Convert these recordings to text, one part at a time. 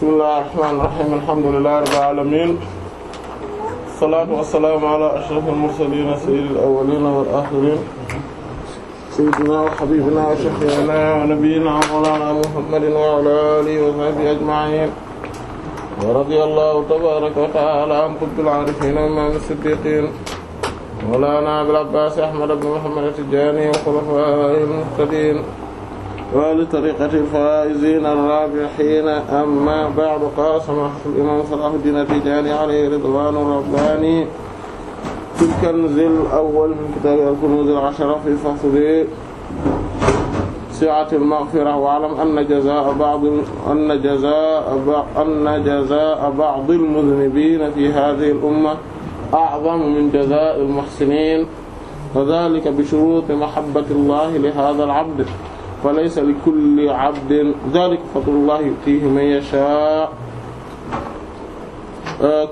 bismillahir rahmanir rahim alhamdulillahi rabbil alamin salaatu wassalamu ala ashrafil mursalin sayyidil awwalin wal akhirin sayyidina wa habibina wa shaykhina wa nabiyyina wa mawlana muhammadin wa ala alihi wa sahbihi ajma'in wa radiyallahu tabaraka wa ta'ala an qutbil arifin imam as-siddiqin mawlana abil abbas ahmad ibn muhammad at-tijani wa khulafa'il muhtadin وأهل طريقة الفائزين الرابحين أما بعد قال سماحة الإمام صلاح الدين التجاني عليه رضوان رباني في الكنز الأول من كتاب الكنوز العشرة في فصل سعة المغفرة واعلم أن جزاء بعض أن جزاء أن جزاء بعض المذنبين في هذه الأمة أعظم من جزاء المحسنين وذلك بشروط محبة الله لهذا العبد fa laysa li kulli abdin dhalika fadlullah yutihi man yasha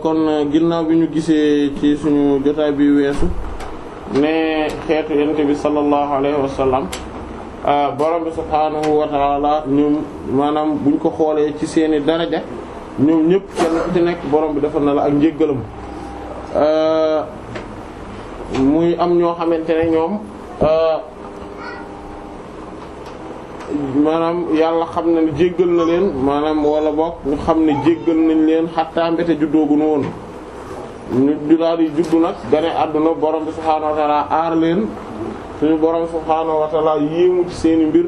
kon euh, ginnaaw bi ñu gisee ci suñu jotaay bi weesu ne xeetu yonent bi sallallahu alayhi wa euh, borom bi subhaanahu wa taala ñoom maanaam buñ ko xoolee ci seeni daraja ñoom ñëpp kenn ci nekk borom bi defal na la ak njéggalam euh, muy am ñoo xamante ne ñoom maanaam yàlla xam na ne jéggal na leen maanaam wala bokk ñu xam ne jéggal nañ leen xattaa mbete juddooguñu woon ñu daal yi juddu nag gane àdduna borom bi subhaanahu wa aar leen suñu borom subhaanahu wa ta'ala yéemu ci seeni mbir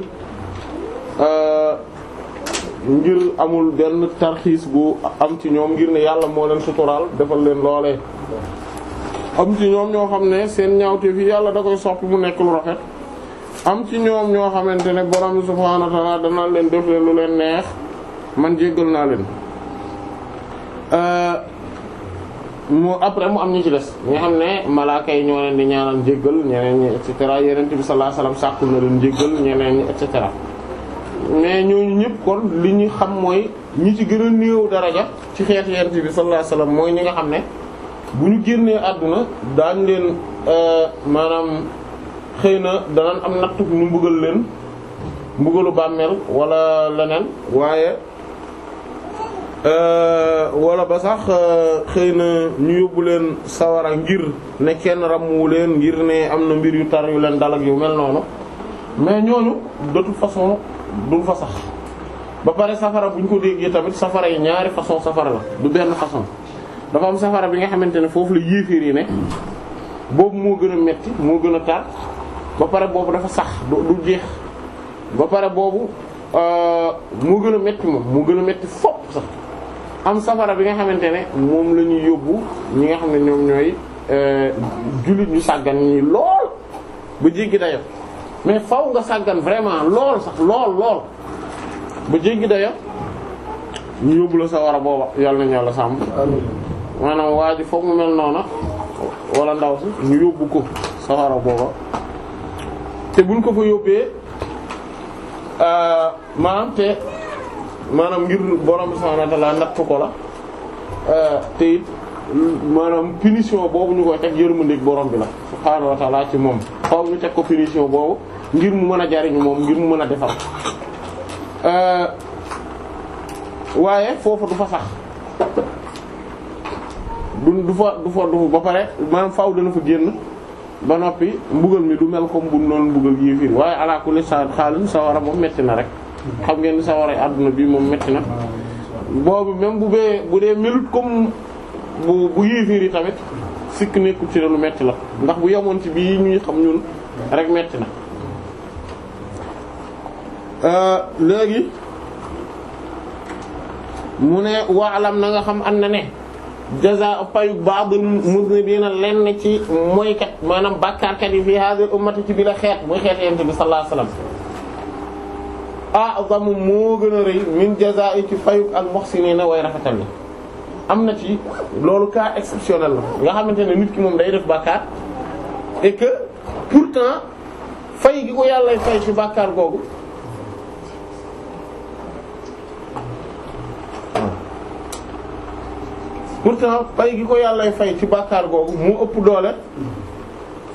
euh, ngir amul benn tarxiis bu am ci ñoom ngir ne yàlla moo leen suturaal defal leen loole am ci ñoom ñoo xam ne seen ñaawte fi yàlla da koy soppi mu nekk lu rafet am ci ñoom ñoo xamante ne borom subhaanahu wa ta'aala leen def leen lu leen neex man jéggal naa leen euh, mu après mu am ñu ci des ñi xam ne malaaka yi ñoo leen di ñaanal jéggal ñeneen ñi et cetera Yonent bi sallallahu alayhi wasallam sàkkul na leen jéggal ñeneen ñi et ñëpp kon li ñu xam mooy ñi ci gën a néew daraja ci xeet Yonent bi sallallahu alayhi mooy ñi nga xam ne bu ñu génnee àdduna daañ leen euh, maanaam xëy na danaan am nattu ñu mbugal leen mbugalu bàmmeel wala leneen waaye euh, wala ba sax euh, xëy na ñu yóbbu leen sawara ngir ne kenn ràmmuwu leen ngir ne am na mbir yu tar yu leen dal ak yu mel noonu mais ñooñu de toute façon duñ fa sax ba pare safara bu ñu ko déggee tamit safara yi ñaari façon safara la du benn façon dafa am safara bi nga xamante ne foofu la yéeféer yi ne boobu moo gën a metti moo gën a tar ba pare boobu dafa sax du du jeex ba pare boobu euh, mu gën a metti moom mu gën a metti fopp sax am safara bi nga xamante ne moom la ñuy yóbbu ñi nga xam ne ñoom ñooy euh, jullit ñu sàggan ñi lool ba jéggi daya mais faw nga sàggan vraiment lool sax lool lool ba jéggi daya ñu yóbbu la safara booba yàlla nañu yàlla sàmm maanaam waa foog mu mel noona wala ndaw si ñu yóbbu ko safara booba te buñ ko fa yóbbee euh, maanaam te maanaam ngir borom subhanahu wa ta'ala natt ko la euh, te maanaam punition boobu ñu koy teg yërmandeeg boroom bi la subhanahu wa ci moom xaw ñu teg ko punition boobu ngir mu mën a jariñu moom ngir mu mën a defal euh, waaye foofu du fa sax du du fa du fa ba pare maanaam faw dana fa génn ba noppi mbugal mi du mel comme bu noonu mbugal yéefir waaye ala kulli xaalin sawara moom metti na rek xam ngeen ni sawara àdduna bi moom metti na boobu même bu bee bu dee melut comme bu bu yéefir yi tamit sikk nekkul ci lu metti la ndax bu yamoon ci bii ñuy xam ñun rek metti na euh, léegi mu ne waalam na nga xam am na ne jaza payu baadul na lenn ci moykat maanaam bàkkaarkat yi fi hadhihi ummati ci bi la xeet muy xeet yonent bi sallallahu alayhi wasallam a'zamu moo gën a rëy min jazaa'i ci ak fayuk al muhsinina way rafetal ni am na ci loolu cas exceptionnel la nga xamante ne nit ki moom day def bàkkaar et que pourtant fay gi ko yàllay fay ci bàkkaar googu pourtant fay gi ko yàllay fay ci bàkkaar googu mu ëpp doole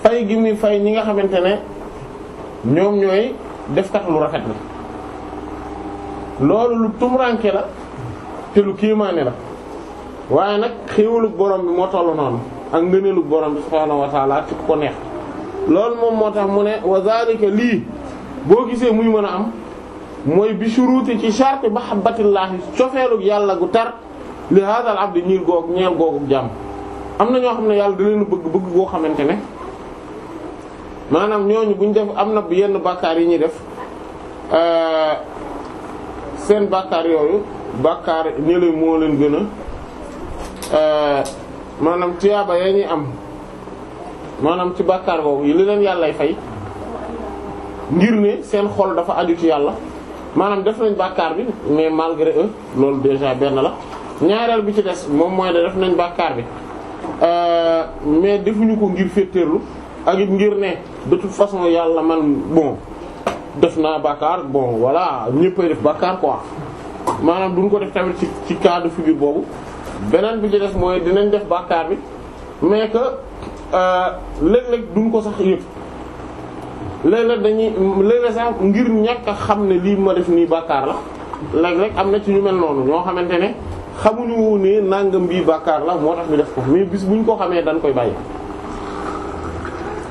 pay gi muy fay ñi nga xamante ne ñoom ñooy defkat lu rafet la loolu lu tumranke la te lu kiimaane la waaye nag xéewalu borom bi moo tollu noonu ak ngëneelu borom bi subhaanahu wa ta'ala ko neex loolu moom moo tax mu ne wa lii boo gisee muy mën a am mooy bi shuruuti ci charte mahabbatillahi cofeelu yàlla gu tar li haadal abdi ñiil goog ñeel googu jàmm am na ñoo xam ne yàlla da bëgg bëgg boo xamante ne maanaam ñooñu bu ñu def am na yenn bàkkaar yi ñuy def euh, seen bàkkaar yooyu bàkkaar ñële moo leen gën a euh, maanaam tiyaaba ya ñuy am maanaam ci bàkkaar boobu li leen yàllay fay ngir ne seen xol dafa aju ci yàlla maanaam def nañ bàkkaar bi mais malgré eux loolu déjà benn la ñaareel bi ci des moom mooy de def nañ bàkkaar bi euh, mais defuñu ko ngir féeteerlu ak it ngir ne de façon yàlla man bon def naa bàkkaar bon voilà ñëppay def bàkkaar quoi maanaam duñ ko def tamit ci ci cas de figure boobu beneen bi ci des mooy dinañ def bàkkaar bi mais que euh, léeg-léeg duñ ko sax yëpp léeg-léeg dañuy léeg-léeg sax ngir ñàkk xam ne lii ma def nii bàkkaar la léeg-léeg am na ci ñu mel noonu ñoo xamante ne. xamuñu ne nangam bii bàkkaar la moo tax ñu def ko mais bis buñ ko xamee dañ koy bàyyi.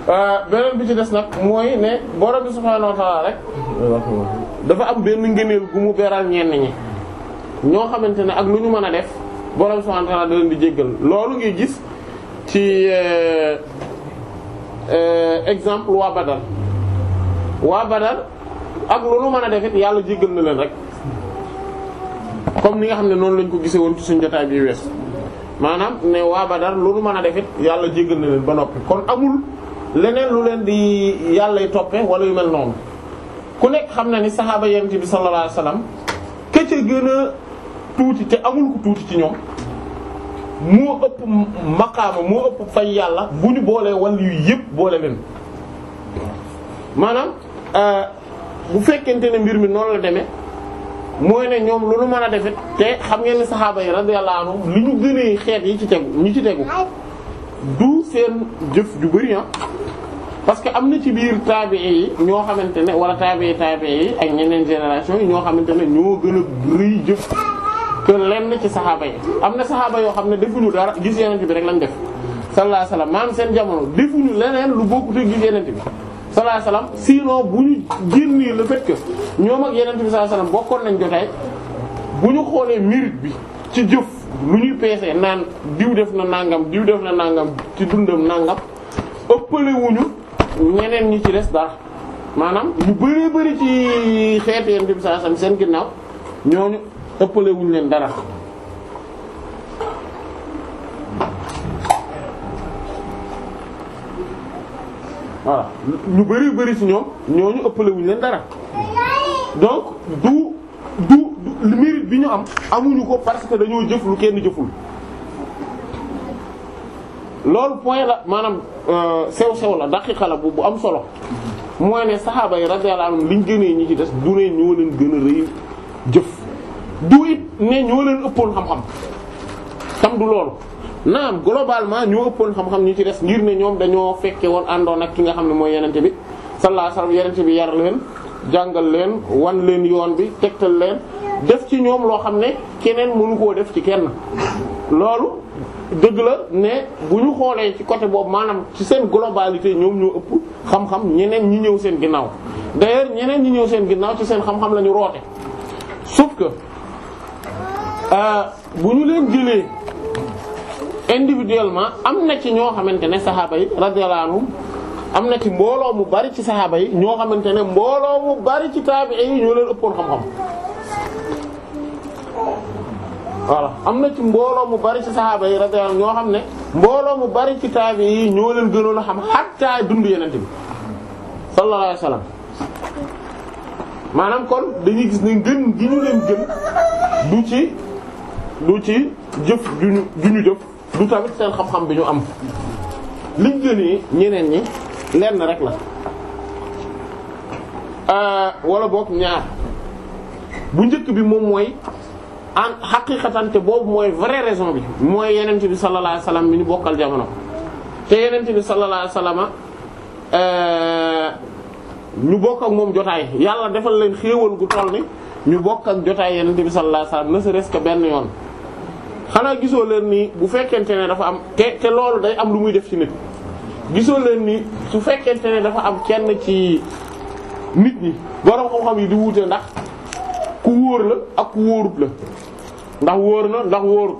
Euh, beneen bi ci des nag mooy ne borom bi subhaanahu rek dafa am benn ngëneel gu mu beral ñenn ñi ñoo xamante ne ak lu ñu mën a def borom subhaanahu wa ta'aala da jéggal loolu ngay gis ci euh, euh, exemple waa Badar waa Badar ak lu ñu mën a def yàlla jéggal na leen rek. comme ni nga xam ne noonu lañ ko gisee woon ci suñu jotaay bi wees maanaam ne waa Badar loolu mën a def it yàlla jéggal na leen ba noppi kon amul leneen lu leen di yàllay toppe wala yu mel noonu ku nekk xam na ni saxaaba yonent bi sallallahu alayhi wasallam ke ca tuuti te amul ku tuuti ci ñoom moo ëpp maqaama moo ëpp fay yàlla bu ñu boolee wàll yu yëpp boole leen maanaam euh, bu fekkente ne mbir mi noonu la demee mooy ne ñoom lu nu mën a defit te xam ngeen ni saxaaba yi radiyallahu anhum li ñu gënee xeet yi ci tegu ñu ci tegu du seen jëf ju bari ah parce que am na ci biir taabi yi ñoo xamante ne wala taabii taabii yi ak ñeneen génération yi ñoo xamante ne ñoo gën a rëy jëf que lenn ci saxaaba yi am na saxaaba yoo xam ne defuñu dara gis yeneen bi rek lañ def sallallahu alayhi wasallam seen jamono defuñu leneen lu bokkut gis yeneen bi sallallahu alayhi wasallam sinon bu ñu génnee le fait que ñoom ak yeneen bi sallallahu alayhi wasallam bokkoon nañ jotaay bu ñu xoolee mérite bi ci jëf lu ñuy peesee naan diw def na nangam diw def na nangam ci dundam nàngam ëppale wuñu ñeneen ñi ci des dara maanaam ñu bëree bëri ci xeetu yeneen bi sallallahu alayhi seen ginnaaw ñoo ëppale wuñu leen dara. voilà ah, ñu bari bari ci ñoom ñooñu ëppale wuñu leen dara donc du du du mérite bi ñu am amuñu ko parce que dañoo jëf lu kenn jëful. loolu point la maanaam euh, sew sew la daqiqa la bu bu am solo mooy ne saxaaba yi radiyallahu anhum liñ gënee ñi ci des du ne ñoo leen gën a rëy jëf du it ne ñoo leen ëppoon xam-xam tam du loolu. naam globalement ñoo ëppoon xam-xam ñu ci des ngir ne ñoom dañoo fekke woon àndoon ak ki nga xam ne mooy yenente bi sallallahu alayhi wasallam bi yar leen jàngal leen wan leen yoon bi tegtal leen def ci ñoom loo xam ne keneen mënu koo def ci kenn loolu dëgg la ne bu ñu xoolee ci côté boobu maanaam ci seen globalité ñoom ñoo ëpp xam-xam ñeneen ñi ñëw seen ginnaaw d'ailleurs ñeneen ñi ñëw seen ginnaaw ci seen xam-xam la ñu roote sauf que euh, bu ñu leen jëlee individuellement am na ci ñoo xamante ne saxaaba yi radiyallahu anhum am na ci mbooloo mu bari ci saxaaba yi ñoo xamante ne mbooloo mu bari ci taabi'i yi ñoo leen ëppoon xam-xam voilà am na ci mbooloo mu bari ci saxaaba yi radiyallahu anhum ñoo xam ne mbooloo mu bari ci taabi'i yi ñoo leen gënoon a xam hatta dund yeneen bi sallallahu alayhi maanaam kon dañuy gis ne gën gi ñu leen gën du ci du ci jëf ju ñu ju ñu jëf du tamit seen xam-xam bi ñu am liñ gënee ñeneen ñi lenn rek la euh, wala boog ñaar bu njëkk bi moom mooy en xaqiqatan te boobu mooy vraie raison bi mooy yenente bi sallallahu alayhi wasallam mi ñu bokkal jamono te yenente bi sallallahu alayhi wasallam euh, ñu bokk ak moom jotaay yàlla defal leen xéewal gu toll ni ñu bokk ak jotaay yenente bi sallallahu alayhi wasallam ne serait-ce benn yoon xanaa gisoo leen nii bu fekkente ne dafa am te te loolu day am lu muy def ci nit gisoo leen nii su fekkee ne dafa am kenn ci nit ñi borom xam-xam yi di wuute ndax ku wóor la ak ku wóorut la ndax wóor na ndax wóor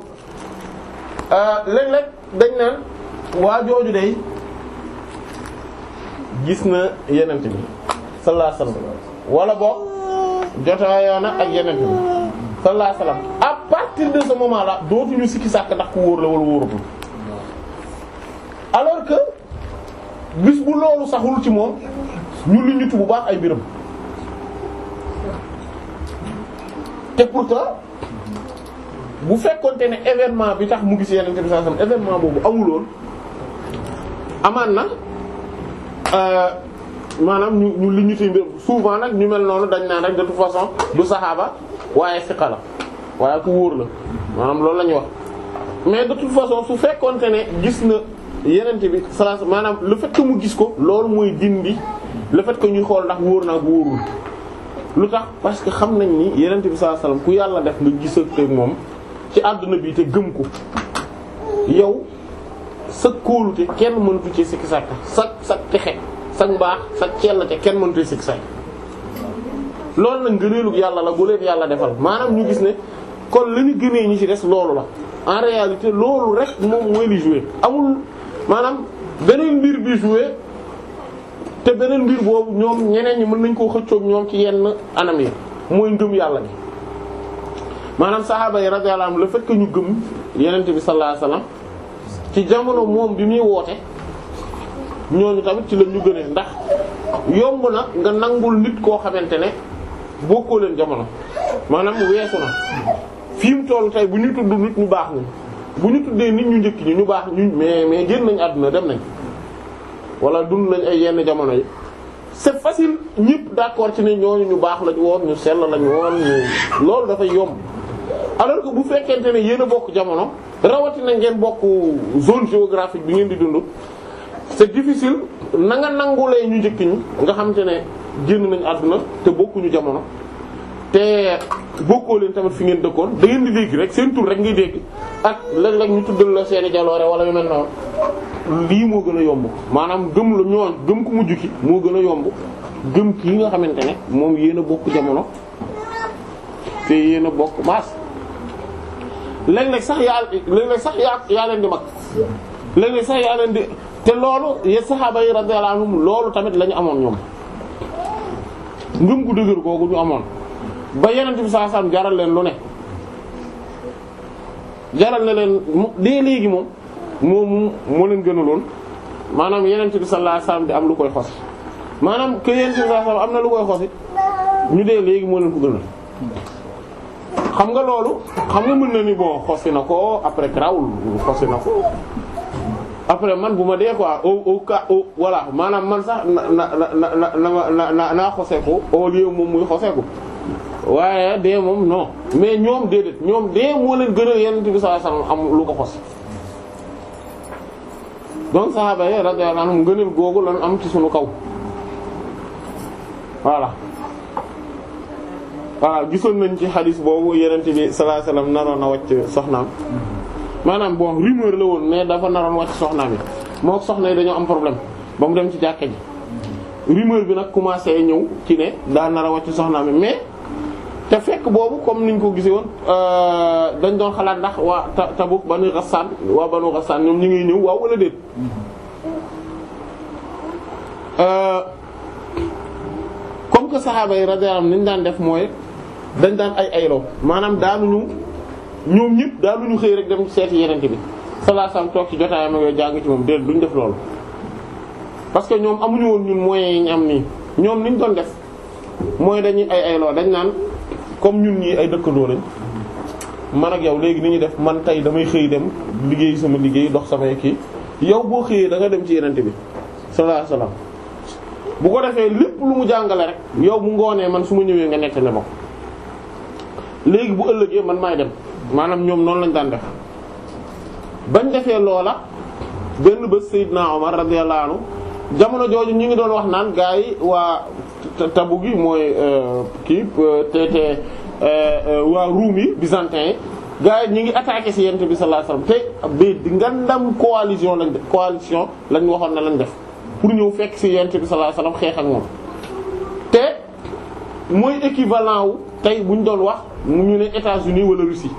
euh, léeg-léeg dañ naan waa jooju gis na yenent bi sallallahu alayhi wasallam jotaayaana ak yenent bi sallallahu alayhi wasallam à partir de ce moment là dootuñu sikki sàkk ndax ku wóor la wala wóorutul alors que bis bu loolu saxul ci moom ñu li bu baax ay mbiram te pourtant bu fekkonte ne événement bi tax mu gis yeneen bi sallallahu alayhi wasallam événement boobu amuloon amaan na euh, maanaam ñu ñu li ñu souvent nag ñu mel noonu dañ naa rek de toute façon du saxaaba waaye siqa la waaye ku wóor la maanaam loolu la ñuy wax mais de toute façon su fekkonte ne gis na yenent bi salaas maanaam le fait mu gis ko loolu mooy dindi le fait que ñuy xool ndax wóor naa ko wóorul lu tax parce que xam nañ ni yenent bi salaas salaam ku yàlla def nga gisatee moom ci àdduna bi te gëm ko yow sa kóolute kenn mënatu ci sikki sàkka sa sa texe sa mbaax sa cell te kenn mënatu ci sikki sàkka loolu nag ngëneelug yàlla la gu yàlla defal maanaam ñu gis ne kon li ñu gënee ñi ci des loolu la en réalité loolu rek moom mooy li joué amul maanaam beneen mbir bi joué te beneen mbir boobu ñoom ñeneen ñi mën nañ koo xëccook ñoom ci yenn anam yi mooy ngëm yàlla gi maanaam sahaaba yi radiyallahu anhum le la que ñu gëm yenente bi sallallahu alayhi ci jamono moom bi muy woote ñooñu tamit ci la ñu gënee ndax yomb na nga nangul nit koo xamante ne bokkoo leen jamono maanaam weesu na fi mu toll tey bu ñu tudd nit ñu baax ñi bu ñu tuddee nit ñu njëkk ñi ñu baax ñu mais mais génn nañ àdduna dem nañ wala dund nañ ay yenn jamono yi c'est facile ñëpp d'accord ci ne ñooñu ñu baax lañ woon ñu sell lañ woon ñu loolu dafay yomb alors que bu fekkente ne yéen a bokk jamono rawatina ngeen bokk zone géographique bi ngeen di dund c'est difficile na nga nangulee ñu njëkk ñi nga xam te ne génn nañ àdduna te bokkuñu jamono te bokkoo leen tamit fi ngeen dëkkoon da ngeen di dégg rek seen tur rek ngay dégg ak léeg-léeg ñu tuddal la seeni jaloore wala yu mel noonu lii moo gën a yomb maanaam gëm la ñooñ gëm ku mujj ki moo gën a yomb gëm ki nga xamante ne moom yéen a bokk jamono te yéen a bokk maas léeg-léeg sax yaa léeg sax yaa yaa leen di mag léeg-léeg sax yaa leen di te loolu ye saxaaba yi radiyallahu anhum loolu tamit lañu amoon ñoom ngëm gu dëgër kooku ñu amoon ba yeneen bi saa saam jaral leen lu ne jaral na leen mu dee léegi moom moom moo leen gënaloon maanaam yeneen ti sallallahu alayhi wasallam di am lu koy xos maanaam que yeneen bi sallallahu alayhi am na lu koy xosi ñu dee léegi moo leen ko gënal xam nga loolu xam nga mën na ni bon xosi na ko après grawul xosi na ko après man bu ma dee quoi au au cas au voilà maanaam man sax na na na na naa xoseeku au lieu moom muy xoseeku waaye dee moom non mais ñoom déedéet ñoom dee moo leen gën a Yonent bi sallallahu alayhi wasallam am lu ko xos donc sahaaba googu lan am ci sunu kaw voilà voilà gisoon nañ ci xadiis boobu Yonent bi sallallahu alayhi wasallam naroon a maanaam bon rumeur la woon ne dafa naroon wàcc soxna bi moo soxna yi dañoo am problème ba mu dem ci jàkka ji rumeur bi nag commencé ñëw ci ne daa nar a wàcc soxna bi mais te fekk boobu comme niñ ko gisee woon euh, dañ doon xalaat ndax waa Tabuk Banu Ghassan waa Banu Ghassan ñoom ñu ngi ñëw waaw wala déet euh, comme que saxaaba yi radiyallahu anhum niñ daan def mooy dañ daan ay ayloo maanaam daanuñu ñoom ñëpp daal lu ñu xëy rek dem seeti yeneen bi sallallahu alayhi wasallam toog ci jotaayam yooyu jàng ci moom déet ñu def loolu. parce que ñoom amuñu woon ñun mooy yi ñu am nii ñoom liñ doon def mooy dañuy ay ay lool dañ naan comme ñun ñii ay dëkkandoo lañ man ak yow léegi ni ñuy def man tey damay xëy dem liggéey sama liggéey dox samay kii yow boo xëyee danga dem ci yeneen bi sallallahu alayhi bu ko defee lépp lu mu jàngale rek yow mu ngoonee man su ma ñëwee nga nekk ne ma léegi bu ëllëgee man maay dem. maanaam ñoom noonu lañ daan def bañ defee loola benn bés Seydina Omar radiyallahu anhu jamono jooju ñu ngi doon wax naan gaa yi waa tabu gi mooy euh, kii euh, te te euh, waa ruum yi byzantin yi gaa yi ñu ngi attaqué ci yent bi sallallahu alayhi wasallam te bi nga ndam coalition lañ def coalition lañ waxoon na lañ def pour ñëw fekk ci yent bi sallallahu alayhi wasallam xeex ak moom te mooy équivalent wu tey buñ doon wax mu ñu ne États-Unis wala Russie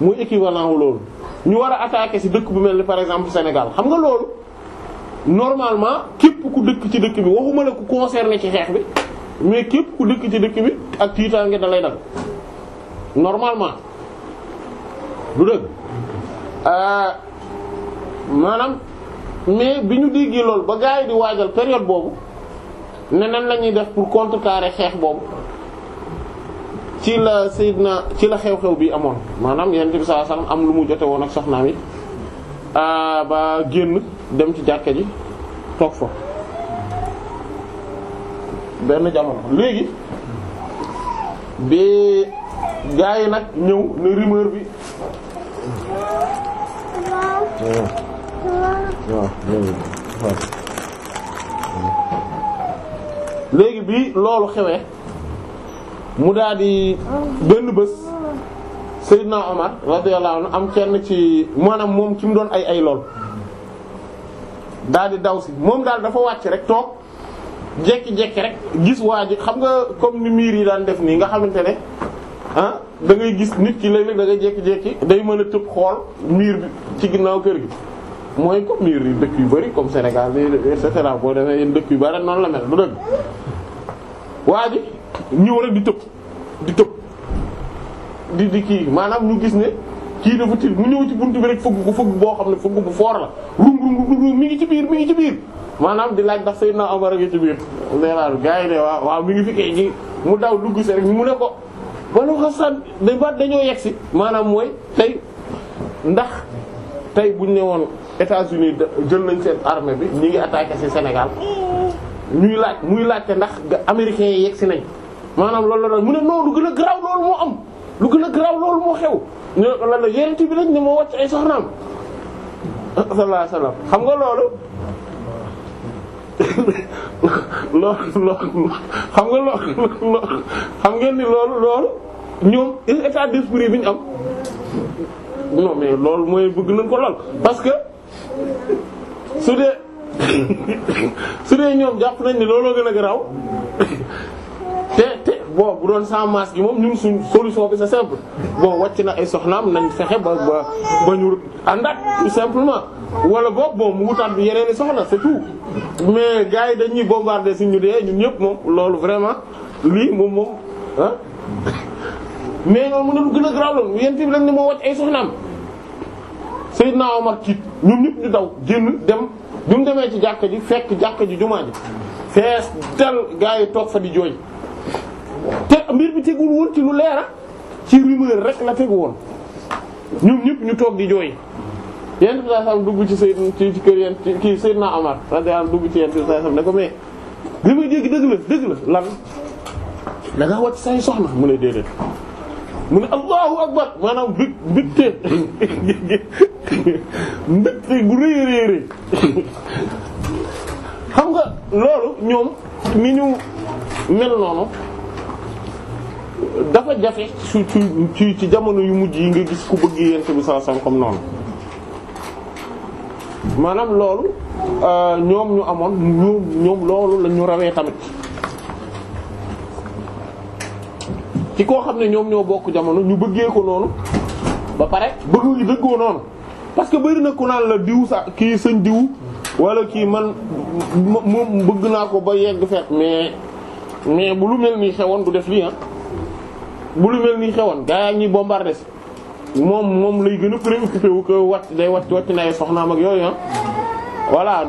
muy équivalent wu loolu ñu war a attaquer si dëkk bu mel ni par exemple Sénégal xam nga loolu normalement képp ku dëkk ci dëkk bi waxuma la ku concerné ci xeex bi mais képp ku dëkk ci dëkk bi ak tiitaange da lay dal normalement du dëgg euh, maanaam mais bi ñu déggee lool ba gars yi di waajal période boobu ne nan la ñuy def pour contrecarrer xeex boobu ci la seyd na ci la xew-xew bi amoon maanaam yonent bi sallallahu alayhi wasallam am lu mu jote woon ak soxnaam yi ah, ba génn dem ci jàkka ji toog fa benn jamono léegi bi gaa yi nag ñëw ne rumeur bi léegi bi loolu xewee mu daal di benn bés Seydina Omar radiyallahu anhu am kenn ci maanaam moom ki mu doon ay ay lool daal di daw si moom daal dafa wàcc rek toog jekki-jekki rek gis waa ji xam nga comme ni miir yi daan def nii nga xamante ne ah da gis nit ki léeg-léeg da jekki-jekki day mën a tëb xool miir bi ci ginnaaw kër gi mooy comme miir yi dëkk yu bari comme Sénégal et cetera boo demee yéen dëkk yu bari noonu la mel du dëgg waa ñëw rek di tëb di tëb di di kii maanaam ñu gis ne kii dafa til mu ñëw ci buntu bi rek fëgg ko fëgg boo xam ne fëgg bu foor la rum rum rum mi ngi ci biir mi ngi ci biir maanaam di laaj ndax Seydina Omar a ngi ci biir leeral gars yi fi mu daw dugg si rek mu ne ko banu xasan dañ ba dañoo yegg si maanaam mooy tey ndax tey buñ ne woon États-Unis jël nañ seen armée bi ñi ngi attaqué ci Sénégal ñuy laaj muy laajte ndax américains yi yegg si nañ maanaam loolu la doon mu ne non lu gën a garaaw loolu moo am lu a garaaw loolu moo xew ne lan la yonent bi lañ ne moo wàcc ay soxnaam sallallahu alayhi wasallam xam nga loolu loolu xam nga loolu xam ngeen ni loolu loolu ñoom état d'esprit bi ñu am non loolu mooy bugg nañ ko lool parce que su dee su dee ñoom jàpp nañ ni looloo gën a garaaw te te bon bu doon sans masse gi moom ñun suñ solution bi sa simple boo wacc na ay soxnaam nañ fexe ba ba ba ñu àndaat tout simplement wala boog bon mu wutaat bi yeneen i soxna c'est mais gars yi dañuy bombarder suñ ñu dee ñëpp moom loolu vraiment lii moom moom mais noonu mu a grave loolu yéen moo wàcc ay soxnaam Seydina Omar tiit ñun ñëpp ñu daw génn dem bi demee ci jàkka ji fekk jàkka ji jumaa ji fees del gars yi toog fa di jooy. te mbir bi tegul woon ci lu leera ci rumeur rek la tegu woon ñoom ñëpp ñu toog di jooy yent bi saa sam dugg ci sayd ci kër yent kii Seydina Omar radiyallahu dugg ci yent bi saa sam ne ko mais li dégg dëgg la dëgg la lan da ngaa say soxna mu ne déedéet mu ne allahu akbar maanaam bit bitte mbitte gu rëy rëy rëy xam nga loolu ñoom ni ñu mel noonu dafa jafe su ci ci jamono yu mujj yi nga gis ku bëgg yent bi saa sam comme noonu maanaam loolu euh, ñoom ñu amoon ñoom loolu la ñu rawee tamit ci koo xam ne ñoom ñoo bokk jamono ñu bëggee ko noonu ba pare bëgg gi dëggoo noonu parce que bari na ku naan la diw sa kii sëñ diw wala kii man moom bëgg naa ko ba yegg feet mais mais bu lu mel nii xewoon du def lii ah bu lu mel ni xewoon gaa yi ñuy moom moom lay gën a préoccupé wu day wàcc wàcc na ay soxnaam ak yooyu ah.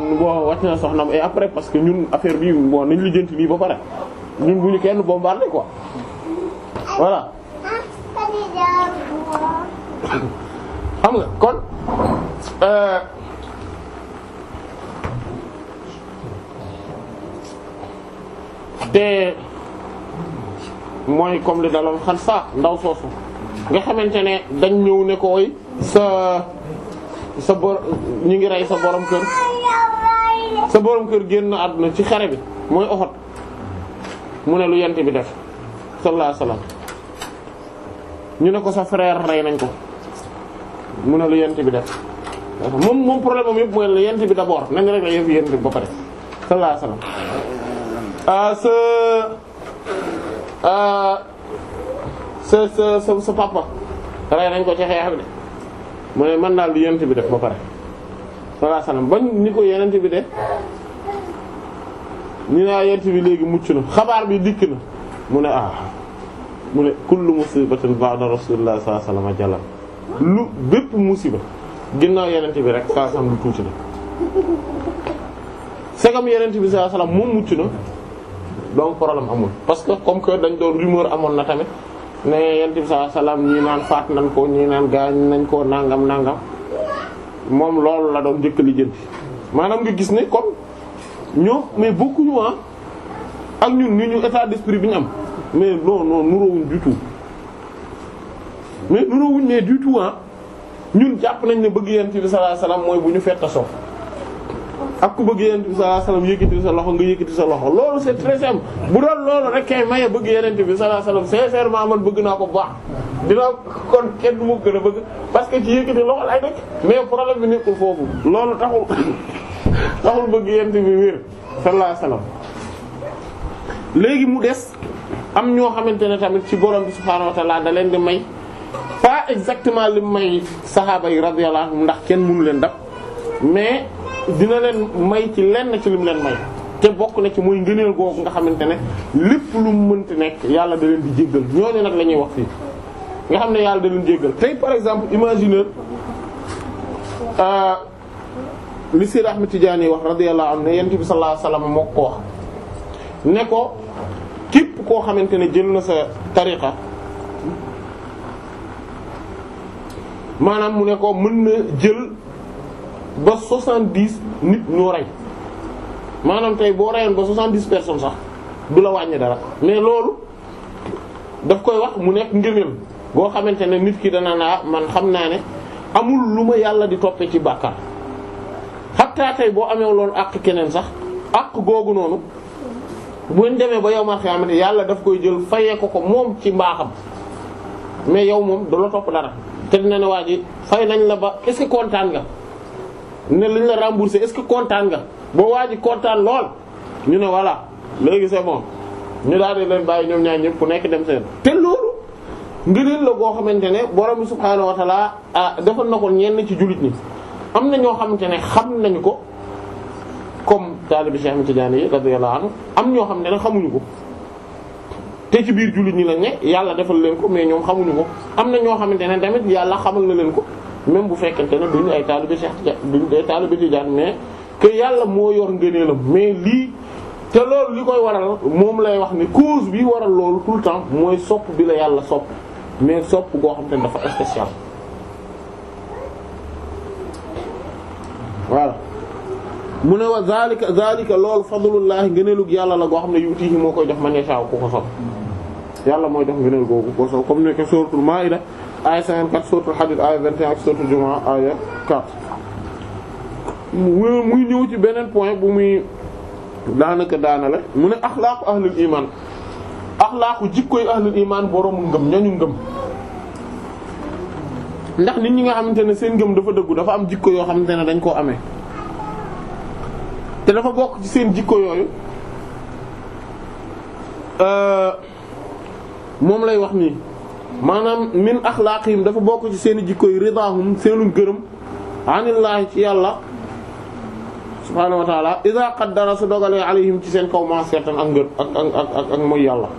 parce que ñun affaire bi bon nañ jënt lii ba pare ñun bu ñu kenn bombardé quoi voilà. xam nga kon euh, te. mooy comme li daloon xan sa ndaw soosu nga xamante ne dañ ñëw ne koy sa sa bor ñu ngi rey sa borom kër sa borom kër génn àdduna ci xare bi mooy oxot mu ne lu yent bi def sallallahu alayhi wasallam ñu ko sa frère rey nañ ko mu lu yent bi def moom moom problème am yent bi d'abord nañ rek la yëf yent bi ba pare sallallahu ah, sa Euh, sa sa sa papa rey nañ ko ci xeex bi de mu ne man daal li yent bi def ba pare sallallahu ba wasallam ni ko yonent bi de ñu naa yonent bi léegi mucc na xabaar bi dikk na mu ne ah mu ne kullu musibatin ba'da rasulillah sallallahu alayhi wasallam jalla lu bépp musiba ginnaaw yonent bi rek sallallahu alayhi wasallam lu tuuti na segam yonent bi sallallahu moom mucc na donc problème amul parce que comme que dañ doon rumeur amoon na tamit ne yonent bi sallallahu alayhi naan faat nañ ko ñii naan gaañ nañ ko nangam nangam moom loolu la doon njëkk a lijjanti maanaam nga gis ne kon ñoo mais bokkuñu ah ak ñun ni ñu état d'esprit bi ñu am mais non non nuroowuñ du tout mais nuroowuñ ne du tout ah ñun jàpp nañ ne bëgg yonent bi sallallahu alayhi mooy bu ñu fetta sof ak ku bëgg yenent bi sallallahu alayhi sa loxo nga yëkkati sa loxo loolu c'est très simple bu doon loolu rek kay maye bëgg yenent bi sallallahu alayhi wasallam sincèrement man bëgg naa ko baax dinaa kon kenn mu gën a bëgg parce que ci yëkkati loxo lay mais problème bi nekkul foofu loolu taxul bëgg yenent bi wér sallallahu léegi mu des am ñoo xamante ne tamit ci borom bi subhaanahu wa ta'ala da leen di may pas exactement li may saxaaba yi radiyallahu anhum ndax kenn mënu leen dab mais dina leen may ci lenn ci lim leen may te bokk na ci mooy ngëneel googu nga xamante ne lépp lu mu mënti nekk yàlla da leen di jéggal ñooñu nag la ñuy wax fii nga xam ne yàlla da leen jéggal tey par exemple imaginer euh, li Seydi Ahmed Tidiane wax radiyallahu am ne yent bi sallallahu alayhi wasallam moo ko wax ne ko képp koo xamante ne jël na sa tariqa maanaam mu ne ko mën na jël ba soixante-dix nit ñoo rey maanaam tey boo reyoon ba soixante-dix personnes sax du la wàññi dara mais loolu daf koy wax mu nekk ngëneel boo xamante ne nit ki dana naa ah, man xam naa ne amul lu ma yàlla di toppee ci bàkkaar xataa tey boo amee loolu àq keneen sax àq googu noonu ñu demee ba yow ma xamante yàlla daf koy jël fayee ko ko moom ci mbaaxam mais yow moom du la topp dara te dina ne waa ji fay nañ la ba est-ce que nga. ne lañ la remboursé est-ce que kontaan nga boo waa ji kontaan lool ñu ne voilà léegi c'est bon ñu daal di leen bàyyi ñoom ñaar ñëpp ku nekk dem seen te loolu ngëneel la goo xamante ne borom bi subhaanahu wa ta'ala ah defal na ko ñenn ci jullit ñi am na ñoo xamante ne xam nañu ko comme taalibi Cheikh Ahmed Tidiane yi radiyallahu am ñoo xam ne xamuñu ko te ci biir jullit ñi lañ ne yàlla defal leen ko mais ñoom xamuñu ko am na ñoo xamante ne tamit yàlla xamal na leen ko même bu fekkente ne duñu ay taalibe Cheikh duñu ay taalibe Tijaan mais que yàlla moo yor ngëneelam mais lii te loolu li koy waral moom lay wax ni cause bi waral loolu tout le temps mooy sopp bi la yàlla sopp mais sopp goo xam te ne dafa spécial voilà mu ne wa zalika zalika loolu fadlullahi ngëneelug yàlla la goo xam ne yutihi moo koy jox ma yasha ku ko sopp yàlla mooy jox ngëneel googu ko sopp comme ne ko suratul maida aaya 54 suuratul Hadiid aaya 21 ak suuratul Jumaa aaya 4 muy ñëw ci beneen point bu muy daanaka daanale mu ne axlaaqu ahlul iman axlaaqu jikkoy ahlul iman boroomu ngëm ñañu ngëm ndax nit ñi nga xamante ne seen ngëm dafa dëggu dafa am jikko yoo xamante ne dañ koo ame te dafa bokk ci seen jikko yooyu euh, moom lay wax nii maanaam min axlaaqihim dafa bokk ci seeni jikko yi seenu gërëm anillaahi ci yàlla subhaanahu wa taala iza su dogalee alayhim ci seen kaw ma seetaan ak ngër ak ak ak ak mooy yàlla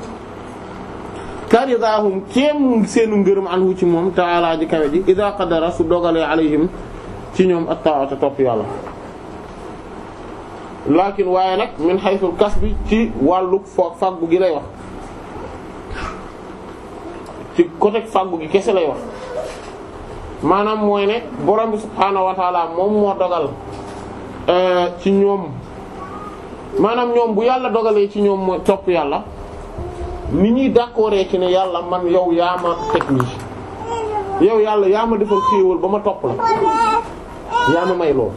karidaahum kéem seenu ngërëm anhu ci moom taala ji kawe ji iza qaddara su dogalee alayhim ci ñoom ak taata topp yàlla laakin waaye nag min haythu kasbi ci wàllu foog fàggu gi lay wax ci côté fàggu gi kese lay wax maanaam mooy ne borom bi subhaanahu moom moo dogal euh, ci ñoom maanaam ñoom bu yàlla dogalee ci ñoom moo topp yàlla ni ñuy d'accord ci ne yàlla man yow yaa ma teg nii yow yàlla yaa ma defal xéewal ba ma topp la yaa ma may lool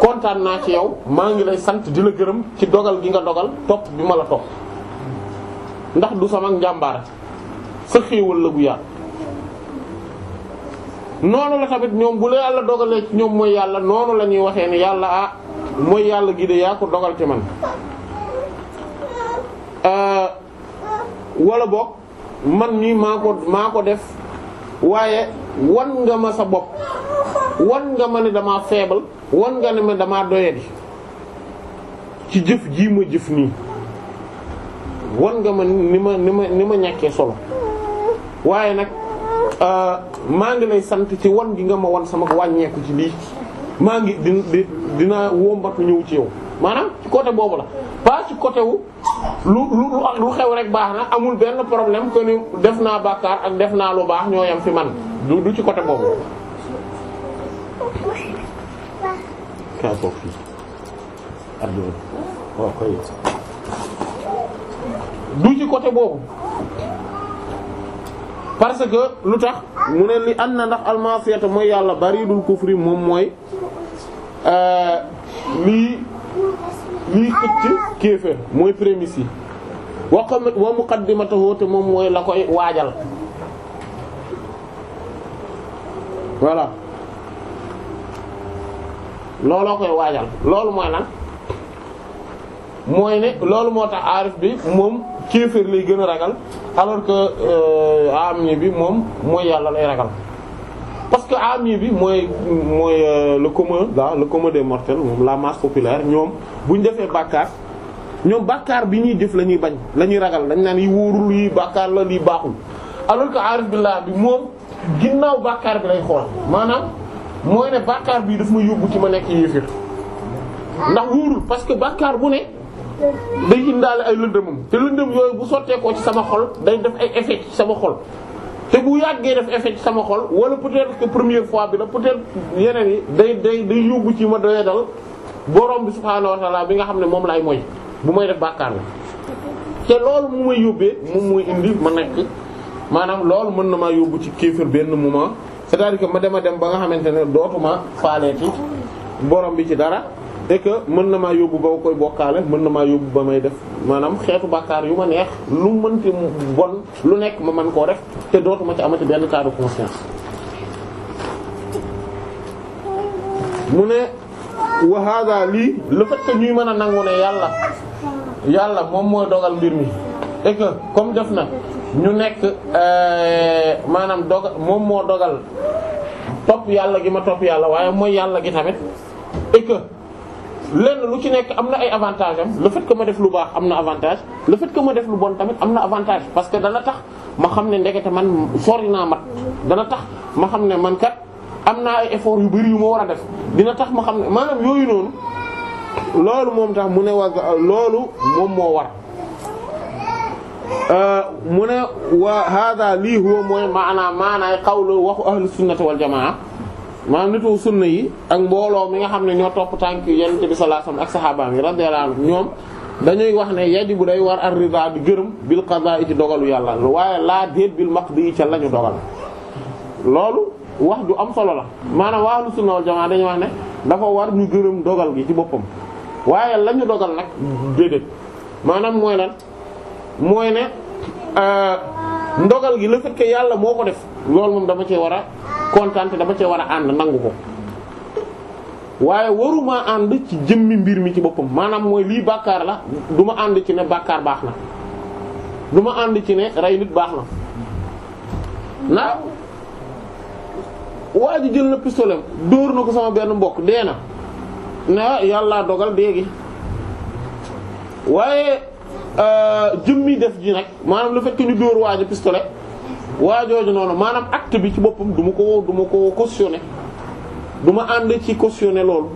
kontaan naa ci yow maa ngi lay sant di la gërëm ci dogal gi nga dogal topp bi ma la topp ndax du sama njàmbaar sa xéewal la gu noonu la tamit ñoom bu la yàlla dogalee ci ñoom mooy yàlla noonu la ñuy waxee ne yàlla ah mooy yàlla gi de yaa ko dogal ci man euh, wala boog man mii maa ko maa ko def waaye wan nga ma sa bopp wan nga ma ne dama faible wan nga ne ma damaa doyadi ci jëf jii ma jëf nii wan nga ma ni ma ni ma ni ma ñàkkee solo waaye nag euh, maa ngi lay sant ci won gi nga ma wan sama wàññeeku ci lii maa ngi di di dinaa wómbat ñëw ci yow maanaam ci côté boobu la pas ci côté wu lu lu lu xew rek baax na amul benn problème ko ni def naa bàkkaar ak def naa lu baax ñoo yam fi man du du ci côté boobu. kaa côté boobu. parce que lu tax mu ne li an na ndax almasiyata mooy yàlla bari du kufri moom mooy euh, lii lii xëcc kéefër mooy prémices yi waqa wa muqaddimatuhu te moom mooy la koy waajal voilà looloo koy waajal loolu mooy lan mooy ne loolu moo tax aarif bi moom kéefër lay gën a ragal alors que euh, ami bi moom mooy yàlla lay ragal parce que ami bi mooy mooy euh, la commun là le commun des mortels moom la masse populaire ñoom bu ñu defee bàkkaar ñoom bàkkaar bi ñuy jëf la bañ lañuy ragal dañ naan yi wóorul yi bàkkaar la lii baaxul alors que aarif billah bi moom ginnaaw bàkkaar bi lay xool maanaam mooy ne bàkkaar bii dafa ma yóbbu ci ma nekk yéefir ndax wóorul parce que bu ne. day indaale ay lëndëmam te lëndëm yooyu bu sotteekoo ci sama xol day def ay effet ci sama xol te bu yàggee def effet ci sama xol wala peut-être première fois bi la pour être yeneen yi day day day yóbbu ci ma doyee dal borom bi subhaanahu wa ta'ala bi nga xam ne moom laay mooy bu may def bàkkaar bi te loolu mu may yóbbee moom mooy indi ma nekk maanaam loolu mën na maa yóbbu ci kéefër benn moment c'est-à-dire que ma dem a dem ba nga xamante ne dootuma faaleeti borom bi ci dara et mën na maa yóbbu ba koy bokkaale mën na maa yóbbu ba may def maanaam xeetu bàkkaar yu ma neex lu mënti bon lu nekk ma man koo def te dootuma ci amati benn cas de conscience mu ne wa lii le fait que ñuy mën a nangu ne yàlla yàlla moom moo dogal mbir mi et comme def na ñu nekk euh, maanaam dogal moom moo dogal topp yàlla gi ma topp yàlla waaye mooy yàlla gi tamit et lenn lu ci nekk am na ay avantage am le fait ma def lu am na avantage le fait que ma def lu bon tamit am na avantage parce que dana tax ma xam ne ndekete man sori naa mat dana tax ma xam ne man kat am naa ay effort yu bari yu ma war a def dina tax ma xam ne maanaam yooyu noonu loolu moom tax mu ne wa loolu moom moo war euh, mu ne wa hada lii huwa mooy maanaam maanaay xawlu waxu ahlu sunnati wal jamaa maanaam nitu sunna yi ak mbooloo mi nga xam ne ñoo topp tànk yonent bi sallallahu alayhi wasallam ak saxaabaam yi radiyallahu ñoom dañuy wax ne bu day war ar-rida bi gërëm bil qada ci dogalu yàlla waaye laa déet bil maqdi ca la ñu dogal loolu wax du am solo la maanaam waa ahlu sunna wal jamaa wax ne dafa war ñu gërëm dogal gi ci boppam waaye la dogal nag déedéet maanaam mooy lan mooy ne euh, ndogal gi la fait que yàlla moo ko def loolu moom dama cee war a kontaan te cee war a ànd nangu ko waaye waruma ànd ci jëmmi mbir mi ci boppam maanaam mooy lii bàkkaar la duma ànd ci ne bàkkaar baax na duma ànd ci ne rey nit baax na naa waa jël na pistolet dóor na ko sama benn mbokk dee na na ah, yàlla dogal dee gi waaye euh, jëmmi def ji nag maanaam lu fait que dóor waa ji waa jooju noonu maanaam acte bi ci boppam du ma ko du ma ko cautionner du ma ànd ci cautionner loolu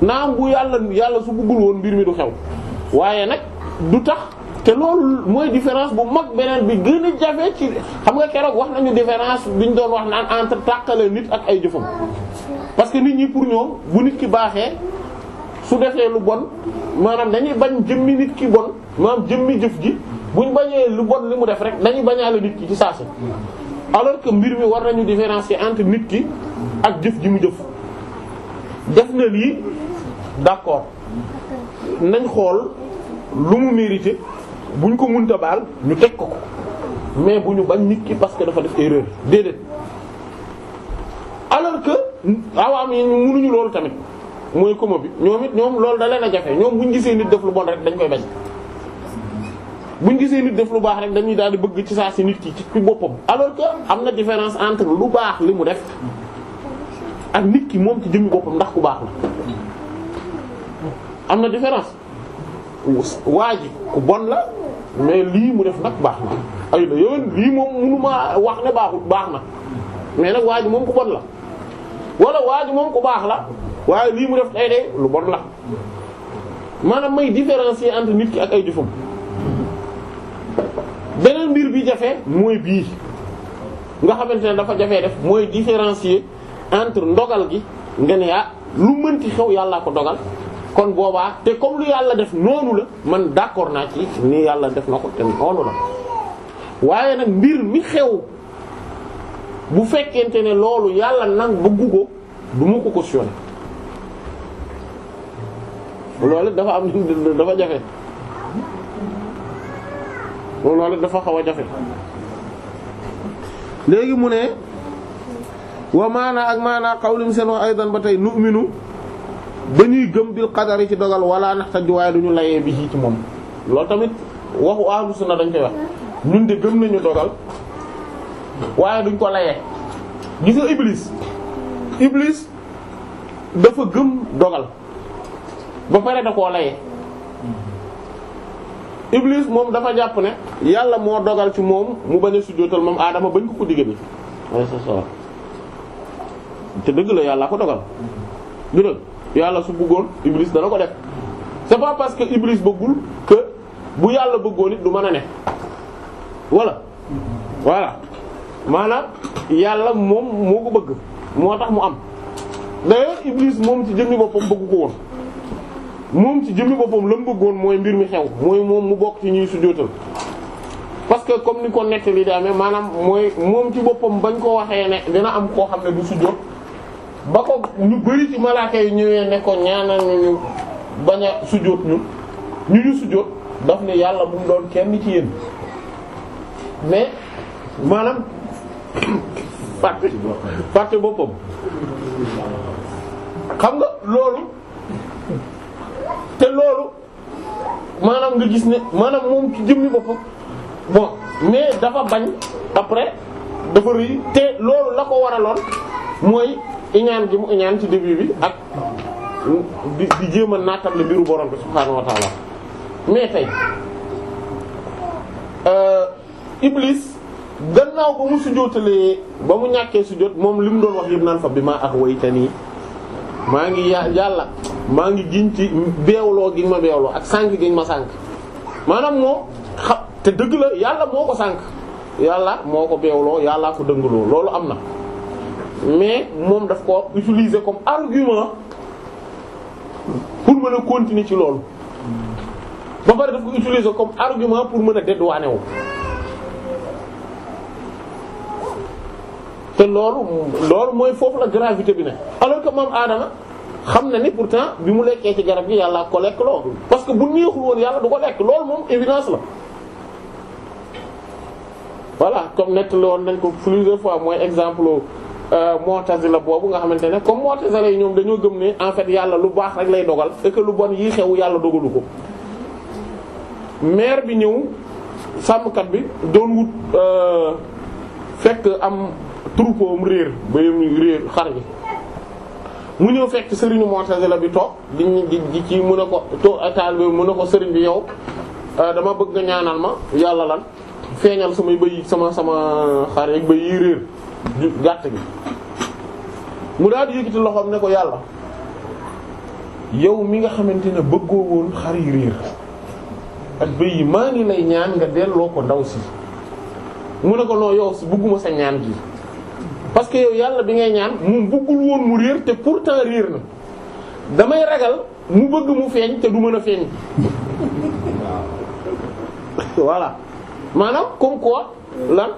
naam bu yàlla yàlla su bëggul woon mbir mi du xew waaye nag du tax te loolu mooy différence bu mag beneen bi gën a jafe ci xam nga keroog wax nañu différence bi ñu doon wax naan entre tàqale nit ak ay jëfam parce que nit ñi pour ñoom bu nit ki baaxee su defee lu bon maanaam dañuy bañ jëmmi nit ki bon maanaam jëmmi jëf ji bu ñu bañee lu bon li mu def rek dañu bañaale nit ki ci saa si alors que mbir mi war nañu différencier entre nit ki ak jëf ji mu jëf def na lii d'accord nañ xool lu mu mérité buñ ko munta baal ñu teg ko ko mais bu ñu bañ nit ki parce que dafa def erreur déedéet alors que awaam yi ñu loolu tamit mooy comme bi ñoom it ñoom loolu da leen a jafe ñoom buñ gisee nit def lu bon rek dañ koy bañ bu ñu gisee nit def lu baax rek dañuy daal di bëgg ci saa si nit ki ci boppam alors que am na différence entre lu baax li mu def ak nit ki moom ci jëmmi boppam ndax ku baax la am na différence waa ji ku bon la mais lii mu def nag baax na ay na yoon lii moom wax ne baaxul baax na mais nag waa moom ku bon la wala waa ji moom ku baax la waaye lii mu def day day lu bon la maanaam may différence entre nit ki ak ay jëfam beneen mbir bi jafe mooy bii nga xamante ne dafa jafe def mooy différencier entre ndogal gi nga ne ah lu mënti xew yàllaa ko dogal kon boobaa te comme lu yàlla def noonu la man d'accord naa ci ni yàlla def na ko te noonu la waaye nag mbir mi xew bu fekkente ne loolu yàlla nang bëggu ko du ko cautionné loolu dafa am dafa jafe loolu dafa xaw a jafe léegi mu ne wa maanaa ak maanaa xawlim seen wax aydan ba tey nu'minu dañuy gëm bil yi ci dogal wala naxtaj waaye duñu layee bi ci moom loolu tamit waxu ahlu sunna dañ koy wax ñun de gëm nañu dogal waaye duñ ko layee gis nga iblis iblis dafa gëm dogal ba pare da koo layee Iblis moom dafa jàpp ne yàlla moo dogal ci moom mu bañ a sujjóotal moom aadama bañ ko ko diggante. waaye sa sawar te dëgg la yàlla ko dogal. du dëgg yàlla su buggoon Iblis dana ko def c'est pas parce que Iblis bëggul que bu yàlla bëggoon it du man a ne voilà. voilà maanaam yàlla moom moo ko bëgg moo tax mu am d'ailleurs Iblis moom ci jëmmi boppam bëggu ko woon. moom ci jëmmi boppam lan mu bëggoon mooy mbir mi xew mooy moom mu bokk ci ñuy sujjóotal parce que comme ni ko nett li daa maanaam mooy moom ci boppam bañ ko waxee ne dina am koo xam ne du sujjóot ba ko ñu bari ci malaaka yi ñëwee ne ko ñaanal ñu bañ a sujjóot ñu ñu ñu sujjóot daf ne yàlla bu mu doon kenn ci yéen mais maanaam parti parti boppam xam nga nga gis ne maanaam moom ci jëmmi boppam bon mais dafa bañ après dafa rëy te loolu la ko waraloon mooy iñaan gi mu iñaan ci début bi ak di di jéem a naatam le mbiru borom bi subhaanahu wa taala mais tey euh, Iblis gannaaw ba mu sujjóotalee ba mu ñàkkee sujjóot moom li mu doon wax yëpp naan fa bi maa ak waytanii maa ngi yàlla maa ngi giñ ci beewloo gi ma beewloo ak sànq gi ma sànq maanaam moom xa te dëgg la yàlla moo ko sànq yàlla moo ko beewloo yàllaa ko dëngaloo loolu am na mais moom daf ko utiliser comme argument pour mën a continuer ci loolu ba pare daf ko utiliser comme argument pour mën a dédouaner wu te loolu loolu mooy foofu la gravité bi ne alors que moom aadama xam na ni pourtant bi mu lekkee ci garab gi yàlla ko lekk loo parce que bu neexul woon yàlla du ko lekk loolu moom évidence la voilà comme nettali woon nañ ko plusieurs fois mooy exemple euh, Mu'tazila boobu nga xamante ne comme Mu'tazila yi ñoom dañoo gëm ne en fait yàlla lu baax rek lay dogal et lu bon yii xew yàlla dogalu ko maire bi ñëw sàmmkat bi doon wut euh, fekk am troupeau am réer ba réer xar yi mu ñëw fekk sëriñu Mu'tazila bi toog di di ci mu a ko to taal bi mën a ko sëriñ bi yow euh, dama bëgg nga ñaanal ma yàlla lan feeñal samay bëy sama sama xar yi bëy yi réer gàtt gi mu daal di yëkkati loxoom ne ko yàlla yow mi nga xamante ne bëggoo woon xar yi réer ak bëy yi maa ngi lay ñaan nga delloo ko ndaw si mu ne ko non yow si bëgguma sa ñaan gi parce que yàlla bi ngay ñaan mu bëggul woon mu réer te pourtant réer na damay ragal mu bëgg mu feeñ te du mën a feeñ voilà maanaam comme quoi lan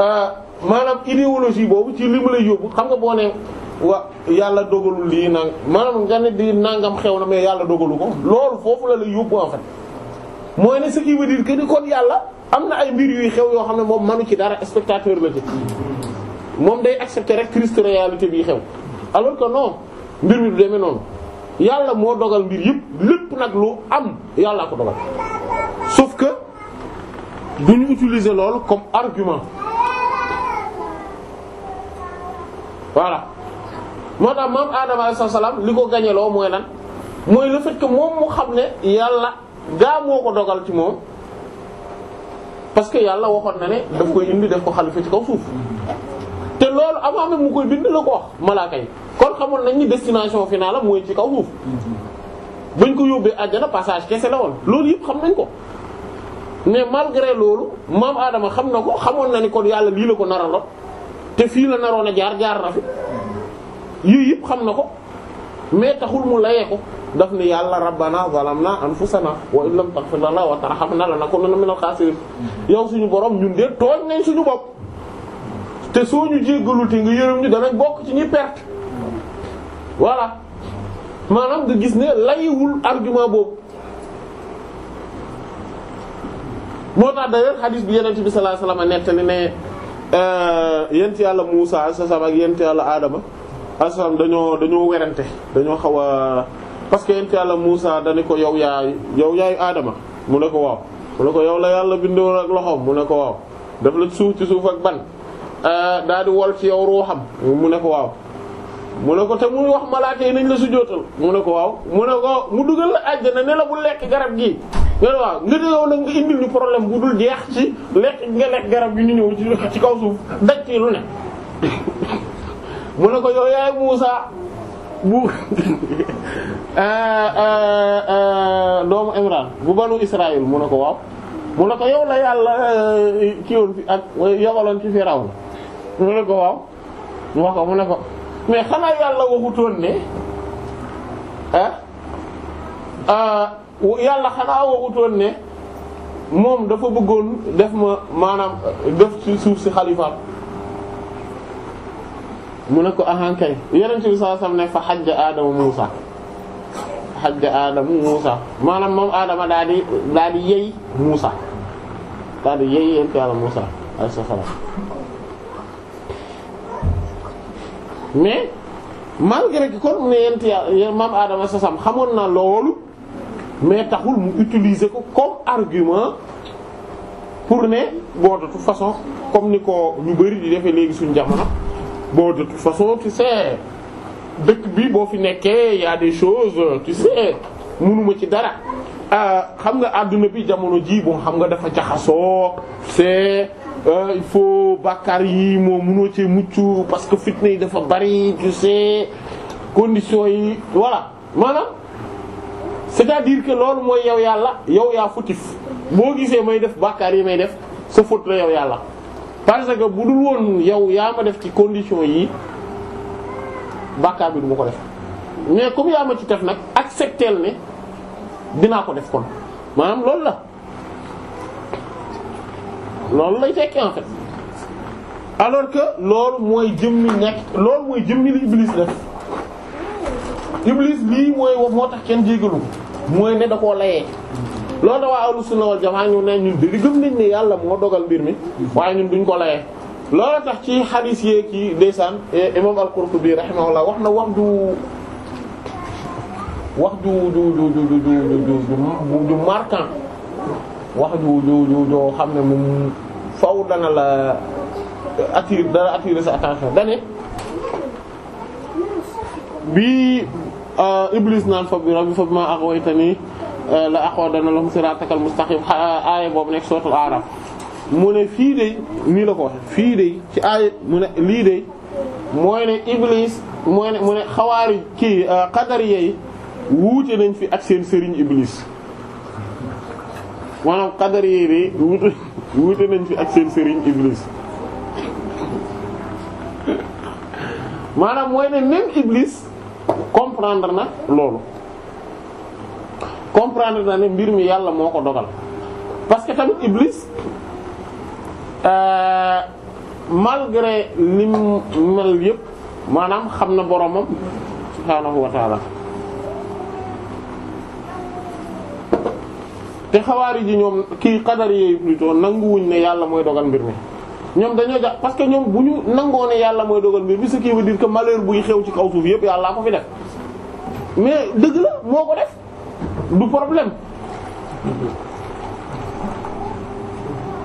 euh, maanaam idéologie boobu ci li mu lay yóbbu xam nga boo ne yàlla dogalul lii nang maanaam nga ne di nangam xew na may yàlla dogalu ko loolu foofu la lay yóbbu en fait mooy ne ce qui veut kon yàlla am na ay mbir yuy xew yoo xam ne moom manu ci dara spectateur la ci moom day accepter rek triste réalité bi xew alors que non mbir mi du demee noonu yàlla moo dogal mbir yëpp lépp nag lu am yàllaa ko dogal sauf que ñu utiliser lool comme argument voilà moo tax maam Adama alayhi li ko gañeloo mooy lan mooy le fait que moom mu xam ne yàlla gaa moo ko dogal ci moom parce que yàlla waxoon na ne daf koy indi def ko xalifa ci kaw suuf te loolu avant même mu koy bind la ko wax malaaka yi kon xamoon nañ ni destination finale am mooy ci kaw suuf bañ ko yóbbee àjjana passage kese la woon loolu yëpp xam nañ ko mais malgré loolu maam Adama xam na ko xamoon na ni kon yàlla lii la ko naral rot te fii la naroon a jaar jaar na fi yii yëpp xam na ko mais taxul mu layee ko daf ni yàlla rabbana zalamna anfusana wa in lam taghfir lana wa tarhamna lanakunanna minal khasirin yow suñu borom ñun de tooñ nañ suñu bopp te soo ñu jéggalul te nga yërëm ñu danañ bokk ci ñi perte voilà maanaam nga gis ne layiwul argument boobu moo tax d'ailleurs hadith bi yenent bi sallallahu alayhi nettali ne euh, yent yàlla Muusa asasam ak yent yàlla Adama asasam dañoo dañoo werante dañoo xaw a parce que yent yàlla Muusa dañu ko yow yaay yow yaayu Adama mu ne ko waaw mu ne ko yow la yàlla bindoon ak loxoom mu ne ko waaw daf la suuf ci suuf ak ban Euh, daa di wol ci yow ruuxam mu ne ko waaw mu ne ko te muy wax malaaka nañ la sujjóotal mu ne ko waaw mu ne ko mu dugal la àjjana lekk garab gii nga ne waaw nga problème bu dul jeex ci lekk nga garab gi ñu ñëw ci ci kaw suuf daj ci lu mu ne ko yow yaay Muusa bu euh, euh, doomu Imran bu banu Israël mu ne ko waaw mu ko yow la yàlla kiiwoon fi ak yabaloon ci Firawna mu ne ko waaw mu mu ne ko mais xanaa yàlla waxutoon ne ah yàlla xanaa waxutoon ne moom dafa bëggoon def ma maanaam def ci suuf si xalifaam mu ne ko ahankay yeneen ci bi saa sam ne fa xajja aadama muusa fa xajja aadama muusa maanaam moom aadama daa di daa di yey muusa daa di yey yent yàlla muusa alayhi salaam mais malgré que kon mu ne yent yàlla maam Adama sasam xamoon na loolu mais taxul mu utiliser ko comme argument pour ne bon de façon comme ni ko ñu bari di defee léegi suñ jamono bon de façon tu sais dëkk bi boo fi nekkee y a des choses tu sais mënuma ci dara. Euh, xam nga àdduna bi jamono ji bon xam nga dafa jaxasoo c'est Euh, il faut bàkkaar yi moo mënoo cee mucc parce que fitna yi dafa bari tu sais conditions yi voilà maanaam c'est-à-dire que loolu mooy yow yàlla yow yaa futif boo gisee may def bàkkaar yi may def sa faute la yow yàlla parce que bu dul woon yow yaa ma def ci condition yi bàkkaar bi du ko def mais comme yaa ma ci def nag ak accepter ne dinaa ko def kon maanaam loolu la loolu lañ tekki en fait alors que loolu mooy jëmmi nekk loolu mooy jëmmi li Iblis def Iblis lii mooy moo tax kenn jégalu mooy ne da koo layee loolu da waa ahlu sunna wal jamaa ñu ne ñun di gëm nañ ne yàlla moo dogal mbir mi waaye ñun duñ ko layee loolu tax ci xadiis yee ki ndeysaan imam al-Qurtubi rahimahullah wax na wax du wax du du du du du du du marquant wax ju ju ju joo xam ne moom faw dana la attiré dana attiré sa attention dane bi euh, Iblis naan fa bi rabbi fa bi ma aghwaytani euh, la aqudanna lahum siratakal mustaqim aaya boobu nekk sootul aaraf mu ne fii de nii la fii de ci aaya mu ne lii de mooy ne Iblis mooy ne mu ne xawaari kii euh, qadar wuute nañ fi ak seen sëriñ Iblis maanaam qadari yi wute wute nañ fi ak seen sëriñ iblis maanaam mooy ne même iblis comprendre na loolu comprendre na ne mbir mi yàlla moo ko dogal parce que tamit iblis euh, malgré lim mel yëpp maanaam xam na boromam subhaanahu wa te xawaari ji ñoom kii xadar yooyu plutôt nanguwuñ ne yàlla mooy dogal mbir mi ñoom dañoo jax parce que ñoom bu ñu nangoo yàlla mooy dogal mbir mi ce qui veut dire que malheur buy xew ci kaw suuf yépp yàllaa ko fi def mais dëgg la moo ko def du problème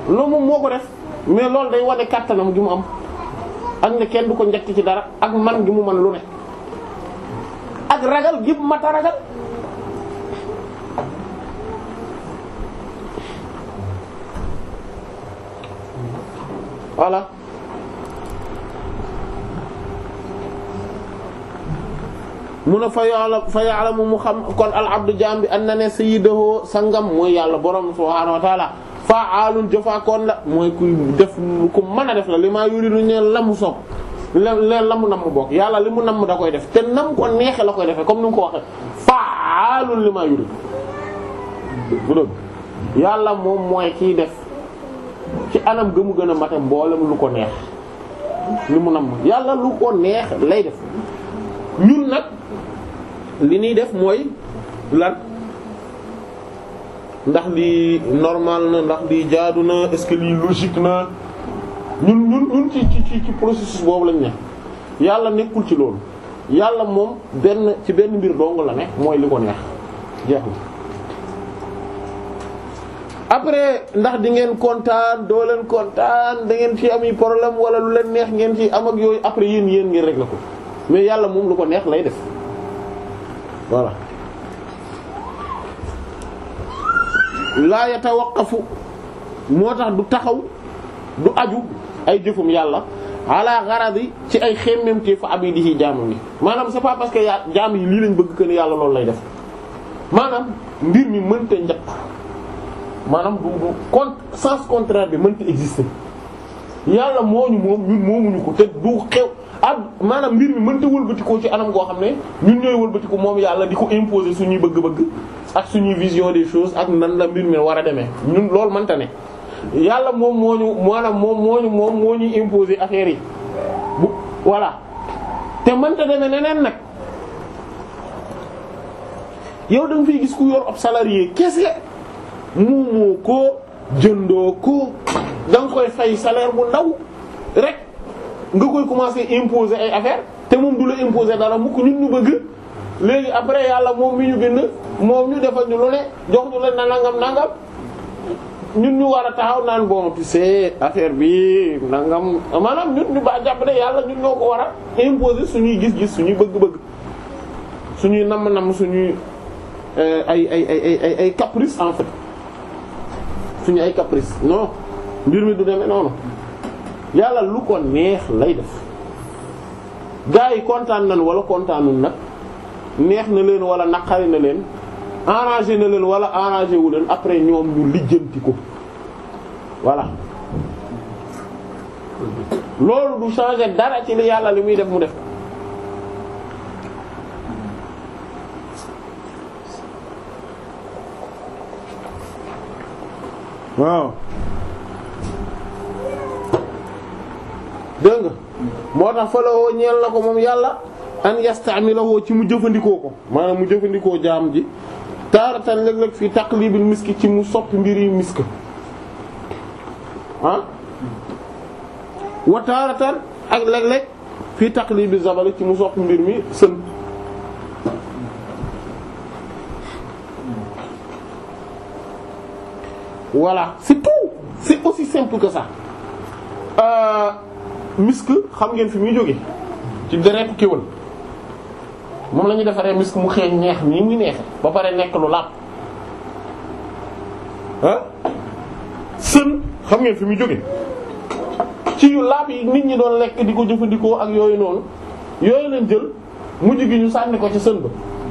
loolu moom moo ko def mais loolu day wane kàttanam gi mu am ak ne kenn du ko njëkk ci dara ak man gi mu man lu ne ak ragal gi mat a ragal voilà mun a fa yàlla fa ya'lamu mu xam kon al abdu jaam bi an na ne sayyidahu sangam mooy yàlla borom subhaanahu wa ta'ala fa'aalun jëfaakoon la mooy kuy def ku mën a def la li maa yuridu ne la mu soog leen la mu nam bokk yàlla li mu nam da koy def te nam ko neexee la koy defee comme ni mu ko waxee fa'aalun li maa yuridu bu yàlla moom mooy kiy def ci anam ga mu gën a mate mboolem lu ko neex li mu nam yàlla lu ko neex lay def ñun nag li ñuy def mooy lan ndax lii normal na ndax lii jaadu na est-ce que lii logique na ñun ñun ñun ci ci ci processus boobu lañ ne yàlla nekkul ci loolu yàlla moom benn ci benn mbir dong la ne mooy li ko neex jeex après ndax di ngeen kontaan doo leen kontaan da ngeen ci am yi problème wala lu leen neex ngeen ci am ak yooyu après yéen yéen ngeen régler ko mais yàlla moom lu ko neex lay def voilà laa yatawaqqafu moo tax du taxaw du aju ay jëfum yàlla ala gharadi ci ay xemmemtee fa abidihi jaamam yi maanaam c'est pas parce que yaa jaam yi lii lañ bëgg que ne yàlla loolu lay def maanaam mbir mi mënta njëkk maanaam du du con sens contraire bi mënta exister yàlla moo ñu moom ñun moomuñu ko te du xew ak maanaam mbir mi mënta wëlbatikoo ci anam goo xam ne ñun ñooy wëlbatiku moom yàlla di ko imposer suñuy bëgg-bëgg ak suñuy vision des choses ak nan la mbir mi war a demee ñun lool mënta ne. yàlla moom moo ñu maanaam moom moo ñu moom moo ñu imposer affaire yi bu voilà te mënta ne neneen nag yow da fiy gis ku yor ab salarié kese. muumoo ko jëndoo ko da nga koy fay salaire bu ndaw rek nga koy commencer imposer ay affaire te moom du la imposer dara mukk ñun ñu bëgg léegi après yàlla moom mi ñu bind moom ñu defa ñu lu ne jox ñu la na nangam nangam ñun ñu war a taxaw naan bon affaire bi nangam maanaam ñun ñu ba jàpp ne yàlla ñun ñoo ko war a imposer suñuy gis-gis suñuy bëgg-bëgg suñuy namm-namm suñuy euh, ay ay ay ay caprice en fait suñu ay caprice no mbir mi du demee noonu yàlla lu ko neex lay def gars yi kontaan nañ wala kontaanul nag neex na leen wala naqari na leen arrangé na leen wala arrangé wu leen après ñoom ñu lijjanti ko voilà loolu du changer dara ci li yàlla li muy def mu def waaw dégg nga moo tax fa la ñeel na ko moom yàlla an yasta'milahu ci mu jëfandikoo ko maanaam mu jëfandikoo jaam ji taaratan léeg-léeg fii taqlibil miski ci mu soppi mbir yi misk ah wa taaratan ak léeg-léeg fii taqlibil zabali ci mu soppi mbir mi sën voilà c'est tout c'est aussi simple que ça euh, misk xam ngeen fi muy jóge ci deretu kéwal moom la defaree misk mu xeeñ neex nii muy neexe ba pare nekk lu laab ah sën xam ngeen fi muy jóge ci yu laab yi nit ñi doon lekk di ko jëfandikoo ak yooyu noonu yooyu lañ jël mujj gi ñu sànni ko ci sën ba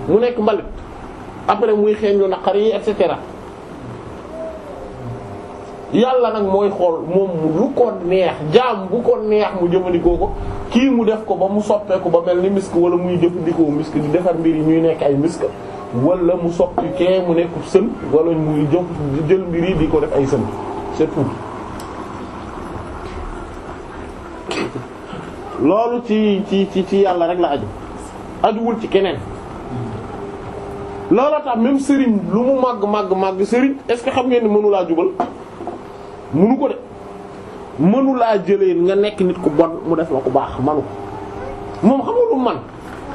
mu nekk mbalit après muy xeeñ lu naqar yi et cetera yàlla nag mooy xool moom lu ko neex jaam bu ko neex mu jëfandikoo ko kii mu def ko ba mu soppeeku ba mel ni misk wala muy jëfandikoo misk di defar mbir yi ñuy nekk ay misk wala mu soppi mu nekk sën wala muy jë jël mbir yi di ko def ay sën c'est tout loolu ci ci ci ci yàlla rek la aju ajuwul ci keneen loolu tax même sëriñ lu mu màgg màgg màgg sëriñ est-ce que xam ngeen ni mënulaa jubal mënu ko de mënulaa jëlee nga nekk nit ku bon mu def la ku baax manu moom xamul lu man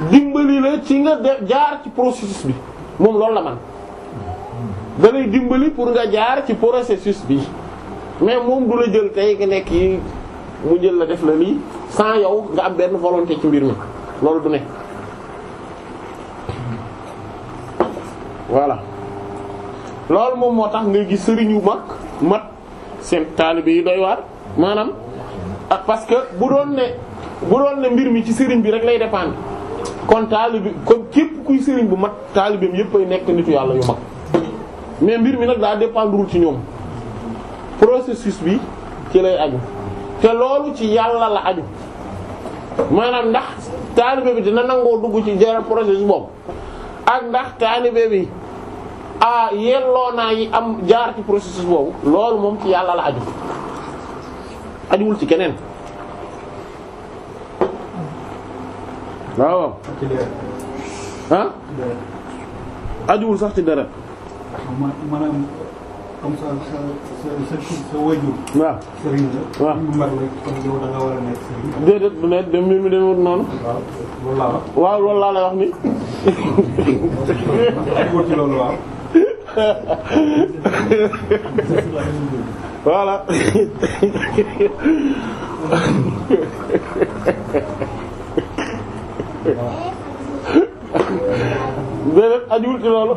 dimbali la ci nga jaar ci processus bi moom loolu la man da dimbali pour nga jaar ci processus bi mais moom du la jël tey nga nekk yi mu jël la def la lii sans yow nga am benn volonté ci mbir mi loolu du ne voilà loolu moom moo tax ngay gis sëriñu mag mat seen taalibe yi doy waar maanaam parce que bu doon ne bu doon ne mbir mi ci sëriñ bi rek lay dépendre kon taalibe kon képp kuy sëriñ bu mat taalibeem yëpp ay nekk nitu yàlla yu mag mais mbir mi nag daa dépendrewul ci ñoom processus bi ci lay aju te loolu ci yàlla la aju maanaam ndax taalibe bi dina nangoo dugg ci jara processus boobu ak ndax taalibe bi ah yelloo naa yi am jaar ci processus boobu loolu moom ci yàlla la aju ajuwul ci keneen waaw ah ajuwul sax ci dara maanaam comme ça sa sa la. waaw mu nekk sëriñ. déedéet bu ne de noonu. waaw loolu laa la. waaw loolu voilà déedéet ajuwul ci loolu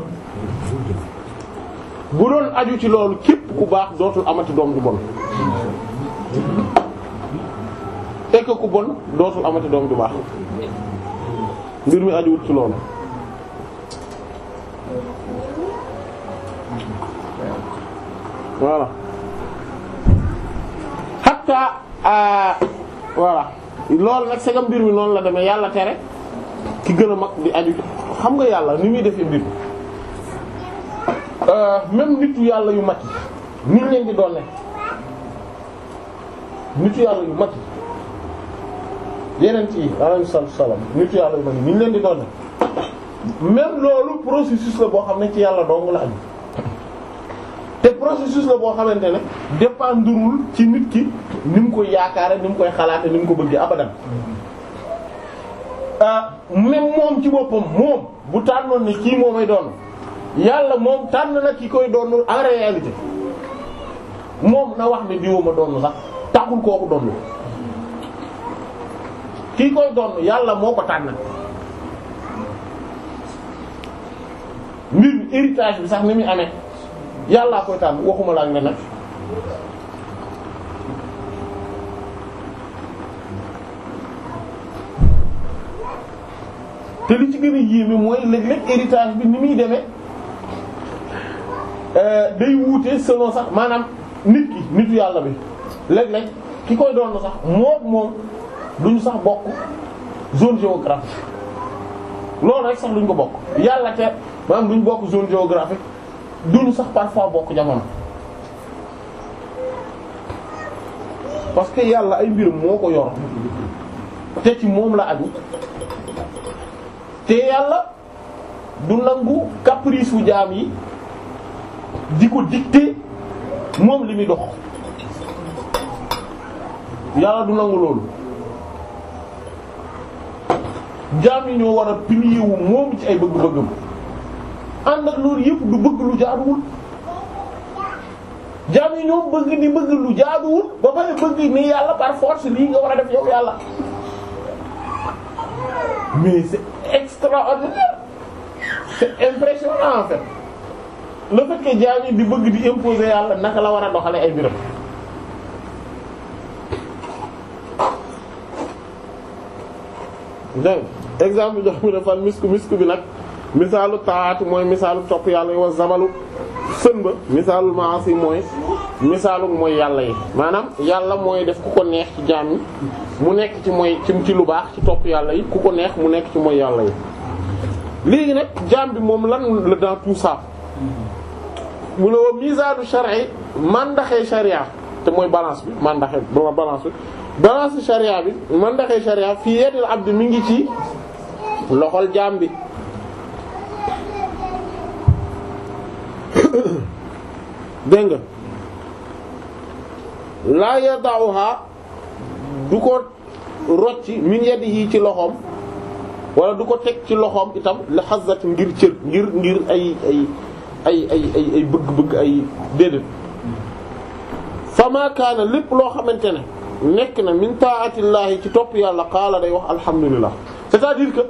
bu doon aju ci loolu cépp ku baax dootul amati doom ju bon et que ku bon dootul amati doom ju baax mbir mi ajuwul ci loolu voilà hatta euh, voilà loolu nag segam mbir mi noonu la deme yàlla tere ki gën a mag di aju xam nga yàlla ni muy defee mbir euh, même nitu yàlla yu mag yi ni leen di dolle nitu yàlla yu mag yi yeneen ci alayhi salaam nitu yàlla yu mag yi ni leen di dolle même loolu processus la boo xam ne ci yàlla dong la aju te processus la boo xamante ne dépendrul ci nit ki ni koy yaakaare ni koy xalaate ni mu ko bëggee abadan euh, même moom ci boppam moom bu tànnoon ne kii moomay doon yàlla moom tànn na ki koy doonul en réalité moom na wax ne diwoo ma doon sax taxul kooku doonul kii koy doon yàlla moo ko tànn. mbir mi héritage bi sax ni muy amee. yàllaa koy tànn waxuma la ak leneen te lu ci gën a yéeme mooy léeg-léeg héritage bi ni muy demee euh, day wuute selon sax maanaam nit ki nitu yàlla bi léeg-léeg ki koy doon sax moom moom duñu sax bokk zone géographique loolu rek sax duñ ko bokk yàlla te maanaam duñ bokk zone géographique duñu sax parfois bokk jamono parce que yàlla ay mbirum moo ko yor te ci moom la aju te yàlla du nangu caprice u jaam yi di ko dicter moom li muy dox yàlla du nangu loolu jaam yi ñoo war a plier wu moom ci ay bëgg-bëggam ànd ak loolu yëpp du bëgg lu jaaduwul jaam yi ñoo bëgg di bëgg lu jaaduwul ba pare bëgg ni yàlla par force lii nga war a def yow yàlla mais c'est extraordinaire c'est impressionnant en fait le fait di bëgg di imposer yàlla naka la war a doxale ay mbiram dégg exemple jox mi ne fan misku misku bi nag misaalu taat mooy misaalu topp yàlla yi wa zabalu sën ba misaalul maasi mooy misaalu mooy yàlla yi maanaam yàlla mooy def ku ko neex ci jaam yi mu nekk ci mooy ci ci lu baax ci topp yàlla yi ku ko neex mu nekk ci mooy yàlla yi léegi nag jaam bi moom lan la dans tout ça mu ne wa misaanu shar'i mandaxee sharia te mooy balance bi mandaxee balance bi balance sharia bi mandaxee sharia fii yedil abdi mi ngi ci loxol jaam bi dégg nga laa yada'uha du ko rocci min yi ci loxoom wala du ko teg ci loxoom itam la xasat ngir cër ngir ngir ay ay ay ay ay ay bëgg-bëgg ay déedéet fama kaana lépp loo xamante ne nekk na min taatillaahi ci topp yàlla qaala day wax alhamdulilah c'est-à-dire que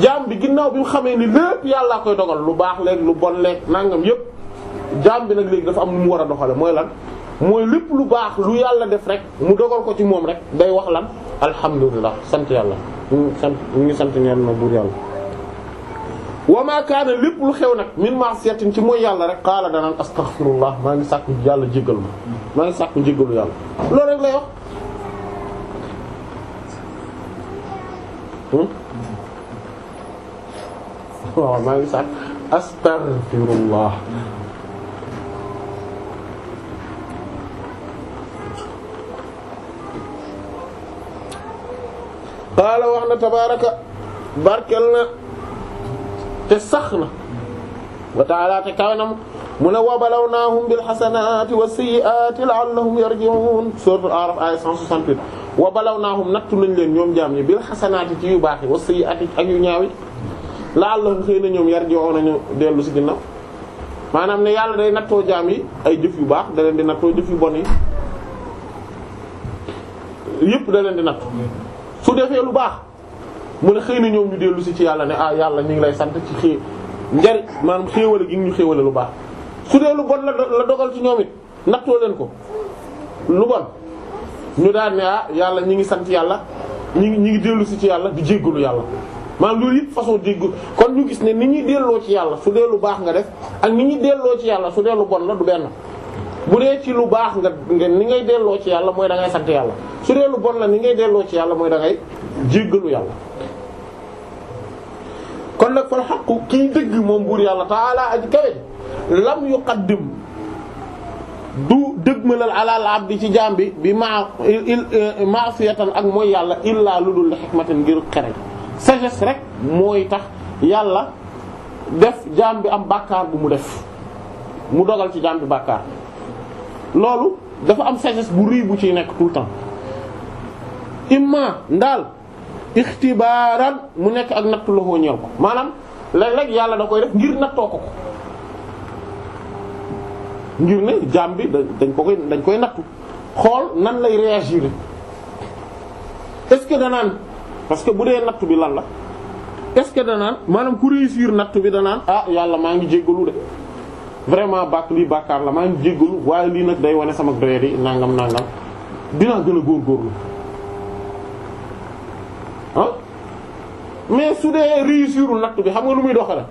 jaam bi ginnaaw bi mu xamee ni lépp yàllaa koy dogal lu baax leeg lu bon leeg nangam yépp jaam bi nag léegi dafa am nu mu war a doxale mooy lan mooy lépp lu baax lu yàlla def rek mu dogal ko ci moom rek day wax lan alhamdulilah sant yàlla ñu sant mu ngi sant ñeen na buur yàlla wa ma kaana lépp lu xew nag min ma'siyatin ci mooy yàlla rek qaala danaan astaghfirullah maa ngi sàkku yàlla jéggal ma maa ngi sàkku jéggalu yàlla loolu rek lay wax hmm? waaw maa ngi sàkk astaghfirullah qaala wax na tabaaraka barkel na te sax na wa ta'ala te kawe na mu mu ne wa balawnahum bil hasanati was sayyiati la'allahum yarji'un suratul a'raf ay 168 wa balawnahum nattu nañ leen ñoom jaam ñi bil hasanati ci yu baax yi was sayyiati ak yu ñaaw yi la'allahum xëy na ñoom yarji'un nañu dellu ci ginnaaw maanaam ne yàlla day nattoo jaam yi ay jëf yu baax da leen di nattoo jëf yu bon yi yépp da leen di natt su defee lu baax mu ne xëy na ñoom ñu dellu si ci yàlla ne ah yàlla ñu ngi lay sant ci xëy njari maanaam xéewale gi ñu xéewale lu baax su dee lu bon la la dogal ci ñoom it nattoo leen ko lu bon ñu daan ne ah yàlla ñi ngi sant yàlla ñi ngi ñi ngi dellu si ci yàlla di lu yàlla maanaam loolu it façon jéggu kon ñu gis ne ni ñuy delloo ci yàlla su dee lu baax nga def ak ni ñuy delloo ci yàlla su dee lu bon la du benn bu dee ci lu baax nga ni ngay delloo ci yàlla mooy dangay ngay sant yàlla su dee ngay delloo ci yàlla mooy da ngay jéggalu yàlla kon nag fal xaqu kii dëgg moom buur yàlla taala aji kawe lam yuqaddim du dëgmalal alal abdi ci jaam bi bi ma euh, maasiyatan ak mooy yàlla illaa lu dul xikmatan ngir xere sagesse rek mooy tax yàlla def jaam bi am bàkkaar bu mu def mu dogal ci jaam bi bàkkaar loolu dafa am sagesse bu rëy bu ciy nekk tout le temps imma ndaal ixtibaaran mu nekk ak natt la ñeel ko maanaam léeg-léeg yàlla da koy def ngir nattoo ko ko ngir ne jaam bi dañ ko koy dañ koy nattu xool nan lay réagir est-ce que danaan parce que bu dee nattu bi lan la est-ce que danaan maanaam ku réussir nattu bi danaan ah yàlla maa ngi jéggalu de vraiment bàkk lii bàkkaar la maa ngi jéggalu waaye lii nag day wane sama doyar yi nangam nangam dinaa gën a góorgóorlu ah mais su dee réussirul natt bi xam nga lu muy doxale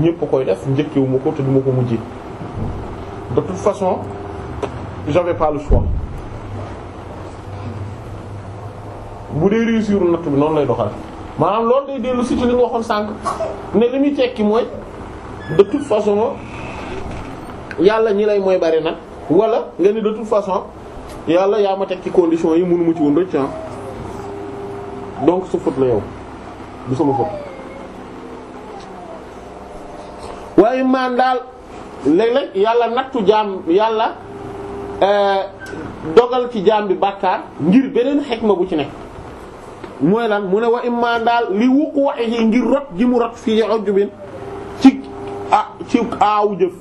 ñépp koy def njëkkewu ma ko te du ma ko mujjee de toute façon j'avais pas le choix bu dee réussirul natt bi noonu lay doxale maanaam loolu day dellu si ci li nga waxoon sànq ne li muy tekki mooy de toute façon. yàlla ñi lay mooy bari na walla nga ni de toute façon yàlla yaa ma teg ci condition yi mënu mu ci woon rëcc ah. donc sa faute la yow du sama faute waaye maan daal léeg-léeg yàlla nattu jaam yàlla euh, dogal ci jaam bi bàkkaar ngir beneen ma bu ci nekk mooy lan mu ne wa imma daal li wuq waxe yi ngir rot gi mu rot fii ojju bin ah, ci aawu jëf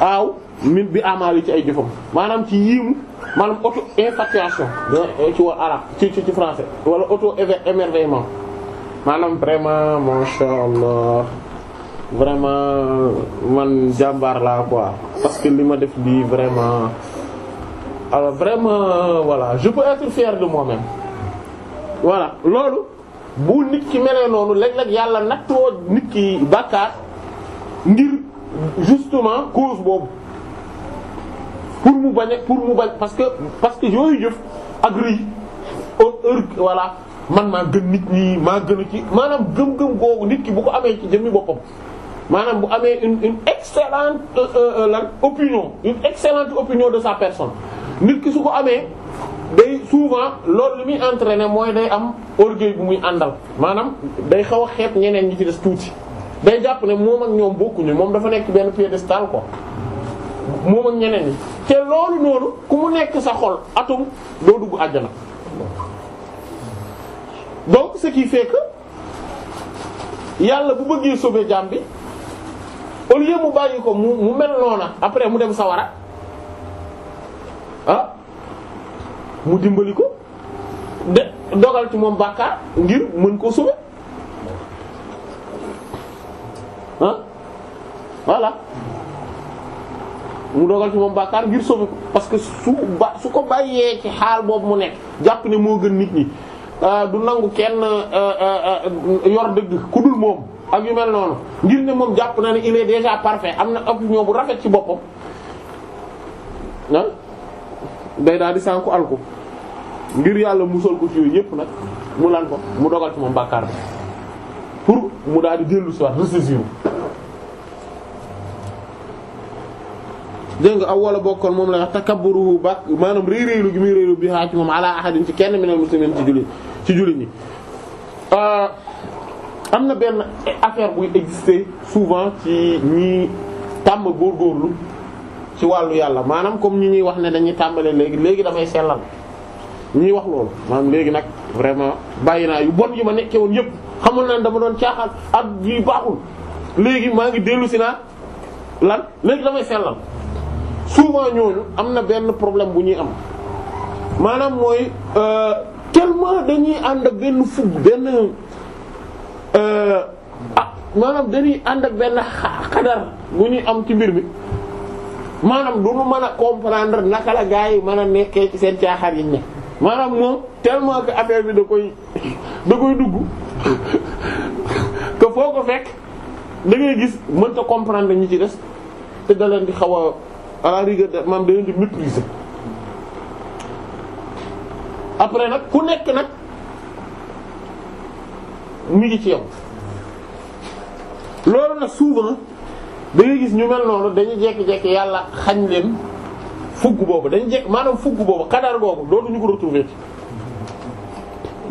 aw min bi amaal ci ay jëfam maanaam ci yiimu maanaam auto infatuation eh, ci wa arab ci français wala auto émerveillement maanaam vraiment masha Allah vraiment man jàmbaar laa quoi parce que li ma def lii vraiment alors vraiment voilà je peux être fier de moi-même voilà loolu bu nit ki melee noonu léeg yàlla nattoo nit ki bàkkaar justement cause boobu pour mu bañ pour mu bañ parce que parce que yooyu jëf ak rëy heure voilà man maa gën nit ñi maa gën a ci maanaam gëm-gëm googu nit ki bu ko amee ci jëmmi boppam maanaam bu amee une une excellente euh, euh, lan opinion une excellente opinion de sa personne nit ki su ko amee day souvent loolu li muy entraîner mooy day am orgueil bu muy àndal maanaam day xaw a xeeb ñeneen ñi ci des tuuti. day jàpp ne moom ak ñoom bokkuñu moom dafa nekk benn piédestal quoi moom ak ñeneen ñi te loolu noonu ku mu nekk sa xol atum doo dugg àjjana donc ce qui yàlla bu bëggee sobe jaam bi au lieu mu bàyyi ko mu mel noona après mu dem sawara ah mu dimbali ko de dogal ci moom bàkkaar ngir mën ko sauver ah voilà mu dogal ci moom bàkkaar ngir sauver parce que su ba su ko bàyyee ci xaal boobu mu nekk jàpp ne moo gën nit ñi euh, du nangu kenn euh, euh, yor dëgg ku dul moom ak yu mel noonu ngir ne moom jàpp na ne il est déjà parfait am na opinion bu rafet ci boppam ah day daal di alku ngir yàlla musal ko ci yooyu yépp nag mu lan ko mu dogal ci moom bàkkaar bi pour mu daal di dellu si waat ressaisir dégg nga aw wala bokkoon moom la wax takabburuhu ba maanaam réy réylu gi muy réylu bi xaa ci moom ala ahadin ci kenn minal muslimin ci julli ci julli ñi ah, am na benn affaire buy exister souvent ci ñi tàmm góorlu ci wàllu yàlla maanaam comme ñi ñuy wax ne dañuy tàmbale léegi léegi damay sellal ñuy wax loolu maanaam léegi nag vraiment bàyyi naa yu bon yi ma nekkee woon yëpp xamul naan dama doon caaxaan ak yu baaxul léegi maa ngi dellusi naa lan léegi damay sellal souvent ñooñu am na benn problème bu ñuy am maanaam mooy euh, tellement dañuy ànd ak benn fukk benn euh, ah maanaam dañuy ànd ak benn xadar bu ñuy am ci mbir mi maanaam du ñu mën a comprendre naka la gaa yi mën a nekkee ci seen caaxaan yi ñu ne. maanaam moom tellement que affaire bi da koy da koy dugg que foo ko fekk da ngay gis mënta comprendre ñu ci des te da leen di xaw a à la rigueur maam da leen di maîtriser après nag ku nekk nag mi ngi ci yow loolu nag souvent da gis ñu mel noonu dañu jekki-jekki yàlla xañ leen fugg boobu dañ jekk maanaam fugg boobu xadaar boobu loolu ñu ko retrouver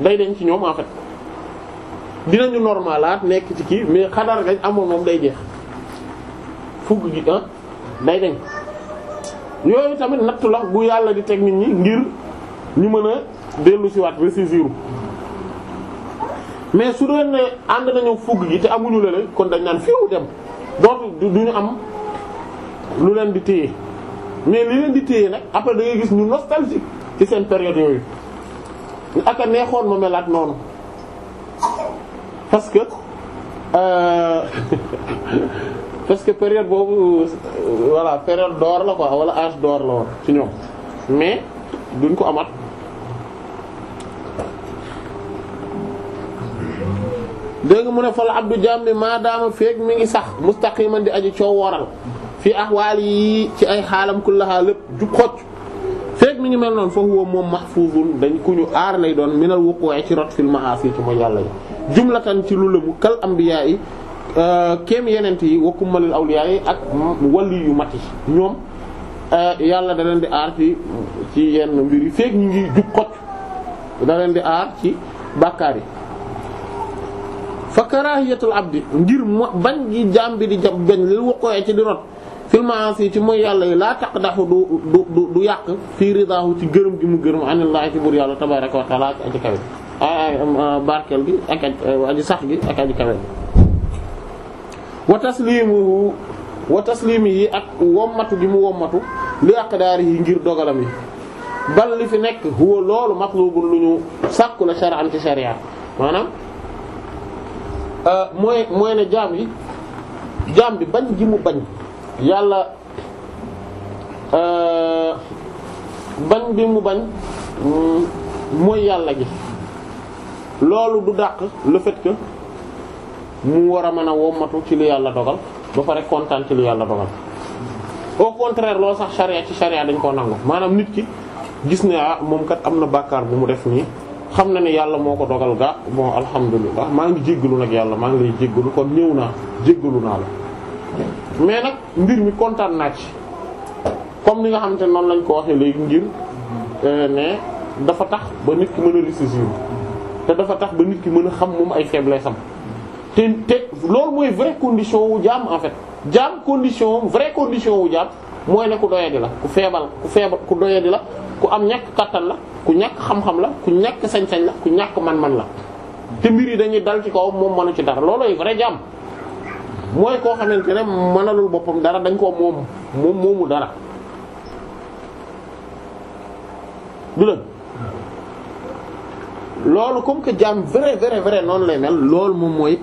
day dañ ci ñoom en fait dinañu normalaat nekk ci kii mais xadaar gañ amoon moom day jeex fugg gi ah day dañ yooyu tamit nattu la bu yàlla di teg nit ñi ngir ñu mën a dellu si waat ressaisir mais su doon ne ànd nañoo fugg gi te amuñu la kon dañ naan fiw dem donc du ñu am lu leen di téye mais li leen di téye nag après da gis ñu nostalgique ci seen période yooyu ak a neexoon ma melaat noonu parce que euh, parce que période boobu euh, voilà période door la ko wala âge d'or la woon ci ñoom mais duñ ko amaat. dégg nga mu ne fa la Abdou Diame maadaama feek mi ngi sax mustaqiman di aji coow waral. fi ahwaal yi ci ay xaalam kullaha lépp jub xocc fekk mi ngi mel noonu foofu woo moom mahfuzun dañ ku ñu aar lay doon minal wuqu'i ci rot fil ma'asi ci mooy yàlla yi jumlatan ci lu lëmu kal anbiya yi euh, kéem yenent yi wakkumalil awliya ak wali yu mat yi ñoom euh, yàlla da leen di aar ci ci yenn mbir yi fekk ñu ngi jub xocc da leen di aar ci bàkkaar yi fa karahiyatul abdi ngir bañ gi jaam bi di jam bañ lil wuqu'i ci di rot fil maasi ci mooy yàlla yi laa taqdaxu du du du du yàq fii ridaahu ci gërëm gi mu gërëm anillaahi ci buur yàlla tabaaraka wa ak aji kawe a ah, barkeel ak aji sax gi ak aji kawe wa taslimuhu wa yi ak wommatu gi mu wommatu li aqdaar yi ngir dogalam yi bal li fi nekk huwa loolu matlubun lu ñu sàkku la shar'an ci sharia maanaam ah, mooy mooy ne jaam yi jaam bi bañ gi mu bañ yàlla euh, bañ bi mu bañ mm, mooy yàlla gi loolu du dàq la fait que mu war a man a wommatu ci lu yàlla dogal ba pare kontaan ci lu yàlla dogal au contraire loolu sax charia ci charia dañ koo nangu maanaam nit ki gis ne ah moom kat am na bàkkaar bu mu def nii xam na ne yàlla moo ko dogal ga bon alhamdulilah maa ngi jéggalu nag yàlla maa ngi lay jégglu kon ñëw naa jéggalu naa la mais nag mbir mi kontaan naa ci comme ni nga xamante ne noonu lañ ko waxee léegi ngir euh, ne dafa tax ba nit ki mën a te dafa tax ba nit ki mën a xam moom ay faiblesse am te te loolu mooy vraie condition wu jaam en fait jaam condition vraie condition wu jaam mooy ne ku doyadi la ku feebal ku feebal ku doyadi la ku am ñàkk kàttan la ku ñàkk xam-xam la ku ñàkk sañ-sañ la ku ñàkk man-man la te mbir yi dañuy dal ci kaw moom mënu ci dara loolooy vrai jaam. mooy koo xamante ne mënalul boppam dara dañ koo moom moom moomu dara du la loolu comme que jaam vrai vrai vrai noonu lay mel loolu moom mooy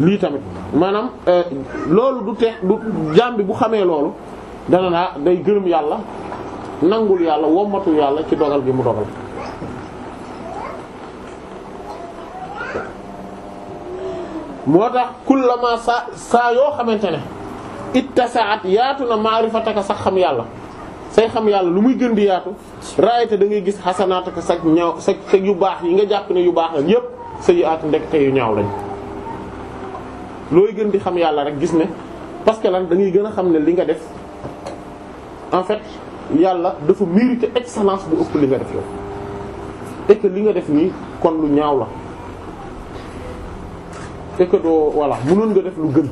lii tamit maanaam euh, loolu du te du jaam bi bu xamee loolu dana naa day gërëm yàlla nangul yàlla wommatu yàlla ci dogal gi mu dogal moo tax kullama saa saa yoo xamante ne ittasaat yaatu na maarifataka sax xam yàlla say xam yàlla lu muy gën di yaatu raayata da ngay gis xasanaataka sax ñaaw sax yu baax yi nga jàpp ne yu baax lañ yépp sa yi aatu ndekk yu ñaaw lañ looy gën di xam yàlla rek gis ne parce que lan da ngay gën a xam ne li nga def en fait yàlla dafa mérite excellence bu ëpp li nga def yow et li nga def nii kon lu ñaaw la et que doo voilà mënoon nga def lu gën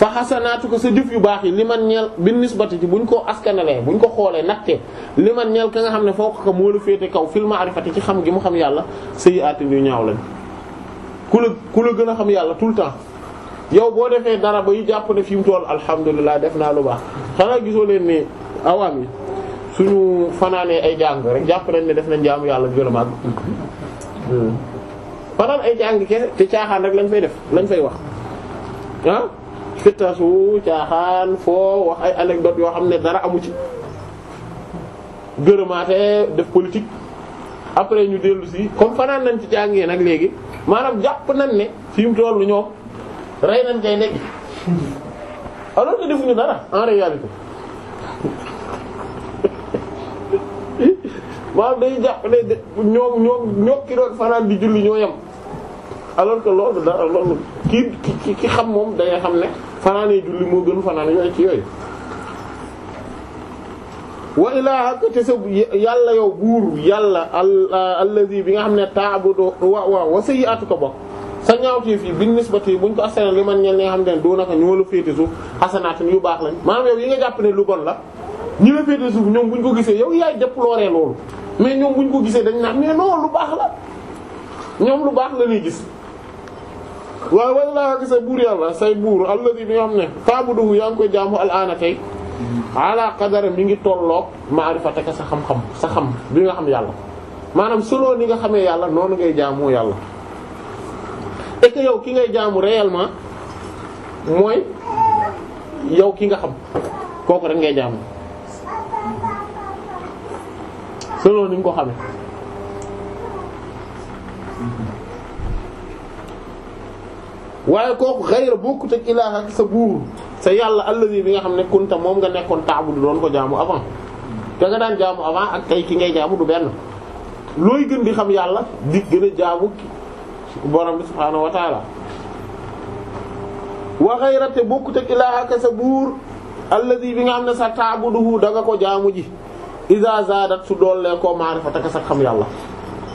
fa xasanaatu ko sa jëf yu baax yi li man ñeel bi nisbati ci buñ ko askanalee buñ ko xoolee nattee li man ñeel ka nga xam ne foo ko moo la féete kaw fil ma'rifati ci xam gi mu xam yàlla sayyi'aati yu ñaaw lañ ku la ku la gën a xam yàlla tout le temps yow boo defee dara ba yu jàpp ne fi mu toll alhamdulilah def naa lu baax xanaa gisoo leen ni awaam yi suñu fanaanee ay jàng rek jàpp nañ ne def nañ jaamu yàlla gën a hmm. fanaan ay jàng ke te caaxaan rek lañ fay def lañ fay wax ah fittasu caaxaan foo wax ay anecdote yoo xam ne dara amu ci gërëmaate def politique après ñu dellu si comme fanaan nañ ci jàngee nag léegi maanaam jàpp nañ ne fi mu tollu ñoom rey nañ kay nekk alors que defuñu dara en réalité maanaam day jàpp ne de ñoom ñoom ñoo ki doon fanaan di julli ñoo yem alors que loolu dara loolu ki ki ki xam moom dangay xam ne fanaanee julli moo gën fanaan ñooy ci yooyu wa ilaahaka te sa yàlla yow buur bi nga xam ne ta'budu wa wa wa sayyi'atuka bokk sa ñaawteef yi bin nisbati buñ ko asséné li man ñen xam ne doo naka yu baax lañ maanaam yow yi nga jàpp ne lu bon la ñi la féete suuf ñoom buñ ko gisee yow yaay déploré loolu mais ñoom bu ko gisee dañ naan mais non lu baax la ñoom lu baax la ñuy gis waaw walla gis sa buur yàlla say buur alladi bi nga xam ne taabuduhu yaa ngi koy jaamu alaana tey ala qadara mi ngi tolloog maarifataka sa xam-xam sa xam bi nga xam yàlla maanaam selon ni nga xamee yàlla noonu ngay jaamoo yàlla et que yow ki ngay jaamu réellement mooy yow ki nga xam kooku rek ngay jaamu selon ni nga ko xamee waaye kooku xayra bokkut ak ilaaha sa buur sa yàlla allazi bi nga xam ne kunta moom nga nekkoon du doon ko jaamu avant te nga daan jaamu avant ak tey ki ngay jaamu du benn looy gën di xam yàlla di gën a jaamu borom bi subhaanahu wa taala wa bokkut ak ilaaha sa buur allazi bi nga xam ne sa taabuduhu da danga ko jaamu ji iza zaadat su doolee koo maarifa taka sa xam yàlla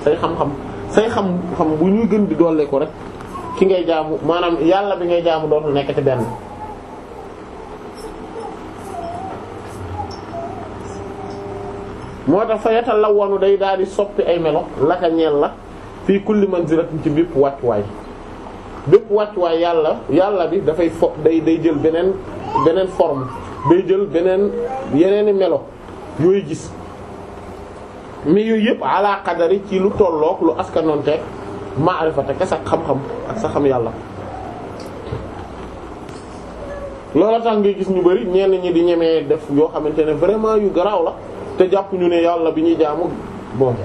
say xam-xam say xam-xam bu ñuy gën di doolee ko rek ki ngay jaamu maanaam yàlla bi ngay jaamu dootul nekkati benn moo tax fa yatalawanu day daal di soppi ay melo laka ñeel la fii kulli manzilatin ci bépp wàccuwaay bépp wàccuwaay yàlla yàlla bi dafay fo day day jël beneen beneen forme day jël beneen yeneeni melo yooyu gis mais yooyu yëpp ala qadari ci lu tollook lu askanoonteeg maarifa te ke sa xam-xam ak sa xam yàlla loola tax ngay gis ñu bari ñenn ñi di ñemee def yoo xamante ne vraiment yu garaaw la te jàpp ne yàlla bi ñuy jaamu bon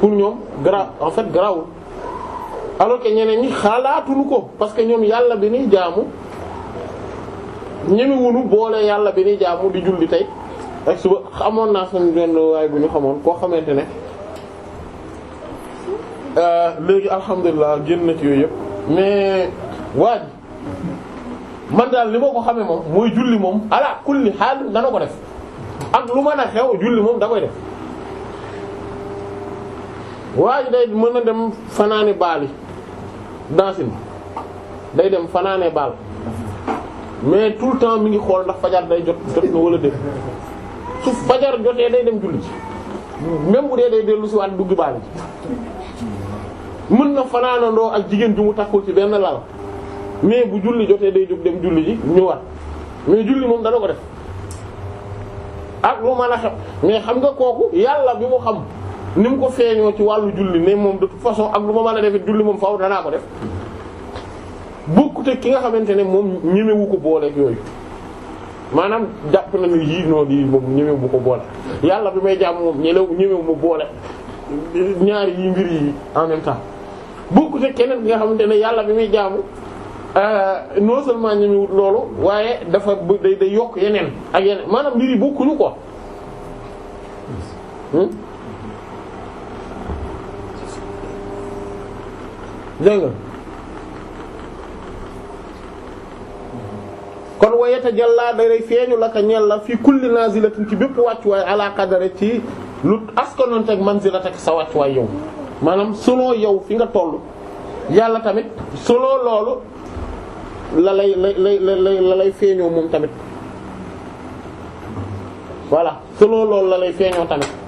pour ñoom garaaw en fait garaawul alors que ñeneen ñi xalaatuñu ko parce que ñoom yàlla bi ñuy jaamu ñemewuñu boole yàlla bi ñuy jaamu di julli tey ak suba amoon naa seen benn waaye bu ñu xamoon koo xamante ne euh, léegi alhamdulilah génn na ci yooyu yëpp mais waaj man daal li ma ko xamee moom mooy julli moom ala kulli xaal dana ko def ak lu mën a xew julli moom da koy def waaj day mën na dem fanaane baali dansin day dem fanaane baal mais tout le temps mi ngi xool ndax fajar day jot jot na wala dégg su fajar jotee day dem julli ci même bu dee day dellu si waat dugg baal ji mën na fanaana fanaanandoo ak jigéen ju mu takkul ci benn lal mais bu julli jotee day jóg dem julli ji ñëwaat mais julli moom dana ko def ak lu mën a xew mais xam nga kooku yàlla bi mu xam ni mu ko feeñoo ci wàllu julli ne moom de façon ak lu ma man a defee julli moom faaw danaa ko def bokkut ak ki nga xamante ne moom ñemewu ko boole yooyu. maanaam jàpp na ni yii noonu yii moom ñëwee bu ko boole yàlla bi may jàmm moom ñëlew ñëwee mu boole ñaari yi mbir yi en même temps bokkute keneen nga xamante ne yàlla bi muy jaamu euh, non seulement ñu loolu waaye dafa da day yokk yeneen ak yeneen maanaam mbir yi bokkuñu ko hmm? dégg nga kon wayata jàllaa day feeñu la ka ñel la fii kulli nazilatin ci bépp wàcc ala qadari ci lu askanoonte man manzilat ak sa wàccuwaay yow maanaam selon yow fi nga toll yàlla tamit selon loolu la lay la lay la feeñoo moom tamit voilà selon loolu la lay feeñoo tamit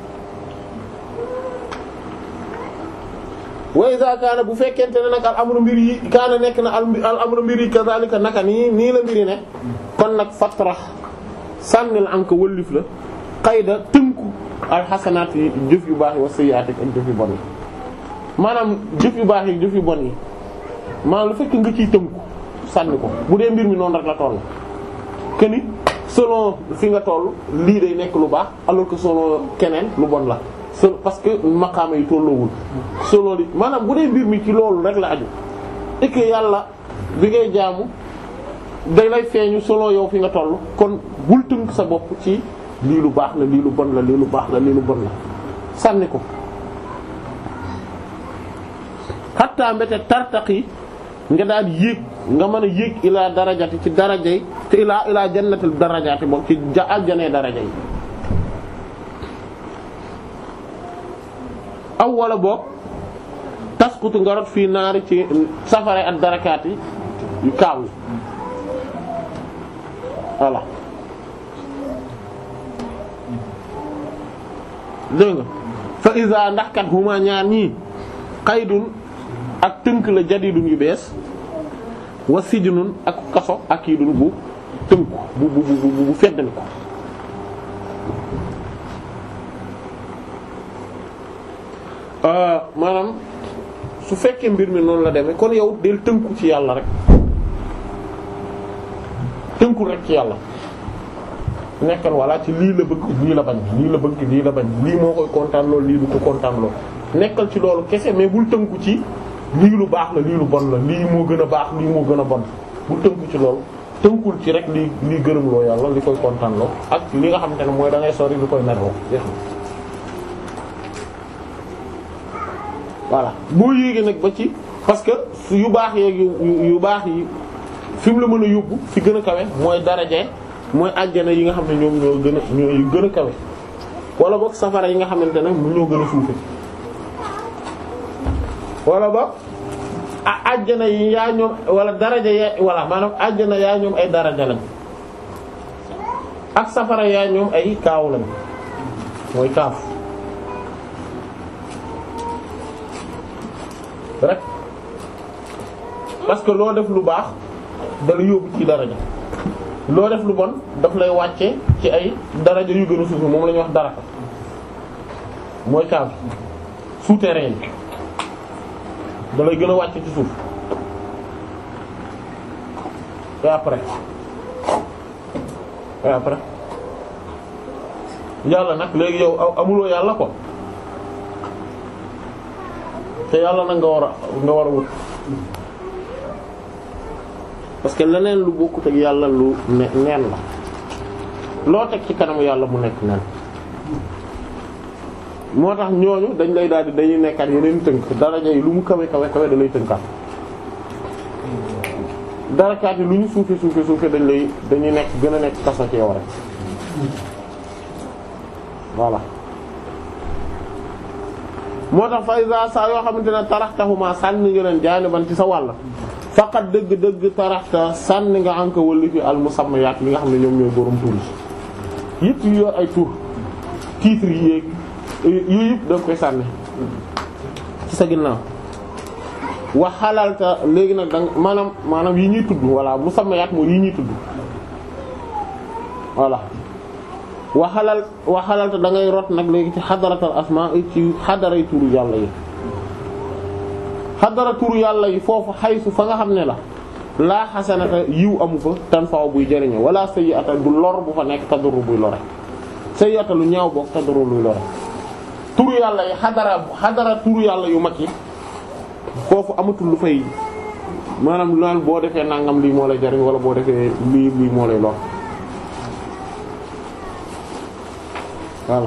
wa iza kaana bu fekkente ne nag al amru mbir yi kaana nekk na al amru mbir yi kazalika naka nii nii la mbiri ne kon nag fatrax sànnil anka wëllif la xayda tënku alxasanaat yi jëf yu baax yi wa sayyi'aat ak jëf yu bon yi maanaam jëf yu baax yi jëf yu bon yi maa lu fekk nga ciy tënku sànni ko bu dee mbir mi noonu rek la toll keni selon fi nga toll lii day nekk lu baax alors que selon keneen lu bon la sel parce que maqaama yi tolloowul selon li maanaam bu dee mbir mi ci loolu rek la aju et yàlla bi ngay jaamu day lay feeñu selon yow fi nga toll kon bul tënk sa bopp ci lii lu baax la lii lu bon la lii lu baax la lii lu bon la sànni ko xattaa mbete tartaq yi nga daal yéeg nga mën a yéeg ilaa darajati ci darajay te ilaa ilaa jannatil darajati boobu ci aljanee daraja yi aw wala boog taskutu nga rot fii naari ci safare ak darakaat yi yu kaaw yi voilà dégg nga ndax kat huma ñaar ñii qaydun ak tënk la jadidun yu bees wa sijnun ak kaso akidun bu tënku bu bu bu bu feddal ko Euh, maanaam su fekkee mbir mi noonu la demee kon yow del tënku ci yàlla rek tënku rek ci yàlla nekkal walla ci lii la bëgg lii la bañ lii la bëgg lii la bañ lii moo koy kontaan lool lii du ko kontaan lool nekkal ci loolu kese mais bul tënku ci lii lu baax la lii lu bon la lii moo gën a baax lii moo gën a bon bul tënku ci loolu tënkul ci rek li lii gërëm loo yàlla li koy kontaan loo ak li nga xam xamante ne mooy dangay ngay sori li koy meroo voilà boo yéegee nag ba ci parce que yu baax yeeg yu yu baax yi fi mu la mën a yóbbu fi gën a kawe mooy daraje mooy àjjana yi nga xam ne ñoom ñoo gën a ñoo gën a kawe wala boog safara yi nga xamante ne mu ñoo gën a suufe wala boog a àjjana yi yaa ñoom wala daraja ya wala maanaam àjjana yaa ñoom ay daraja lañ ak safara yaa ñoom ay kaaw lañ mooy kaaf rek parce que loo def lu baax dala yóbbu ci daraja loo def lu bon daf lay wàcce ci ay daraja yu gën a moom la wax dara mooy cave souterrain bi da lay gën a wàcce ci suuf et après et après yàlla nag léegi yow amuloo yàlla ko te yàlla na nga war a nga war a wut parce que leneen lu bokkut yàlla lu ne neen la loo teg ci kanamu yàlla mu nekk neen moo tax ñooñu dañ lay daal di dañuy nekkaat yeneen tënk daraja yi lu mu kawe kawe kawe da lay tënkaat darakaat yi lu ñu suufe suufe dañ lay dañuy nekk gën a nekk kaso ci yow rek voilà moo tax fa isa saa yoo xamante ne taraxtaxuma sànni nga leen jaaniban ci sa wàll faqat dëgg-dëgg taraxta sànni nga anka wëlli fi al musammayaat li nga xam ne ñoom ñooy borom tur yi yëpp yu yor ay tur titre yéeg yooyu yëpp danga koy sànni ci sa ginnaaw wax xalalta léegi nag danga maanaam maanaam yi ñuy tudd voilà musammayaat mooy yi ñuy tudd voilà waxalal waxalal te da ngay rot nag léegi ci xadaratal asmaa eh, ci xadaray turu yàlla yi xadara tur yàlla yi foofu xaysu fa nga xam ne la laa xasanata yiw amu fa tan faaw buy jëriñoo wala sayyi'ata bu fa nekk taduru buy lore sayyi'ata lu ñaaw boog taduru luy lore turu yàlla yi xadara xadara yàlla yu mag yi foofu amatul lu fay maanaam lu boo defee nangam lii moo lay jëriñ wala boo defee lii lii moo lay lor voilà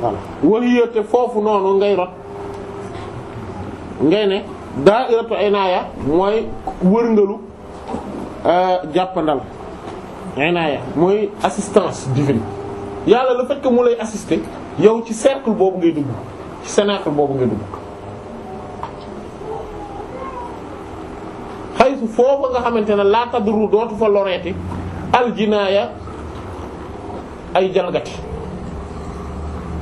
voilà waxiyate foofu noonu ngay rot ngay ne daa'iratu inaaya mooy wërngalu euh, jàppandal inaaya mooy assistance divine yàlla le fait mu lay assister yow ci cercle boobu ngay dugg ci cercle boobu ngay dugg xaytu foofu nga xamante ne laa tadru dootu fa loreeti aljinaaya ay jalgati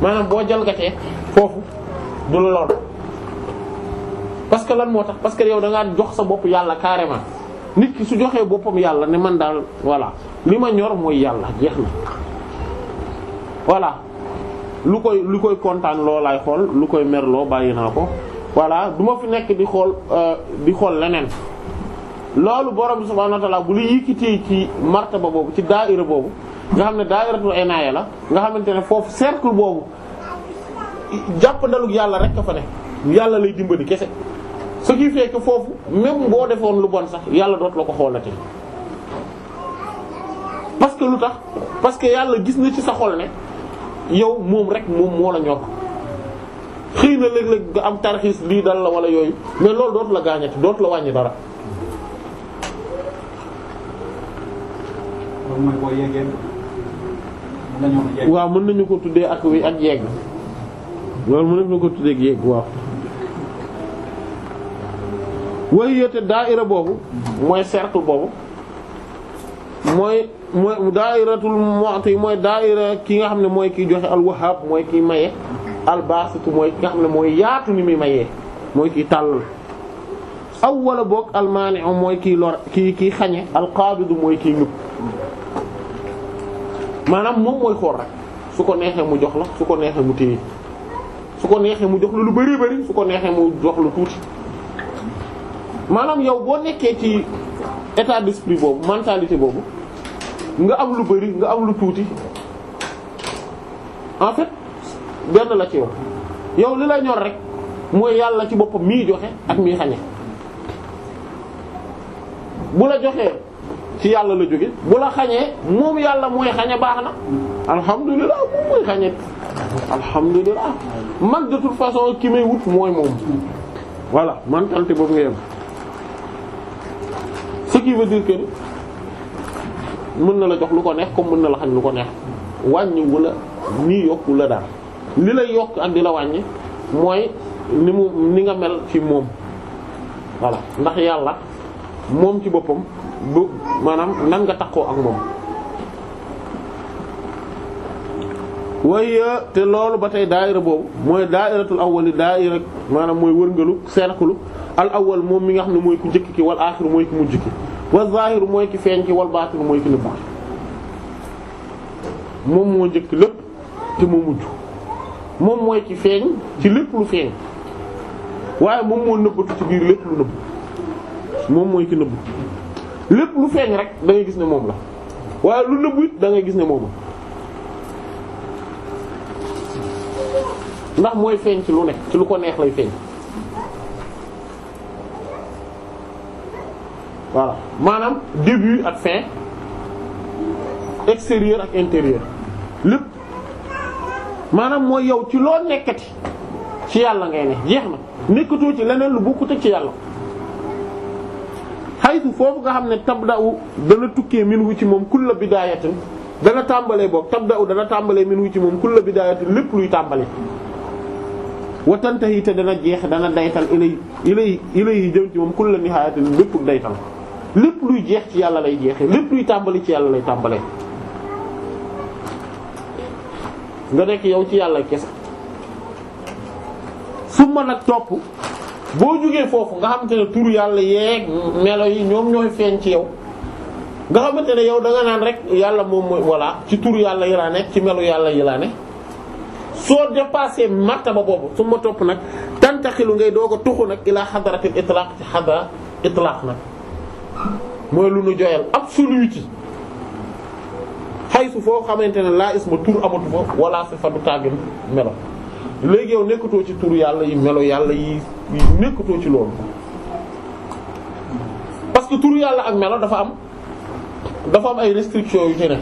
maanaam boo jalgatee foofu du la lor parce que lan moo tax parce que yow da ngaa jox sa bopp yàlla carrément nit ki su joxee boppam yàlla ne man daal voilà li ma ñor mooy yàlla jeex na voilà lu koy lu koy kontaan loo laay xool lu koy merloo bàyyi naa ko voilà du ma fi nekk di xool euh, di xool leneen loolu borom subhaanahu bu la yëkkatee ci martaba boobu ci daa'ira boobu nga xam ne daayiratu inaaya la nga xamante ne foofu cercle boobu jàpp ndalug yàlla rek ka fa ne yàlla lay dimbali kese ce qui fait foofu même boo defoon lu bon sax yàlla doot la ko xoolati parce que lu tax parce que yàlla gis na ci sa xol ne yow moom rek moom moo la ñor xëy na léeg-léeg nga am tarxiis lii dal la wala yooyu mais loolu dootu la gaañati dootu la wàññi dara. waaw mën nañu ko tuddee ak wi ak yegg loolu mën nañu ko tuddee ak yegg waaw way yéete daaira boobu mooy cercle boobu mooy mooy daairatul mu'ti mooy daaira ki nga xam ne mooy kiy joxe alwahaab mooy kiy maye albasitu mooy ki nga xam ne mooy yaatu ni muy mayee mooy ki tàllal aw wala boog almaani'u mooy kiy lor ki kiy xañe alqaabidu mooy kiy ñub maanaam moom mooy xool rek su ko neexee mu jox la su ko neexee mu téye su ko neexee mu jox la lu bari bari su ko neexee mu jox la tuuti maanaam yow boo nekkee ci état d'esprit boobu mentalité boobu nga am lu bari nga am lu tuuti en fait benn la ci yow yow li la ñor rek mooy yàlla ci boppam mii joxe ak mii xañe bu la joxee ci yàlla la jóge bu la xañee moom yàlla mooy xañe baax na alhamdulilah moom mooy xañe alhamdulilah man de toute façon ki may wut mooy moom voilà man tante boobu nga yem ce qui veut mën na la jox lu ko neex comme mën na la xañ lu ko neex wàññi wu la nii yokku la daal li lay yokk ak di la wàññi mooy ni mu ni nga mel ci moom voilà ndax yàlla moom ci boppam bu maanaam nan nga tax koo ak moom waaye te loolu ba tey daa daayira boobu mooy daayiratul awwal daayira maanaam mooy wërngalu cercle al awwal moom mi nga xam ne mooy ku njëkk ki wal aaxiru mooy ki mujj ki wal zaahiru mooy ki feeñ ki wal baatinu mooy ki nëbb moom moo njëkk lépp ki mu mujj moom mooy ci feeñ ci lépp lu feeñ waaye moom moo nëbbatu ci biir lépp lu nëbb moom mooy ki nëbb lépp lu feeñ rek da gis ne moom la waaye lu nëbbu it da ngay gis ne moom ndax mooy feeñ ci lu nekk ci lu ko neex lay feeñ voilà maanaam début ak fin extérieur ak intérieur lépp maanaam mooy yow ci loo nekkati ci yàlla ngay ne jeex na nekkatoo ci leneen lu bokkut ak ci yàlla xaytu foofu nga xam ne tabda'u dana tukkee minhu ci moom kulla bidaayatin dana tàmbalee boog tabda'u dana tàmbalee minhu ci moom kulla bidaayatin lépp luy tàmbali wa tantahi jeex dana daytal ilay ilay ilay jëm ci moom kulla nihaayatin lépp daytal lépp luy jeex ci yàlla lay jeexee lépp luy tàmbali ci yàlla lay tàmbalee nga nekk yow ci yàlla kese suma nag topp boo jógee foofu nga xamante ne tur yàlla yeeg melo yi ñoom ñooy feeñ ci yow nga xamante ne yow da naan rek yàlla moom mooy voilà ci turu yàlla yi laa ne ci melo yàlla yi laa ne soo dépassé martaba boobu su ma topp nag tantaxilu ngay doog a tuxu nag ilaa xadaratil itlaq ci xadara itlaq nag mooy lu nu joyal absolu ci xaysu foo xamante ne laa isma tur amatu fa wala sifa du tàggin melo léegi yow nekkatoo ci turu yàlla yi melo yàlla yi nekkatoo ci loolu parce que tur yàlla ak melo dafa am dafa am ay restrictions yu ci ne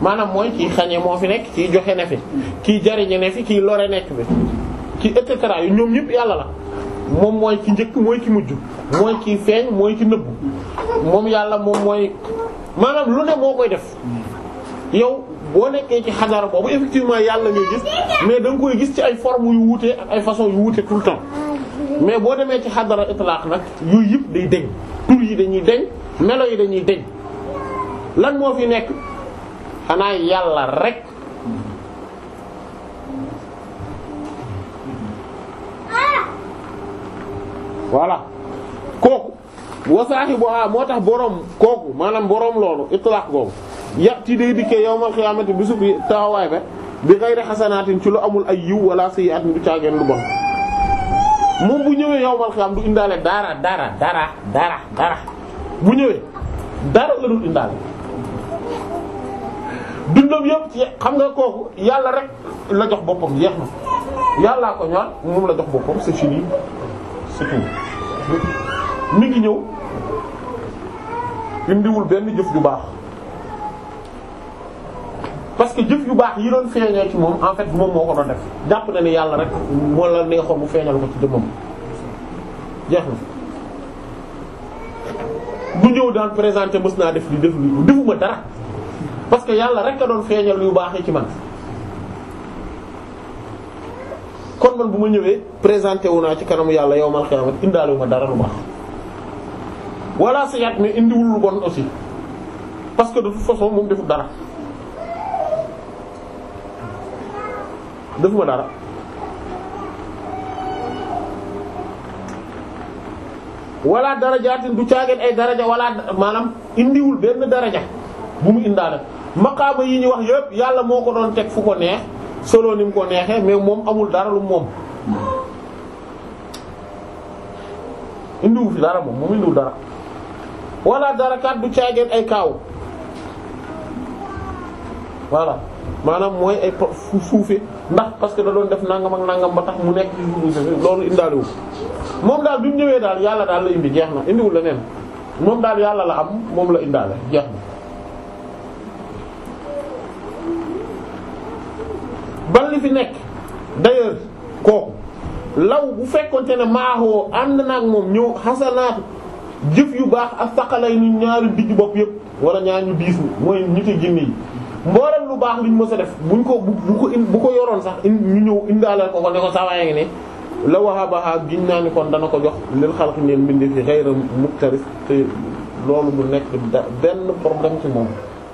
maanaam mooy kii xañee moo fi nekk kii joxe ne fi kii jariñe ne fi kii lore nekk bi kii et cetera yu ñoom ñëpp yàlla la moom mooy ki njëkk mooy ki mujj mooy ki feeñ mooy ki nëbbu moom yàlla moom mooy maanaam lu ne moo koy def yow boo nekkee ci xadara boobu effectivement yàlla ngay gis mais da koy gis ci ay formes yu wuute ak ay façon yu wuute tout le mais boo demee ci xadara itlaax nag yooyu yëpp day deñ tur yi dañuy deñ melo yi dañuy deñ lan moo fi nekk xanaa yàlla rek voilà kooku wasaaxi bo aa moo tax boroom kooku maanaam boroom loolu itlaax googu yàqti day dikkee yawmal xiyaamati bisu bi taxawaay ba bi gayri xasanaatin ci lu amul ay yiw wala sayyi'atin du caageen lu bon moom bu ñëwee yawmal xiyaam du indaale dara dara dara dara bu ñëwee dara la dul indaale dundam yëpp ci xam nga kooku yàlla rek la jox boppam jeex na yàllaa ko ñaan moom la jox boppam c'est fini c'est tout mi ngi ñëw indiwul benn jëf ju baax parce que jëf yu baax yi doon feeñee ci moom en fait moom moo ko doon def jàpp na ne yàlla rek moo la neexoon mu feeñal ko ci jëmmam jeex na bu ñëw daan présenter mës naa def li def li defuma dara parce que yàlla rek a doon feeñal yu baax yi ci man kon man bu ma ñëwee présenté wu naa ci kanamu yàlla yawmal qiyaamati indaale ma dara lu baax walla sa yat mais indiwul lu bon aussi parce que de toute façon moom deful dara defuma dara wala darajaatin du caageen ay daraja wala maanaam indiwul benn daraja bu mu indaale maqaama yi ñu wax yépp yàlla moo ko doon teg fu ko neex solo ni mu ko neexee mais moom amul dara lu moom indiwu fi dara moom moom indiwul dara wala darakaat du caageen ay kaaw voilà maanaam mooy ay suufe ndax parce que da doon def nangam ak nangam ba tax mu nekk loolu indaale wu moom daal bi mu ñëwee daal yàlla daal la indi jeex na indiwul neen moom daal yàlla la am moom la indaale jeex na. ban fi nekk d'ailleurs kooku law bu fekkonte ne maaxoo ànd naag moom ñëw xasanaatu jëf yu baax ak saqalay ni ñaari dijju bopp yëpp wala ñaar ñu diis mooy nit a jinne yi mboolem lu baax luñ mës a def buñ ko bu ko bu ko yoroon sax ñu ñëw indaalal ko ko ne ko saawaay ngi ne la wahabaha giñ naa ni dana ko jox lil xalq ñeen mbindi fi xayra muktaris te loolu du nekk benn problème ci moom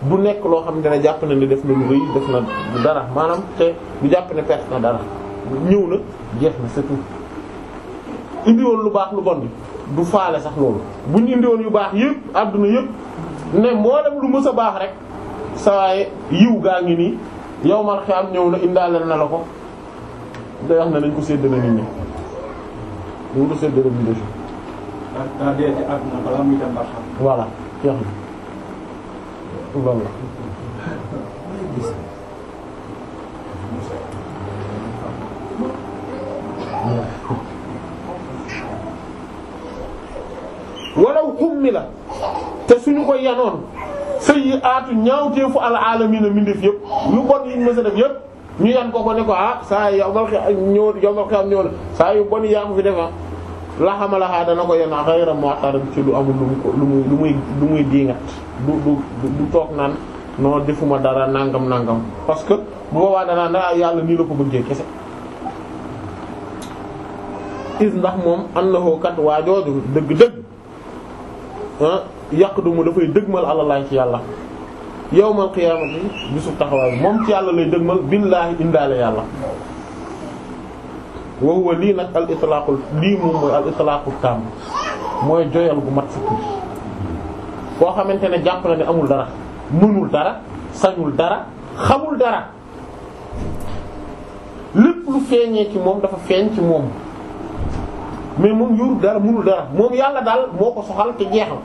du nekk loo xam ne jàpp ne ni def na lu rëy def na dara maanaam te du jàpp ne perte na dara ñëw na jeex na indiwoon lu baax lu bon bi du sax loolu buñ indiwoon yu baax yëpp àdduna yépp ne mboolem lu mës a baax rek sawaaye yiw gaa ngi nii yow yawmal am ñëw na indaaleel na la ko day wax ne nañ ko séddale nit ñi dañ ko séddale nit ñi voilà jeex na walaw xummi la te suñu ko yanoon sayyi aatu ñaawteefu al aalamiina mbindeef yëpp lu bon yi ñu a def yëpp ñu yan ko ko ne ko ah saa yow nga xeex ñëw yow yu bon yaa ko fi defee ah. laxama laxaa dana ko yan xayra mu'tarid ci lu amul lu mu lu muy lu muy diingat du du du toog naan non defuma dara nangam nangam parce que bu danaa ne ah, yàlla nii la ko bëggee kese. is ndax moom annahu kat waa dëgg-dëgg. Ah, yaqdumu dafay dëgmal alallahi ci yàlla yawmal qiyaamati bisub taxawaay moom ci yàlla lay dëgmal billaahi indaale yàlla wa lii nag al itlaaqul lii moom mooy al itlaaqul tàmm mooy joyal bu mat fukki koo xamante ne jàpp na ne amul dara mënul dara sañul dara xamul dara lépp lu feeñee ci moom dafa feeñ ci moom mais moom yoru dara mënul dara moom yàlla daal moo ko soxal te jeexal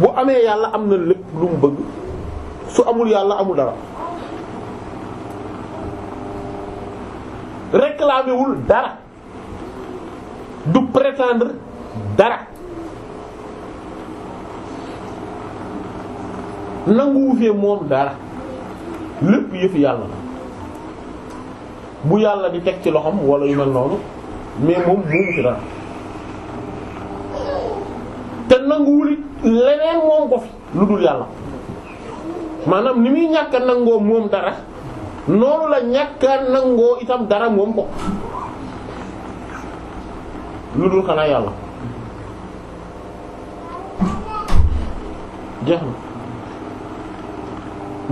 bu amee yàlla am na lépp lu mu bëgg su amul yàlla amul dara réclamé wul dara du prétendre dara nanguwu fee moom dara lépp yëf yàlla la bu yàlla di teg ci loxom wala yu mel noonu mais moom moomu ci dara te nanguwul leneen moom ko fi lu dul yàlla maanaam ni muy ñàkk a nangoo moom dara noonu la ñàkk nangoo itam dara moom ko lu dul xanaa yàlla jeex na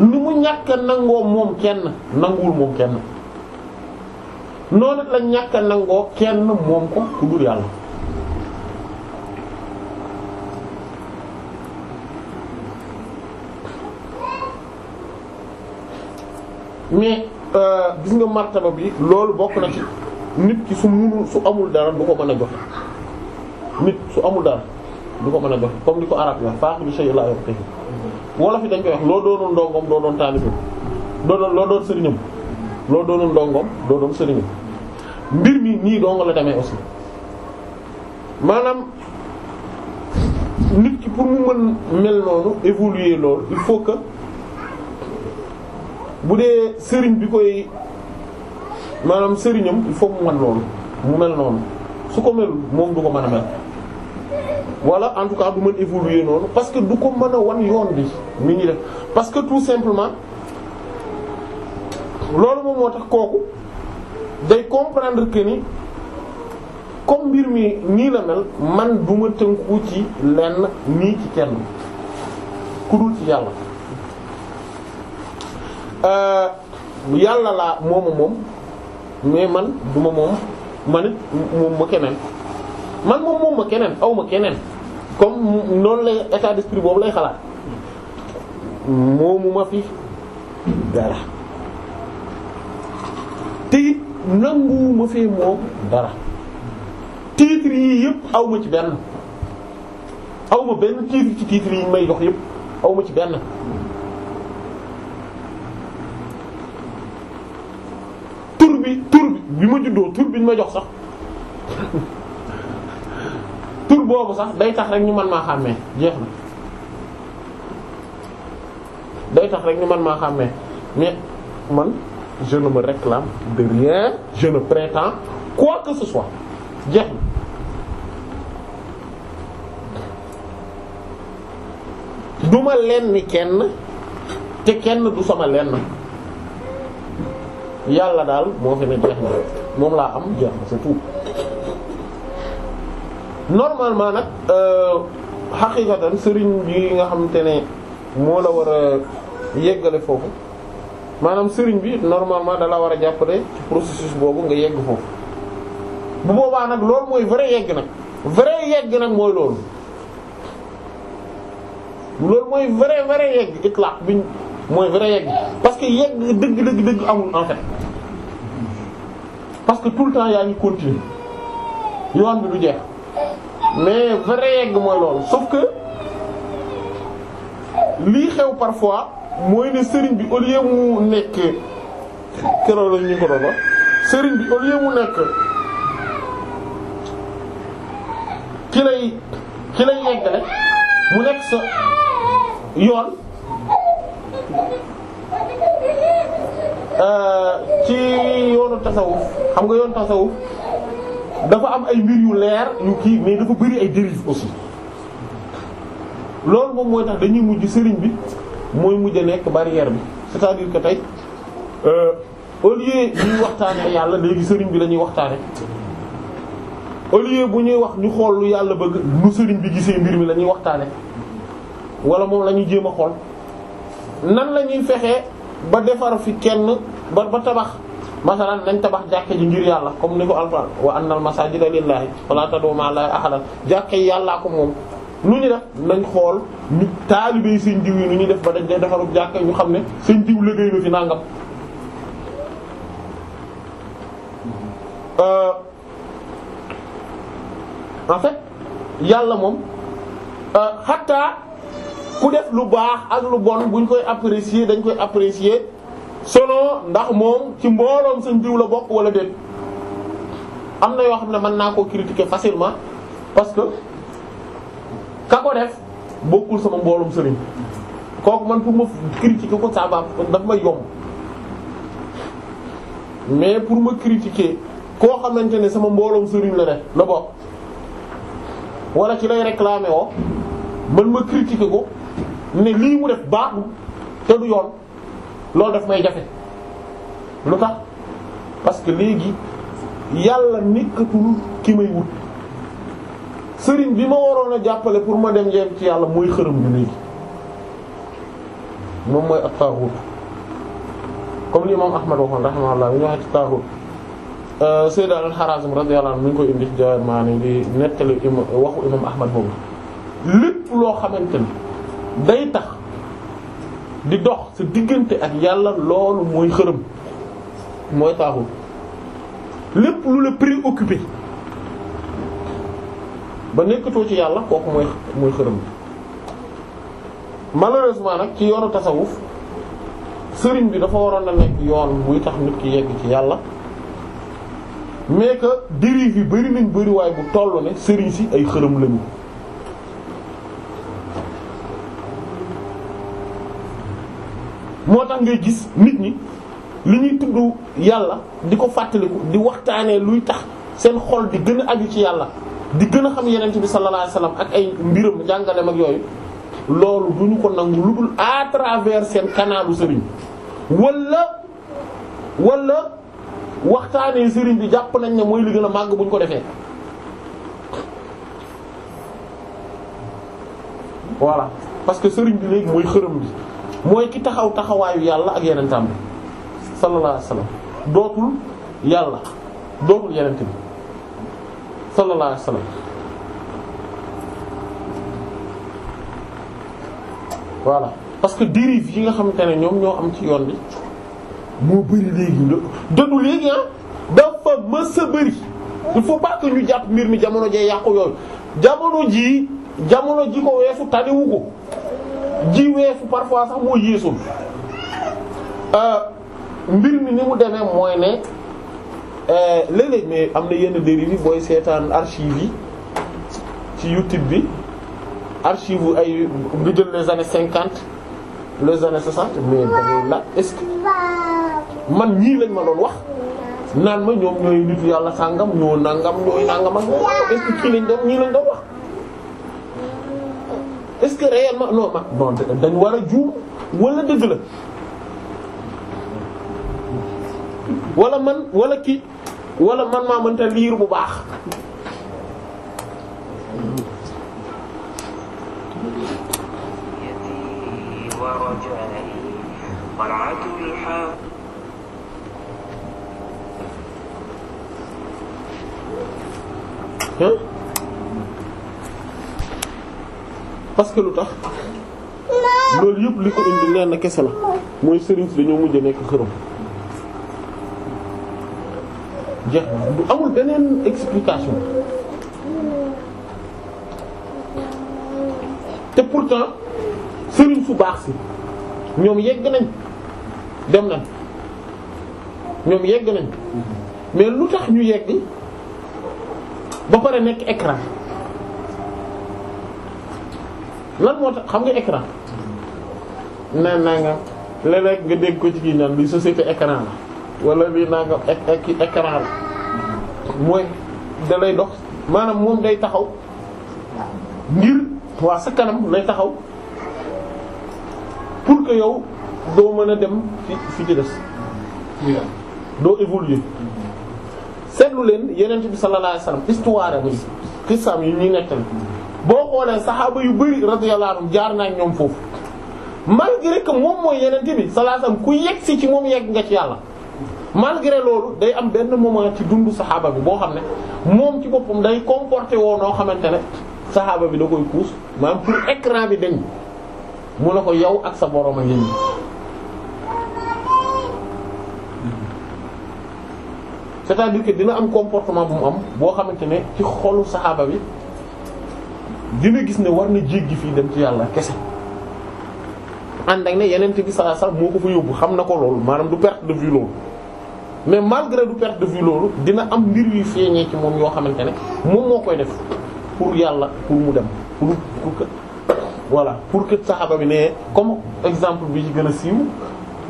ni mu ñàkk nangoo moom kenn nanguwul moom kenn noonu it lañ ñàkk nangoo kenn moom ko ku dul yàlla mais euh, gis nga martaba bi loolu bokk na ci nit ki su munul su amul dara du ko mën a joxe nit su amul dara du ko mën a joxe comme ni ko arab yi wax faax bi shay la yox tey wolof yi dañ koy wax loo doonoon ndongoom doo doon taalibeem doo doon loo doon loolu doonoon ndongoom doo doon sëriñ mbir mi nii dong la demee aussi maanaam nit ki pour mu mën mel noonu évoluer loolu il faut que bu dee sëriñ bi koy maanaam sëriñam il faut mu mën loolu mu mel noonu su ko melul moom du ko mën a mel wala en tout cas du mën évoluer noonu parce que du ko mën a wan yoon bi mi ñuy def parce que tout simplement loolu moom moo tax kooku day comprendre que ni comme mbir mi nii la mel man du ma tënku ci lenn nii ci kenn ku dul ci yàlla euh, yàlla laa mooma moom mais man du moom man moom ma keneen man moom moom ma keneen aw ma keneen comme noonu lay état d'esprit boobu lay xalaat moomu ma fi dara te it nangu ma fee moom dara titres yii yëpp aw ma ci benn aw ma benn titre ci titres yi may jox yépp aw ma ci benn tur bi tur bi bi ma juddoo tur bi ma jox sax tur boobu sax day tax rek ñu mën maa xàmmee jeex na day tax rek ñu mën maa xàmmee mais man jeune ne me réclame de rien je ne prétends quoi que ce soit jeex na duma lenn kenn te kenn du sama lenn yàlla daal moo fi ne na moom laa am jeex na c'est tout normalement nag xaqiqatan euh, sëriñ bi nga xamante ne moo la war a yeggale foofu maanaam sëriñ bi normalement dala war a jàppale ci processus boobu nga yegg foofu bu boobaa nag loolu mooy vrai yegg nag vrai yegg nag mooy loolu loolu mooy vrai vrai yegg itlaq mooy vrai parce que yegg dëgg dëgg dëgg amul en parce que tout le temps yaa ngi continuer yoon bi du jeex mais vrai yegg mooy loolu sauf que lii xew parfois mooy ne sëriñ bi au lieu mu nekk keroog la ñu ko doon sëriñ bi au lieu mu nekk ki lay ki lay yeggale mu nekk sa yoon euh, ci yoonu tasawuf xam nga yoon tasawuf dafa am ay mbir yu leer yu kii mais dafa bëri ay dérives aussi loolu moom mooy tax dañuy mujj sëriñ bi. mooy mujj a nekk barrière bi c'est-à-dire que tey euh, au lieu ñuy waxtaanee yàlla léegi sëriñ bi lañuy waxtaane au lieu bu ñuy wax ñu xool lu yàlla bëgg nu sëriñ bi gisee mbir mi la ñuy waxtaane wala moom la ñuy jéem a xool nan la ñuy fexee ba defar fi kenn ba ba tabax masalan nañ tabax jàkke ji ngir yàlla comme ni ko waa wa annal masajida lillahi fala tad'u ma'a allahi ahadan jàkke yàllaa ko moom lu ñu def dañ xool ñu taalibe seen diw yi nu ñuy def ba dañ koy defaru jàkka ñu xam ne seen diw liggéey na fi nangam. Euh, en fait yàlla moom euh, xataa ku def lu baax ak lu bon buñ koy apprécier dañ koy apprécier selon ndax moom ci mbooloom seen diw la bokk wala déet am na yoo xam ne mën naa koo critiquer facilement parce que. ka ko def bokkul sama mboolum sëriñ kooku man pour ma critiquer ko ça va daf may yomb pour ma critiquer koo xamante ne sama mbooloom sëriñ la def la bokk wala ci lay réclamer woo man ma critiquer ko ne lii mu def baaxul te du yoon loolu daf may jafe lu tax parce que léegi yàlla nekkatul ki may wut. sëriñ bi ma waroon a jàppale pour ma dem jeem ci yàlla mooy xërëm bi léegi moom mooy ak taaxut comme li imam ahmad waxoon rahimahullah bi ñu waxee euh, mi ngi koy indi ci Jawaahir Maani di nettali waxu imam ahmad boobu lépp loo xamante ni day tax di dox sa diggante ak yàlla loolu mooy xërëm mooy taaxut lépp lu la préoccupé ba nekkatoo ci yàlla kooku mooy mooy xërëm bi malheureusement nag ci yoonu tasawuf sëriñ bi dafa waroon a nekk yoon buy tax nit ki yegg ci yàlla mais que dérive yi bari nañ bari bu toll ne sëriñ si ay xërëm lañu moo tax ngay gis nit ñi li ñuy tudd yàlla di ko fàttaliku di waxtaanee luy tax seen xol di gën a aju ci yàlla di gën a xam yenent bi sallallahu alayhi ak ay mbiram jàngaleem ak yooyu loolu du ñu ko nangu lu dul à travers seen kanaalu sëriñ wala wala waxtaanee sëriñ bi jàpp nañ ne mooy li gën a màgg bu ñu ko defee voilà parce que sëriñ bi léegi mooy xërëm bi mooy ki taxaw taxawaayu yàlla ak yenentam bi sallallahu alayhi wasallam dootul yàlla dootul yenent bi sallallahu alayhi wa sallam voilà parce que dérive yi nga xamante ne ñoom ñoo am ci yoon bi moo bëri léegi dëddu ah. dafa mës a bëri il faut ñu jàpp mbir mi jamono jee yàqu yooyu jamono jii jamono ji ko weesu taniwu ko ji weesu parfois sax moo yéesul euh, mbir mi ni mu demee mooy ne Euh, léeg-léeg mais am na yenn dérive booy seetaan archive yi ci YouTube bi archive ay nga jël les années cinquante les années soixante mais dangay la est-ce que man ñii lañ ma doon wax naan ma ñoom ñooy nitu yàlla sàngam ñoo nangam ñooy nangam ak est-ce que kii ñii lañ doon wax est-ce que réellement non man non dañ war a juum walla dëgg la wala man walla ki wala man maa liir bu baax hein que lu tax loolu yëpp li ko indi lenn kese la mooy sëriñ si dañoo mujj nekk xërëm jeex du amul beneen explication te pourtant sëriñ su baax si ñoom yég nañ dem nañ ñoom yegg nañ mais lu tax ñu yegg ba pare nekk écran lan moo tax xam nga écran nee naa nga léeg-léeg nga dégg ko ci kii naan li société écran la wala lii nangam ek écran mooy da lay dox maanaam moom day taxaw ngir waa sa kanam lay taxaw pour que yow doo mën a dem fi fi ci des doo évoluer seetlu leen yenent bi sallallahu alayhi wasallam histoire bi xisaam yi ñuy nettal boo xoolee saxaaba yu bari radiyallahu anhum jaar naa ñoom foofu malgré que moom mooy yenent bi sallallahu alayhi wasallam ku yegg si ci moom yegg nga ci yàlla malgré loolu day am benn moment ci dundu saxaaba bi boo xam ne moom ci boppam day comporté woo noo xamante ne saxaaba bi da koy puus maanaam pour écran bi dañ mu ne ko yow ak sa borom a ngi nii cest à dina am comportement bu mu am boo xamante ne ci xolu saxaaba bi dina gis ne war na gi fii dem ci yàlla kese ànd ak ne yeneen bi saa sax moo ko fa yóbbu xam na ko loolu maanaam du perte de vue loolu. mais malgré du perte de vue loolu dina am mbir yu feeñee ci moom yoo xamante ne moom moo koy def pour yàlla pour mu dem pour pour que voilà pour que saxaba bi ne comme exemple bi ci gën a siiw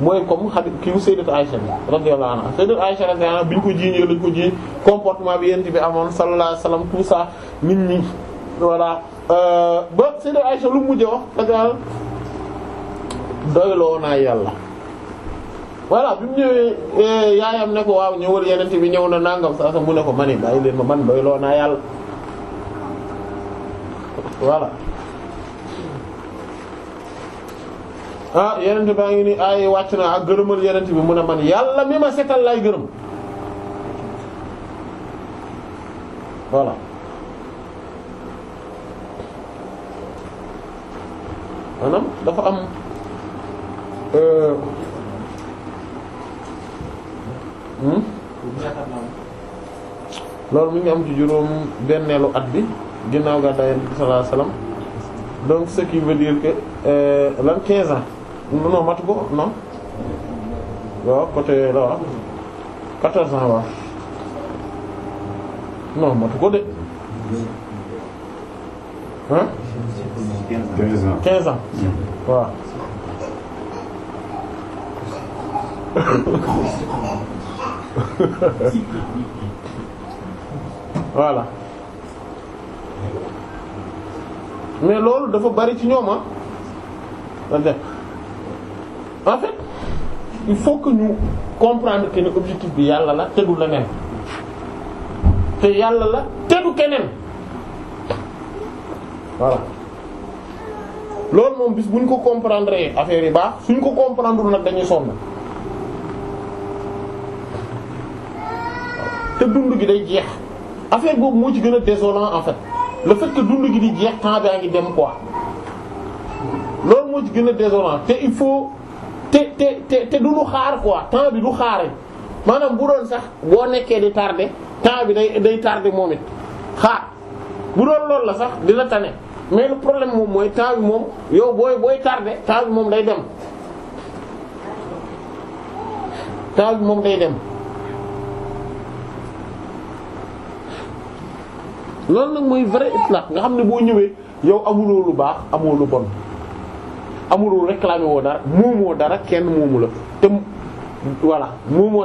mooy comme xam kiiw Sayyidatu Aïcha bi radiyallahu anha Sayyidatu Aïcha radiyallahu anha bi ñu ko jiiñee lañ ko jiiñ comportement bi yent bi amoon sallallahu alayhi wasallam tout ça nit ñi voilà euh, ba Sayyidatu Aïcha lu mujjee wax radiyallahu doyloo naa yàlla voilà bi mu ñëwee eh, yaayam ne ko waaw ñëwal yeneen bi ñëw na nangam sax mu ne ko mani bàyyi leen ma man doyloo naa yàlla voilà. ah yeneen baa ngi ni ay wàcc na ak gërëmal yeneen bi mu ne man yàlla mi ma setal lay gërëm voilà. maanaam dafa am. Euh, Hmm? loolu mi ngi am ci juróom benneelu at bi ginnaaw gàddaay Yonent bi sallallahu donc ce qui veut dire que euh, lan 15 ans non matu ko non waaw côté la 14 ans waaw non matu ko de ah. 15 ans 15 voilà mais loolu dafa bari ci ñoom ah en fait il faut que ñu comprendre que objectif bi yàlla la te du leneen te yàlla la te keneen voilà loolu moom bis bu ñu ko comprendre affaire yi baax suñ ko comprendre nag dañuy sonn. te dund gi day jeex affaire boobu moo ci gën a désolant en fait le fait que dund gi di jeex temps baa ngi dem quoi loolu moo ci gën a désolant te il faut te te te te du xaar quoi temps bi du xaare maanaam bu doon sax boo nekkee di tardé temps bi day day tardé moom it xaar bu doon loolu la sax dina tane mais le problème moom mooy temps bi moom yow booy booy tardé temps bi moom day dem temps bi moom day dem. loolu nag mooy vrai itlaq nga xam ne boo ñëwee yow amuloo lu baax amoo lu bon amuloo réclamer woo dara moomoo dara kenn moomu la te voilà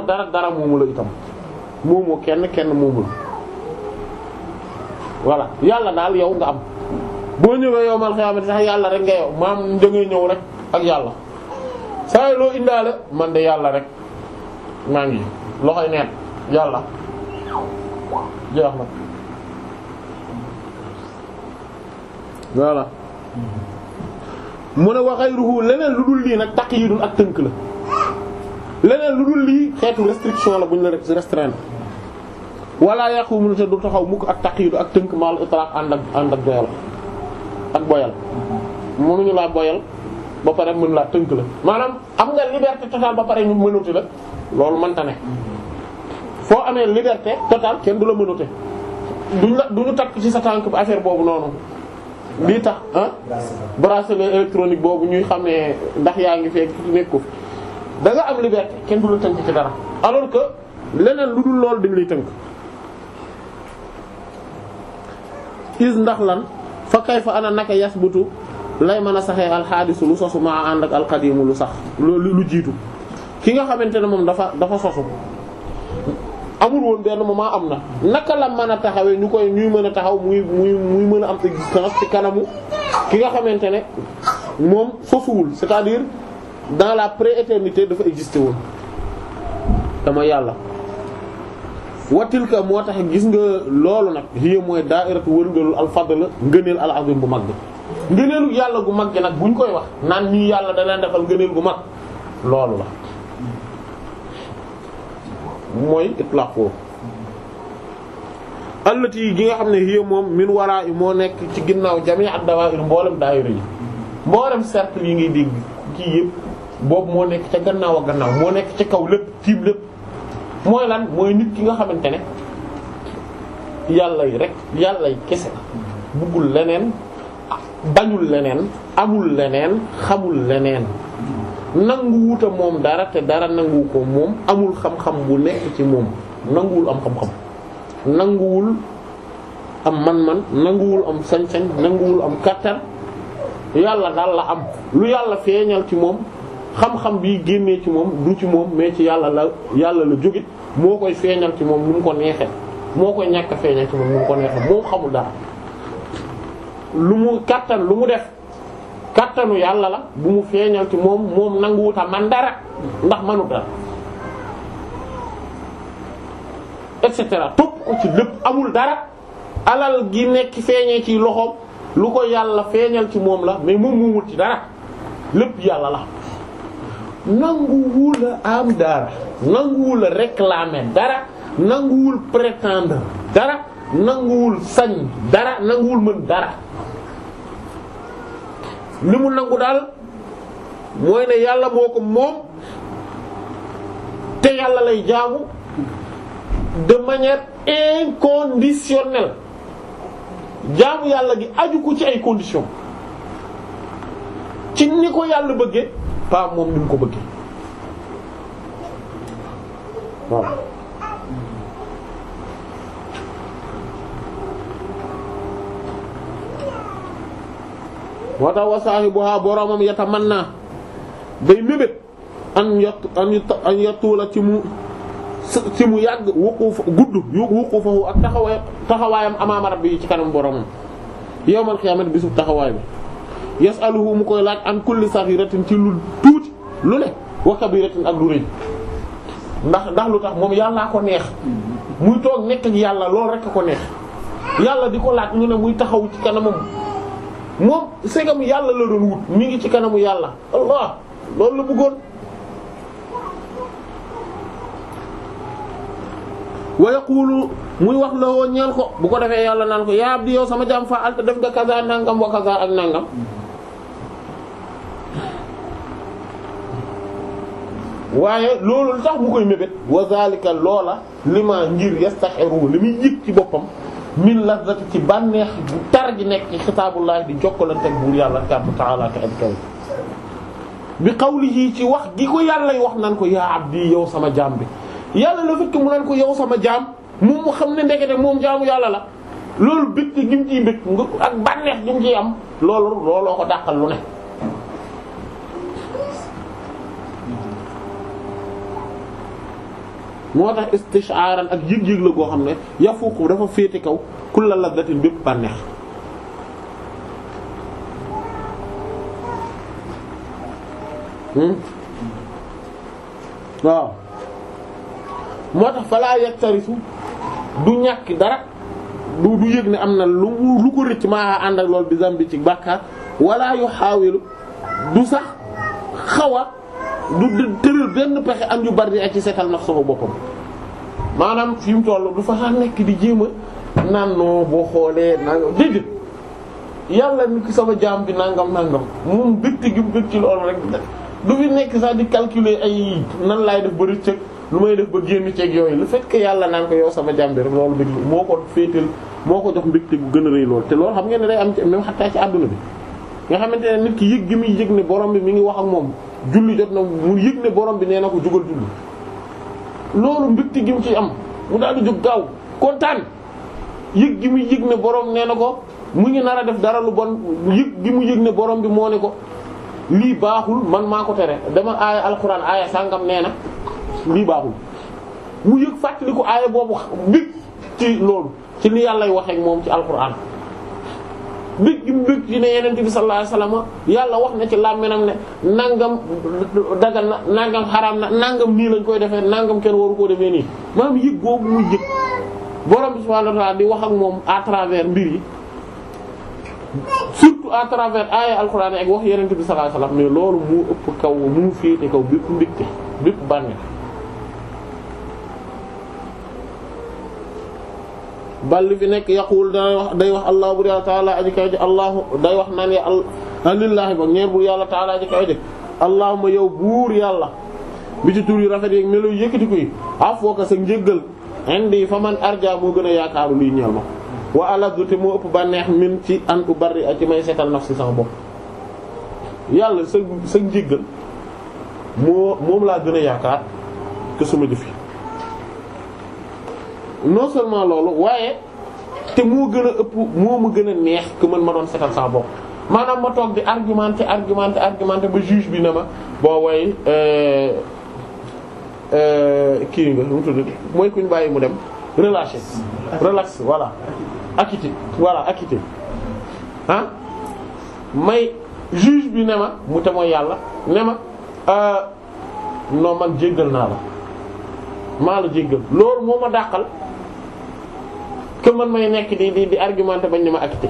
dara dara moomu la itam moomoo kenn kenn moomu la voilà yàlla daal yow nga am boo ñëwee yow mal xiyaamati sax yàlla rek nga yow maam da ngay rek ak yàlla saa loo indaale man de yàlla rek maa ngi loxoy neen yàlla jeex na voilà mu ne wa ghayruhu leneen lu dul lii nag taqyidun ak tënk la leneen lu dul lii xeetu restriction la buñ la si ñu la restreindre wala yaqumu te du taxaw mukk ak taqyidu ak tënk maal itlaq ànd ak ànd ak doyal ak boyal laa boyal ba pare mën laa tënk la maanaam am nga liberté totale ba pare ñu mënatu la loolu mënta ne foo amee liberté totale kenn du la mënatu duñ la duñu takk ci sa tànk bi affaire boobu noonu lii tax ah bracelet électronique boobu ñuy xam ndax yaa ngi fekk nekku da nga am liberté kenn du la tënk ci dara alors que leneen lu dul loolu dañ lay tënk is ndax lan fa kay fa ana naka yas butu lay mën a saxee alxaadisu lu sosu maa ànd ak alxadimu lu sax loolu lu jiitu ki nga xamante ne moom dafa dafa sosu amul woon benn moment am na naka la mën a taxawee ñu koy ñuy mën a taxaw muy muy mën a am existence ci kanamu ki nga xamante ne moom sosuwul c'est-à-dire dans la pré-éternité dafa existé woon dama yàlla watilka moo tax gis nga loolu nag hiya mooy da'iratu wërngalul al-fadl ngëneel al-azim bu mag bi ngëneelu yàlla gu mag gi nag buñ koy wax naan ñu yàlla da leen defal ngëneel gu mag loolu la mooy itlaq foofu allati gi nga xam ne hiya moom min waraa yi moo nekk ci ginnaaw jami at dawaayir mboolem daayira yi mboolem cercle yi ngay dégg kii yëpp boobu moo nekk ca gannaaw ak gannaaw moo nekk ca kaw lépp tiim lépp mooy lan mooy nit ki nga xamante ne yàlla yi rek yàlla yi kese buggul leneen bañul leneen amul leneen xamul leneen nangu moom dara te dara nangu ko moom amul xam-xam bu nekk ci moom nanguwul am xam-xam nanguwul am man-man nanguwul am sañ-sañ nanguwul am kàttan yàlla daal la am lu yàlla feeñal ci moom xam-xam bi génnee ci moom du ci moom mais ci yàlla la yàlla la jóge moo koy feeñal ci moom nu mu ko neexee moo koy ñàkk feeñal ci moom nu mu ko neexee moo xamul dara lu mu kàttan lu mu def kattanu yàlla la bu mu feeñal ci moom moom nanguwut a man dara ndax manut dara et cetera topp ko ci lépp amul dara alal gi nekk feeñee ci loxoom lu ko yàlla feeñal ci moom la mais moom mumul ci dara lépp yàlla la nanguwul a am dara nanguwul réclamer dara nanguwul prétendre dara nanguwul sañ dara nanguwul mën dara li mu nangu daal mooy ne yàlla boo ko moom te yàlla lay jaamu de manière inconditionnelle jaamu yàlla gi aju ko ci ay condition ci ni ko yàlla bëgge pas moom ni mu ko bëggee waaw moo tax wa saahibuha boromam yatamanna day mébét an yott an yott an ci mu ci mu yàgg wuquuf gudd yu wuquufahu ak taxawaay taxawaayam amaama rabbi ci kanam boromam yowmal xiyaamati bisub taxawaay bi yasaluhu mu koy laaj an kulli saghiratin ci lu tuuti lu ne wa kabiratin ak lu rëy ndax ndax lu tax moom yàllaa ko neex muy toog nekk ak yàlla loolu rek a ko neex yàlla di ko laaj ñu ne muy taxaw ci kanamam moom segam yàlla la doon wut mi ngi ci kanamu yàlla allah loolu la bëggoon wa yaqulu muy wax la woo ñeel ko bu ko defee yàlla naan ko yaa abdi sama jaam fa alta def nga kaza nangam wa kaza ak nangam waaye loolu lu tax mu koy mébét wa zalika loola lima ngir yastaxiru li muy yëg ci boppam min lazzati ci bànneex bu tar gi nekk ci xitaabullaah di jokkalante ak buur yàlla kàbb ta'ala ka ab kaw bi qawlihi ci wax gi ko yàlla wax naan ko yaa abdi yow sama jaam bi yàlla la fekk mu naan ko yow sama jaam moom mu xam ne ndekete moom jaamu yàlla la loolu bit gi mu nga bit ak bànneex gi mu am loolu looloo ko dàqal lu ne moo tax istishaaran ak yëg-yëg la goo xam ne yafuuqu dafa féete kaw kulla laddatin bépp bànneex hmm? waaw moo tax falaa yaktarisu du ñàkk dara du du yëg ne am na lu lu ko rëcc maa ànd ak lool bi zambi ci bàkkaar wala yu xaawilu du sax xawa du tëral benn pexe am yu bari ak ci setal nag sama boppam maanaam fi mu toll du fa xaar nekk di jéem a naan non boo xoolee nangam déedéet yàlla ni ki sama jaam bi nangam nangam moom bëgg gi ci loolu rek du fi nekk sax di calculer ay nan laay def ba rëcc lu may def ba génn ceeg yooyu lu fait yàlla naan ko yow sama jaam bi rek loolu moo ko féetal moo ko jox mbégte gu gën a rëy lool te loolu xam ngeen ne am ci même xattaa ci àdduna bi nga xamante ne nit ki yëg gi muy yëg ne borom bi mi ngi wax ak moom julli jot na mu yëg ne borom bi nee na ko jugal julli loolu mbégte gi mu ciy am mu daal di jóg gaaw kontaan yëg gi mu yëg ne borom nee na ko mu nar a def dara lu bon gi mu yëg ne borom bi moo ne ko lii baaxul man maa ko tere dama aaya alxuraan aaya sàngam nee na lii baaxul mu yëg fàttaliku aaya boobu mbég ci loolu ci li yàllay waxeek moom ci alxuraan. bëgg bëgg dina yeneen bi sallallahu salaama yàlla wax na ci làmminam ne nangam dagal na nangam xaraam na nangam nii lañ koy defee nangam kenn waru koo defee nii maanaam yëg googu muy yëg borom bi subhanahu wa di wax ak moom à travers mbir yi surtout à travers aaya alxuraan ak wax yeneen bi sallallahu alayhi wasallam mais loolu moo ëpp kaw mu féete kaw bépp mbégte bépp bànneex bal li fi nekk yaqul dana wax day wax allah bur yàlla taala aji kawe ji allahu day wax naan ya alillaahi ba ñeer bur yàlla taala aji kawe ji allahuma yow buur yàlla bi ci tur yi rafet yi melo yëkkati ko yi afooka sa njëggal indi fa man arja moo gën a yaakaaru luy ñeel ma wa aladu te moo ëpp bànneex min ci an ubarri ak ci may setal naf si sama bopp yàlla sa sa njëggal moo moom laa gën a yaakaar que sama jëf yi non seulement loolu waaye te moo gën a ëpp moo ma gën a neex que man ma doon setal sa bopp maanaam ma toog di argumenter argumenter argumenter ba juge bi na ma boo way euh, euh, kii nga mu tudd mooy kuñ bàyyi mu dem relâché relax voilà acquitté voilà acquitté ah may juge bi ne ma mu te mooy yàlla ne ma euh, non man jéggal naa la maa la jéggal loolu moo ma dàqal que man may nekk di di di argumenté bañ ni ma acquitté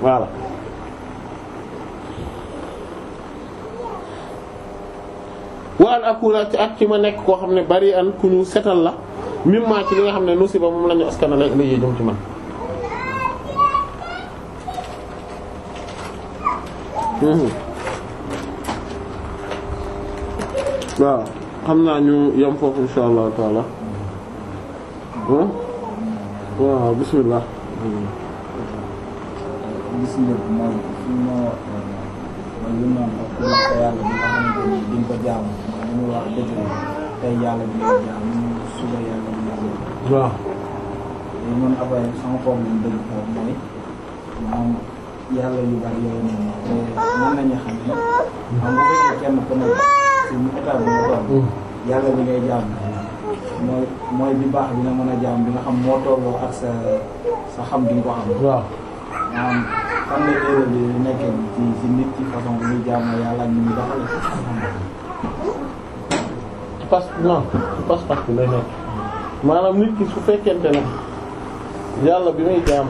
voilà ma nekk koo xam ne bari an ku ñu la mimma ci li xam ne nusiba moom la ñu askanale ci hmm. waaw xam naa ñu yam foofu insha allah taala waaw bismillah gis nga moom ko yàlla bi nga ko yàlla bi nga jaamu suba nga jaamu. waaw. léegi man après mu dëgg foofu mooy yàlla yu bari yooyu noonu. mën nañu xam ne. xam nga kenn ku nekk. suñu état bi nga doon. Mm. yàlla bi ngay jaam mooy mooy bi baax bi nga mën a jàmm bi nga xam moo tolloo ak sa sa xam di nga ko xam. waaw maanaam xam nga erreur bi nekkee ci ci nit ci façon bi muy jaamoo yàlla ak ni muy doxalee. ci pas bi lay nekk maanaam nit ki su fekkente ne yàlla bi muy jaam.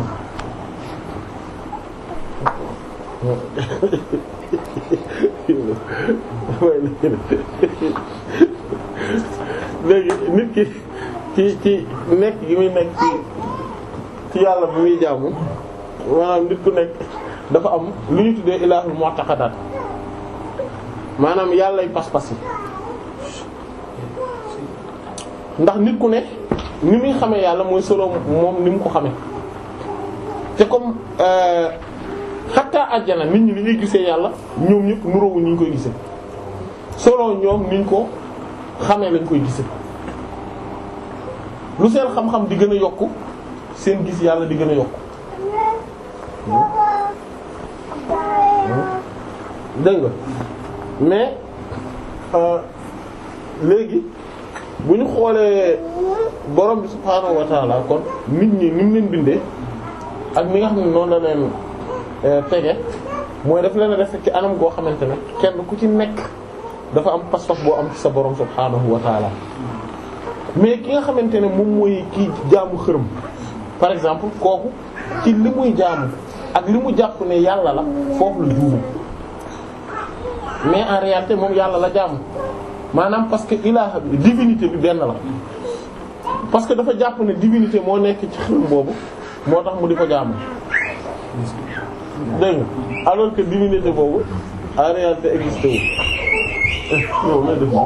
léegi nit ki ci ci nekk gi muy nekk ci yàlla bi muy jaamu maanaam nit ku nekk dafa am lu ñu tuddee ilaahul mu'taqadaat maanaam yàllay pas-pas yi ndax nit ku ne ni muy xamee yàlla mooy solo moom ni mu ko xamee te comme. Euh, xattaa àjjana nit ñi ni ñuy gisee yàlla ñoom ñëpp nuróowu ni ñu koy gisee solo ñoom niñ ko xamee lañ koy gisee lu seen xam-xam di gën a yokk seen gis yàlla di gën a yokk dégg nga mais euh, léegi bu ñu xoolee borom bi subhaanahu wa kon nit ñi ni mu leen bindee ak mi nga xam ne noonu la leen Euh, tege mooy def leen a def ci anam goo xamante ne kenn ku ci nekk dafa am pas-pas boo am ci sa borom subhaanahu wa taala mais ki nga xamante ne moom mooy kii jaamu xërëm par exemple kooku ci li muy jaamu ak li mu jàpp ne yàlla la foofu la juumu mais en réalité moom yàlla la jàmm maanaam parce que ilaaha bi divinité bi benn la parce que dafa jàpp ne divinité moo nekk ci xërëm boobu moo tax mu di ko jaamu dégg nga alors que divinité boobu en réalité existé hmm? boobu en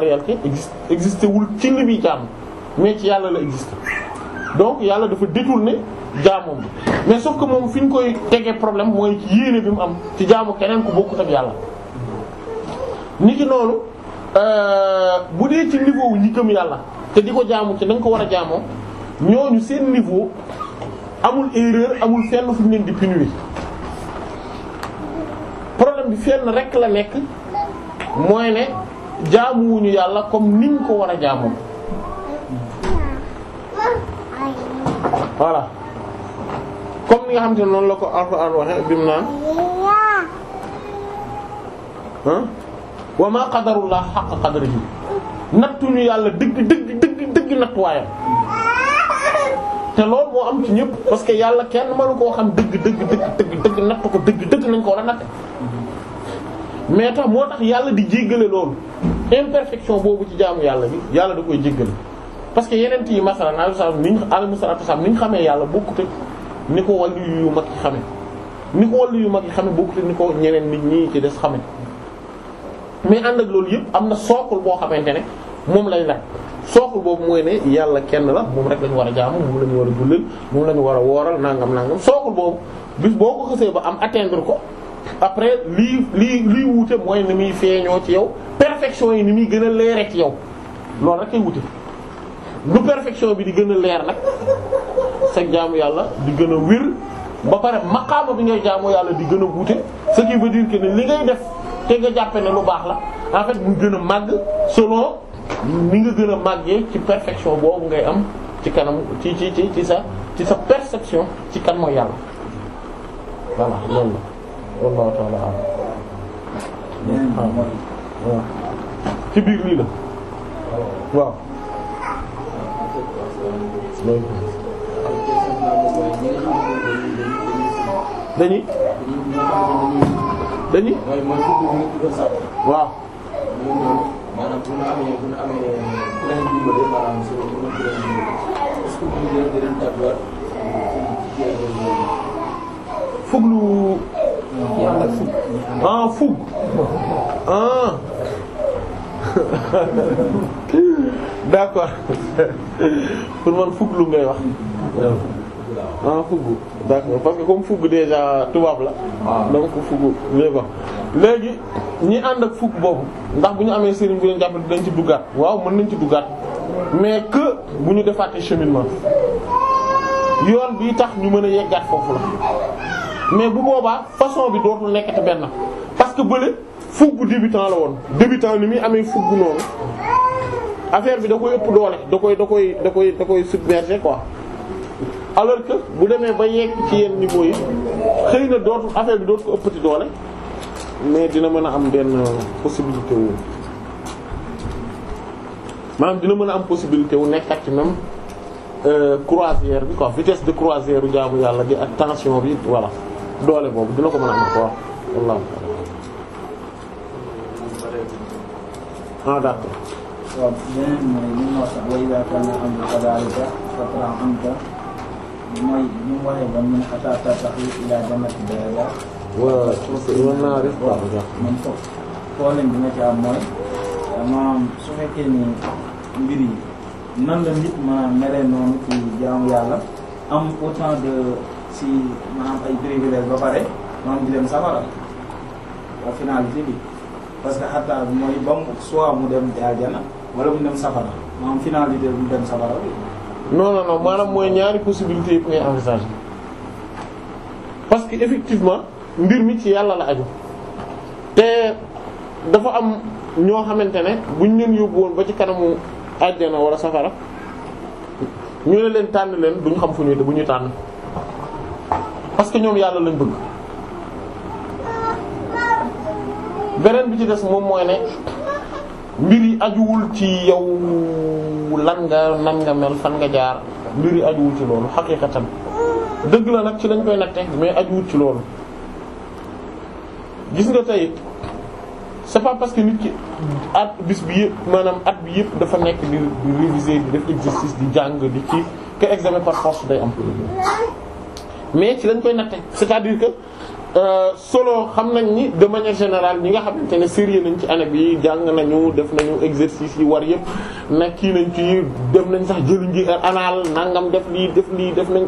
réalité existe wul ci li mais ci yàlla la existé donc yàlla dafa détourné jaamoom bi mais sauf ko moom fi ñu koy tegee problème mooy ci yéene bi mu am ci jaamu keneen ku bokkut ak yàlla. niki noonu. Euh, bu dee ci niveau wu yàlla te di ko jaamu ci da ko war a jaamoo ñooñu seen niveau amul erreur amul fenn fu ñu leen di punir problème bi fenn rek la nekk mooy ne jaamuwuñu yàlla comme niñ ko war a jaamoo voilà comme ni nga xam ne noonu la ko Alxuraan waxe bim naan wa maa qadarullah ji qadrihi nattuñu yàlla dëgg dëgg dëgg dëgg nattuwaayam te loolu moo am ci ñëpp parce que yàlla kenn mënu koo xam dëgg dëgg dëgg dëgg dëgg natt ko dëgg dëgg nañ ko war a natte mais tax moo tax yàlla di jéggale loolu imperfection boobu ci jaamu yàlla bi yàlla da koy jéggale parce que yeneen yi masalan ni alayhi salaatu wa salaam ñu xamee yàlla bokkute ni ko wàllu yu mag yi xame ni ko wàllu yu mag yi xame bokkute ni ko ñeneen nit ñi ci des xame mais ànd ak loolu yëpp am na sookul boo xamante ne moom lañ laaj sookul boobu mooy ne yàlla kenn la moom rek lañu war a jaamu moom lañu war a jullil moom lañu war a wooral nangam nangam sookul boobu bis boo ko xasee ba am atteindre ko après lii lii lii wuute mooy ni muy feeñoo ci yow perfection yi ni muy gën a leere ci yow loolu rek ay wuute lu perfection bi di gën a leer nag sa jaamu yàlla di gën a wir ba pare maqaama bi ngay jaamu yàlla di gën a wuute ce qui veut def te nga jàppe ne lu baax la en fait mu gën a màgg selon ni nga gën a màggee ci perfection boobu ngay am ci kanam ci ci ci ci sa ci sa perception ci kan yàlla ci biir lii la waaw dañuy dañuy. lu maanaam ah, bu ñu amee bu ñu amee benn numéro yi maanaam c' fug ah. ngay wax. ah fugg d'accord parce que comme fugg déjà tubaab la. Ah. donc fugg mais bon léegi ñi ànd ak fugg boobu ndax bu ñu amee sëriñ bu dañ ci duggaat waaw mën nañ ci duggaat mais que bu ñu defaatee cheminement yoon bi tax ñu mën a yeggaat foofu la mais bu boobaa façon bi dootul nekkati benn parce que bële fugg débutant la woon débutant ni muy amee fugg noonu affaire bi da ko ëpp doole da koy da koy da koy koy submerger quoi. alors que bu demee ba yegg ci yenn niveau yi xëy na dootu affaire bi dootu ko ëppati doole mais dina mën a am benn possibilité wu maanaam dina mën a am possibilité wu nekkat ci même euh, croisière bi quoi vitesse de croisière u jaamu yàlla bi ak tension bi voilà doole boobu dina ko mën a am quoi wallahu ah d'accord mooy bi mu waxee ba mu ne xataa tasaxu bi nga ci am su fekkee ni mbir yi nan la nit maanaam mere noonu ci jaamu yàlla am ay privilèges ba pare maanaam di dem safara au finalité bi parce que xataa mooy ba mu soit mu dem aljana wala mu dem safara maanaam finalité bi mu dem safara bi. non non maanaam mooy ñaari possibilités yëpp ngay envisager parce que effectivement mbir mi ci yàlla la aju te dafa am ñoo xamante ne buñ leen yóbbu woon ba ci kanamu àjjana wala safara ñu ne leen tànn leen duñ xam fu ñuy te bu ñu tànn parce que ñoom yàlla lañ bëgg beneen bi ci des moom mooy ne. mbir yi ajuwul ci yow lan nga nan nga mel fan nga jaar mbir yi ajuwul ci loolu xaqiiqatan dëgg la nag ci lañ koy natte mais ajuwul ci loolu gis nga tey c'est pas parce que nit ki at bis bi yëpp maanaam at bi yëpp dafa nekk di di réviser di def exercice di jàng di kii que examen par force day am mais ci lañ koy natte c'est-à-dire Euh, solo xam nañ ni de manière ñi nga xamante ne sérieux nañ ci année bi jàng nañu def nañu exercice yi war yëpp nag kii nañ ci def nañ sax jëluñ ji anal nangam def lii def lii def nañ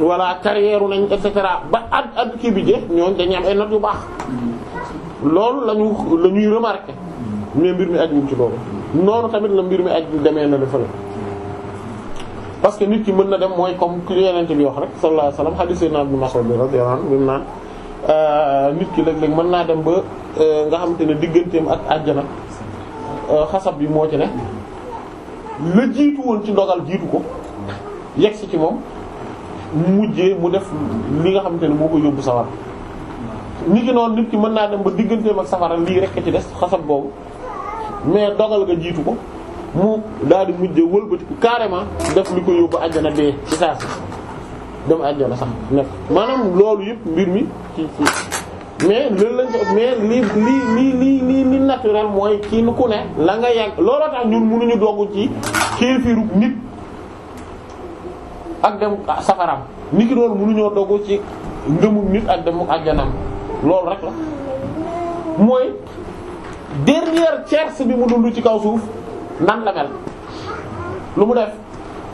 voilà carrière nañ et cetera ba at at kii bi jeex ñooñu dañuy am ay notes yu baax loolu lañu la ñuy remarqué mais mbir mi ajuwul ci loolu noonu tamit la mbir mi aj demee na dafa la parce que nit ki mën na dem mooy comme ku yenente bi wax rek sallallahu alayhi wasallam hadith Ibn Mas'ud radiyallahu Euh, nit ki léeg-léeg mën naa dem ba euh, nga xam te ne digganteem ak àjjana euh, xasab bi moo ci ne la jiitu woon ci ndogal jiitu ko yegg si ci moom mujjee mu def li nga xam te ne moo ko yóbbu sawar nit ki noonu nit ki mën naa dem ba digganteem ak safara lii rekk ci des xasab boobu mais dogal nga jiitu ko mu daal di mujjee wëlbatiku carrément def li ko yóbbu àjjana dee ci saa si dem àjjana sax nekk maanaam loolu yëpp mbir mi ci ci mais loolu lañ ko mais li li li li li naturel mooy kii nu ko ne la nga yàgg looloo tax ñun mënuñu dogg ci kéefirug nit ak dem safaram nit ki loolu mënuñoo dogg ci ngëmug nit ak dem àjjanam loolu rek la mooy dernière tierce bi mu dund ci kaw suuf nan la mel lu mu def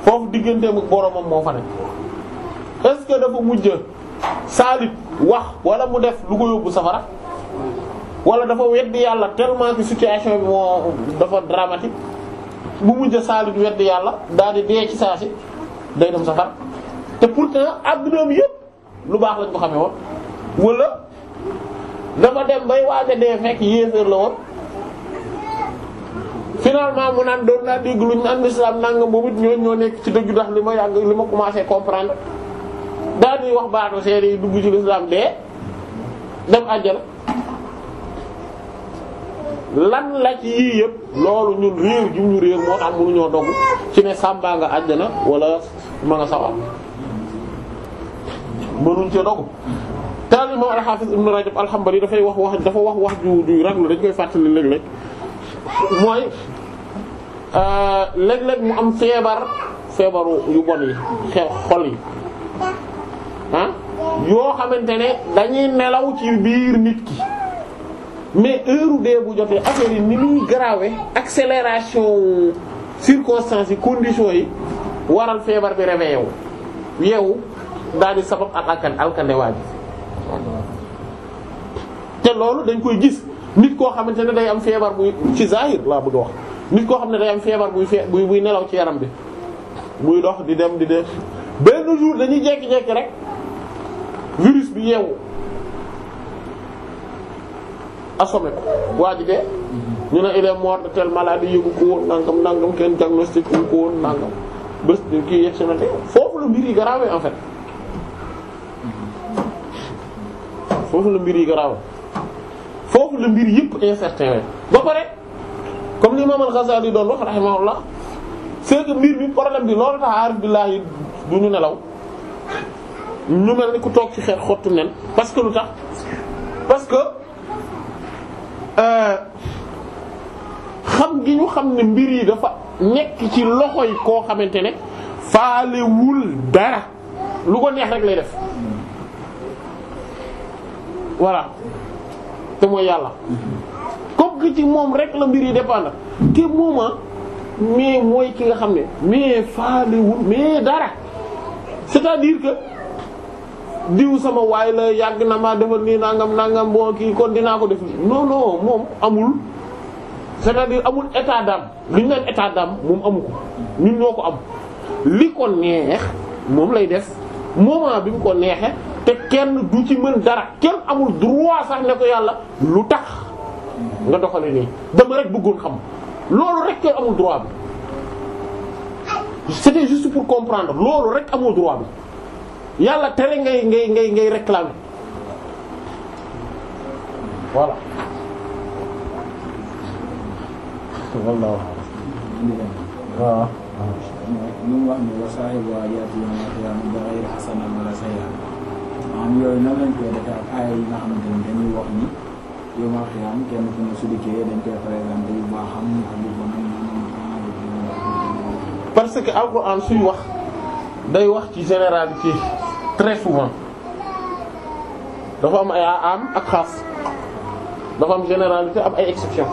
foofu digganteem ak boromam moo fa nekk est-ce que dafa mujj saalit wax wala mu def lu ko yóbbu safara wala dafa weddi yàlla tellement que situation bi moo dafa dramatique bu mujj saalit weddi yàlla daal di dee ci saa si day dem safara te pourtant addunaam yépp lu baax lañ ko xamee woon wala dafa dem bay waaja dee fekk yéeféer la woon finalement mu naan doon naa dégg luñ naan islam nangam boobu it ñoo ñoo nekk ci dëgg ndax li ma yàgg li ma commencé comprendre daal di wax baatu seede yi dugg ci lislaam dee dem àjjana lan la ci yii yëpp loolu ñun réew jum ñu réew moo tax mënuñoo dogg ci ne sàmbaa nga àjjana wala ma nga sawar mënuñ ci dogg taal imam dafay wax dafa wax wax ju ju raglu dañ koy fàttali léeg-léeg mooy euh, léeg-léeg mu am feebar feebaru yu bon yi xew xol yi ah yoo xamante ne dañuy nelaw ci biir nit ki mais heure dee jotee affaire yi ni muy grave accélération circonstances yi conditions yi waral feebar bi réveillé wu yeewu daal di sabab ak alkan waa ji te loolu dañ koy gis nit koo xamante ne day am feebar buy ci zahir laa bu a wax nit koo xam ne day am feebar buy fee buy nelaw ci yaram bi muy dox di dem di def benn jour dañuy jekki-jekki rek virus bi yeewu assommé waa ji dee mhm. ñu ne il est mort de yëgu ko woon nangam nangam kenn diagnostic wu ko woon nangam bés di kii yegg si na te foofu la mbir yi garaawe en fait mhm. foofu la mbir yi garaawe foofu la mbir yëpp incertain we ba pare comme li Imam Al-Ghazali doon wax rahimahullah c'est que mbir bi problème bi loolu tax aarif billahi du ñu nelaw ñu mel ni ku toog ci xeer xottu nen parce que lu tax parce que euh, xam gi ñu xam ne mbir yi dafa nekk ci loxo yi koo xamante ne faalewul dara lu ko neex rek lay def voilà te moo yàlla comme que ci moom rek la mbir yi dépendre te mooma mais mooy ki nga xam ne mais faalewul mais dara c'est-à-dire diw sama waay la yàgg na maa defal nii nangam nangam boo kii kon dinaa ko def non non moom amul c'est-à-dire amul état d'âme li ñu naan état d'âme moom amu ko ñun ñoo ko am li ko neex moom lay def moment bi mu ko neexee te kenn du ci mën dara kenn amul droit sax ne ko yàlla lu tax nga doxale nii dama rek bëggoon xam loolu rek kenn amul droit bi c'était juste pour comprendre loolu rek amul droit bi yàlla tere ngay ngay ngay ngay réclamer voilà. wallaahu waaw. wax nii wa saahibu yaati yawmal qiyaama bi ghayri yooyu nan lañ koy defee ak nga xamante ni dañuy wax ni yawmal qiyaama kenn ku ne su dikkee dañ koy par exemple yu baaxam ak yu que alxuraan suy wax day wax ci généralité très souvent dafa am ay am ak xaas dafa am généralité am ay exception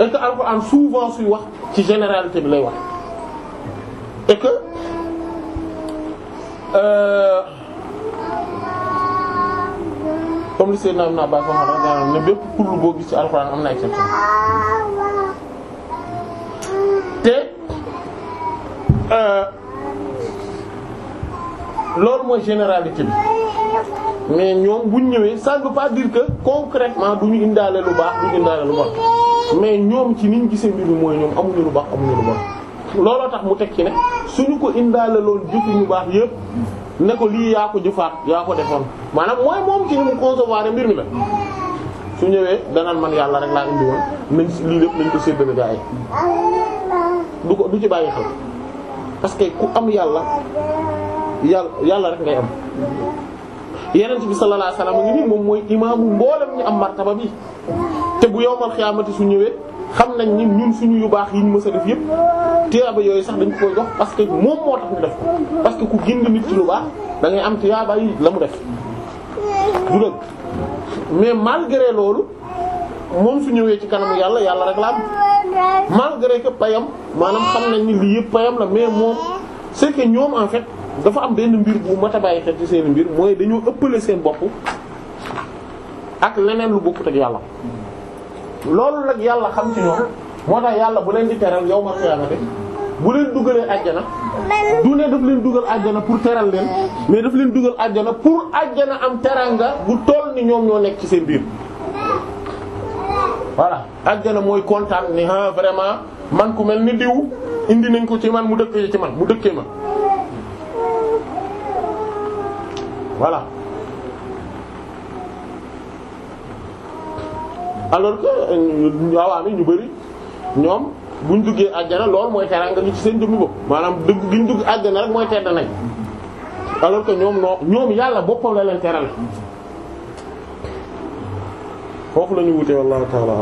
et que Alxuraan souvent suy wax ci généralité bi lay wax et que euh, comme li Seydina Ibn Abbas wax na ne bépp kullu boo gis ci Alxuraan am na exception te. Euh, loolu mooy généralité bi mais ñoom bu ñëwee ça ne veut pas dire que concrètement du ñu indaale lu baax du ñu indaale lu bon mais ñoom ci niñ gisee mbir mi mooy ñoom amuñu lu baax amuñu lu bon looloo tax mu teg ci ne suñu ko indaale loon jëf ñu baax yépp ne ko lii yaa ko jëfaat yaa ko defoon maanaam mooy moom ci ni mu mbir mi la su ñëwee danaan man yàlla rek laa indi woon nañ lii lépp nañ ko séddale gaa yi du que ku am yàlla yàlla yàlla rek ngay am yenent bi sallallahu alayhi wasallam ngi nii moom mooy imaamu mboolem ñu am martaba bi te bu yowmal xiyaamati su ñëwee xam nañ ni ñun suñu yu baax yi ñu mës a def yépp tiyaaba yooyu sax dañ ko jox parce que moom moo tax ñu def ko que ku gind nit ci lu baax da am tiyaaba yi la mu def du dëgg mais malgré loolu moom su ñëwee ci kanamu yàlla yàlla rek la am malgré que payam maanaam xam nañ ni lii yépp payam la mais moom c'est ñoom en dafa am benn mbir bu mat a bàyyi xel ci seen mbir mooy dañoo ëppale seen bopp ak leneen lu bokkut ak yàlla. loolu nag yàlla xam ci ñoom moo tax yàlla bu leen di teral yow ma xiyaamate bu leen dugalee àjjana du ne daf leen dugal àjjana pour teral leen mais daf leen dugal àjjana pour àjjana am teranga bu toll ni ñoom ñoo nekk ci seen biir. voilà àjjana mooy kontaan ni ah vraiment man ku mel ni diw indi nañ ko ci man mu dëkkee ci man mu dëkkee ma. voilà alors que awaam euh, ñu bari ñoom buñ duggee àjjana loolu mooy teraanga gi ci seen dëmmi maanaam dugg gi ñu dugg àjjana rek mooy tedd nañ alors que ñoom noo ñoom yàlla boppam la leen teral foofu la ñu wute wallahu ta'ala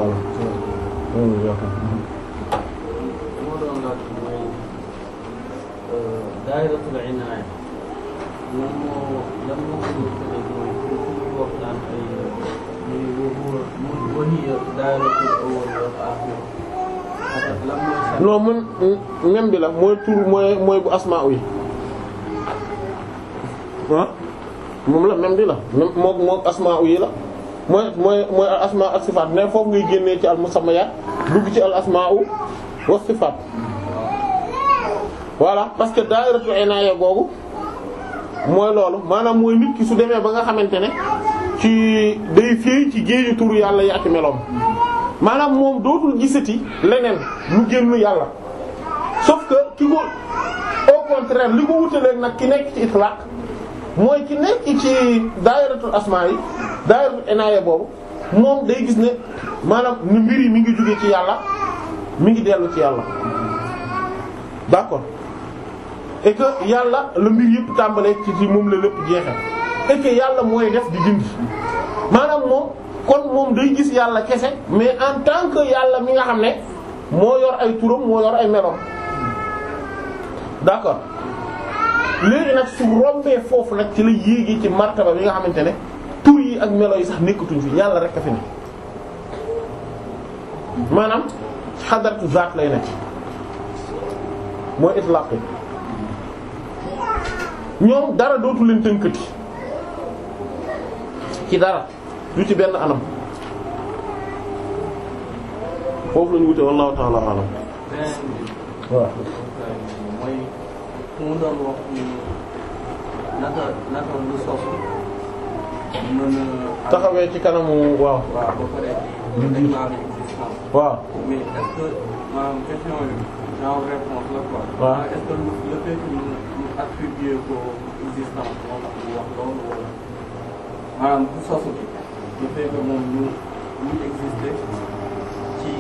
non mun même bi la mooy tur mooy bu asmaa yi moom la même bi la même moom asmaa yi la mooy mooy mooy al asmaa ak sifaat mais foofu ngay génnee ci al musammayaat dugg ci al asmaa wa sifaat voilà parce que daayiratu inaaya googu mooy loolu maanaam mooy nit ki su demee ba nga xamante ne ci day féey ci géeju turu yàlla yi ak meloom maanaam moom dootul gisati leneen mu génn yàlla sauf que ki ko au contraire li ko wutaleeg nag ki nekk ci itlaq mooy ki nekk ci daayiratul asmaa yi daayiratul enaaye boobu moom day gis ne maanaam ni mbir yi mi ngi jóge ci yàlla mi ngi dellu ci yàlla d'accord et yàlla la mbir yëpp tàmbalee ci ci moom la lépp jeexee et yàlla mooy def di dindi maanaam moom kon moom day gis yàlla kese mais en tant que yàlla mi nga xam ne moo yor ay turam moo yor ay meloom d'accord léegi nag su rombee foofu nag ci la yéegee ci martaba bi nga xamante ne tur yi ak melo yi sax nekkatuñ fi yàlla rek a fi ne maanaam xadaratu zaat lay nekk mooy itlaq ñoom dara dootu leen tënkati ci dara du ci benn anam foofu lañu wute wallahu ta'ala alam waaw mooy lu sosu ah. ci kanamu waaw waaw attribué ko existence moo tax mu wax loolu wala maanaam bu sosu bi le moom ñu ñu existé ci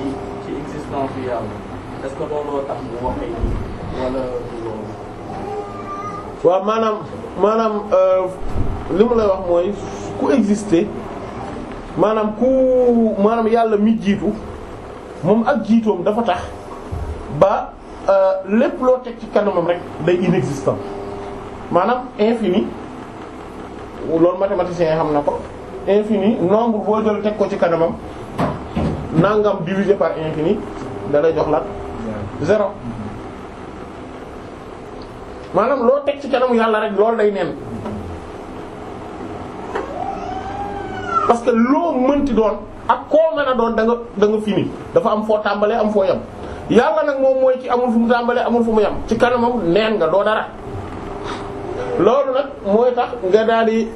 ci existence yàlla est-ce que looloo tax mu waxee wala loolu. waaw maanaam maanaam euh, li mu lay wax mooy ku existe maanaam ku maanaam yàlla mi jiitu moom ak jiitoom dafa tax ba. Euh, lépp loo teg ci kanamam rek day inexistant maanaam infini loolu mathématicien yi xam na ko infini nombre boo jël teg ko ci kanamam nangam divisé par infini da jox lan zéro maanaam loo teg ci kanamu yàlla rek loolu day nen parce que loo mënti doon ak koo mën a doon da nga da nga fini dafa am foo tàmbalee am foo yem yàlla nag moom mooy ci amul fu mu tàmbalee amul fu mu yam ci kanamam neen nga doo dara loolu nag mooy tax nga daal di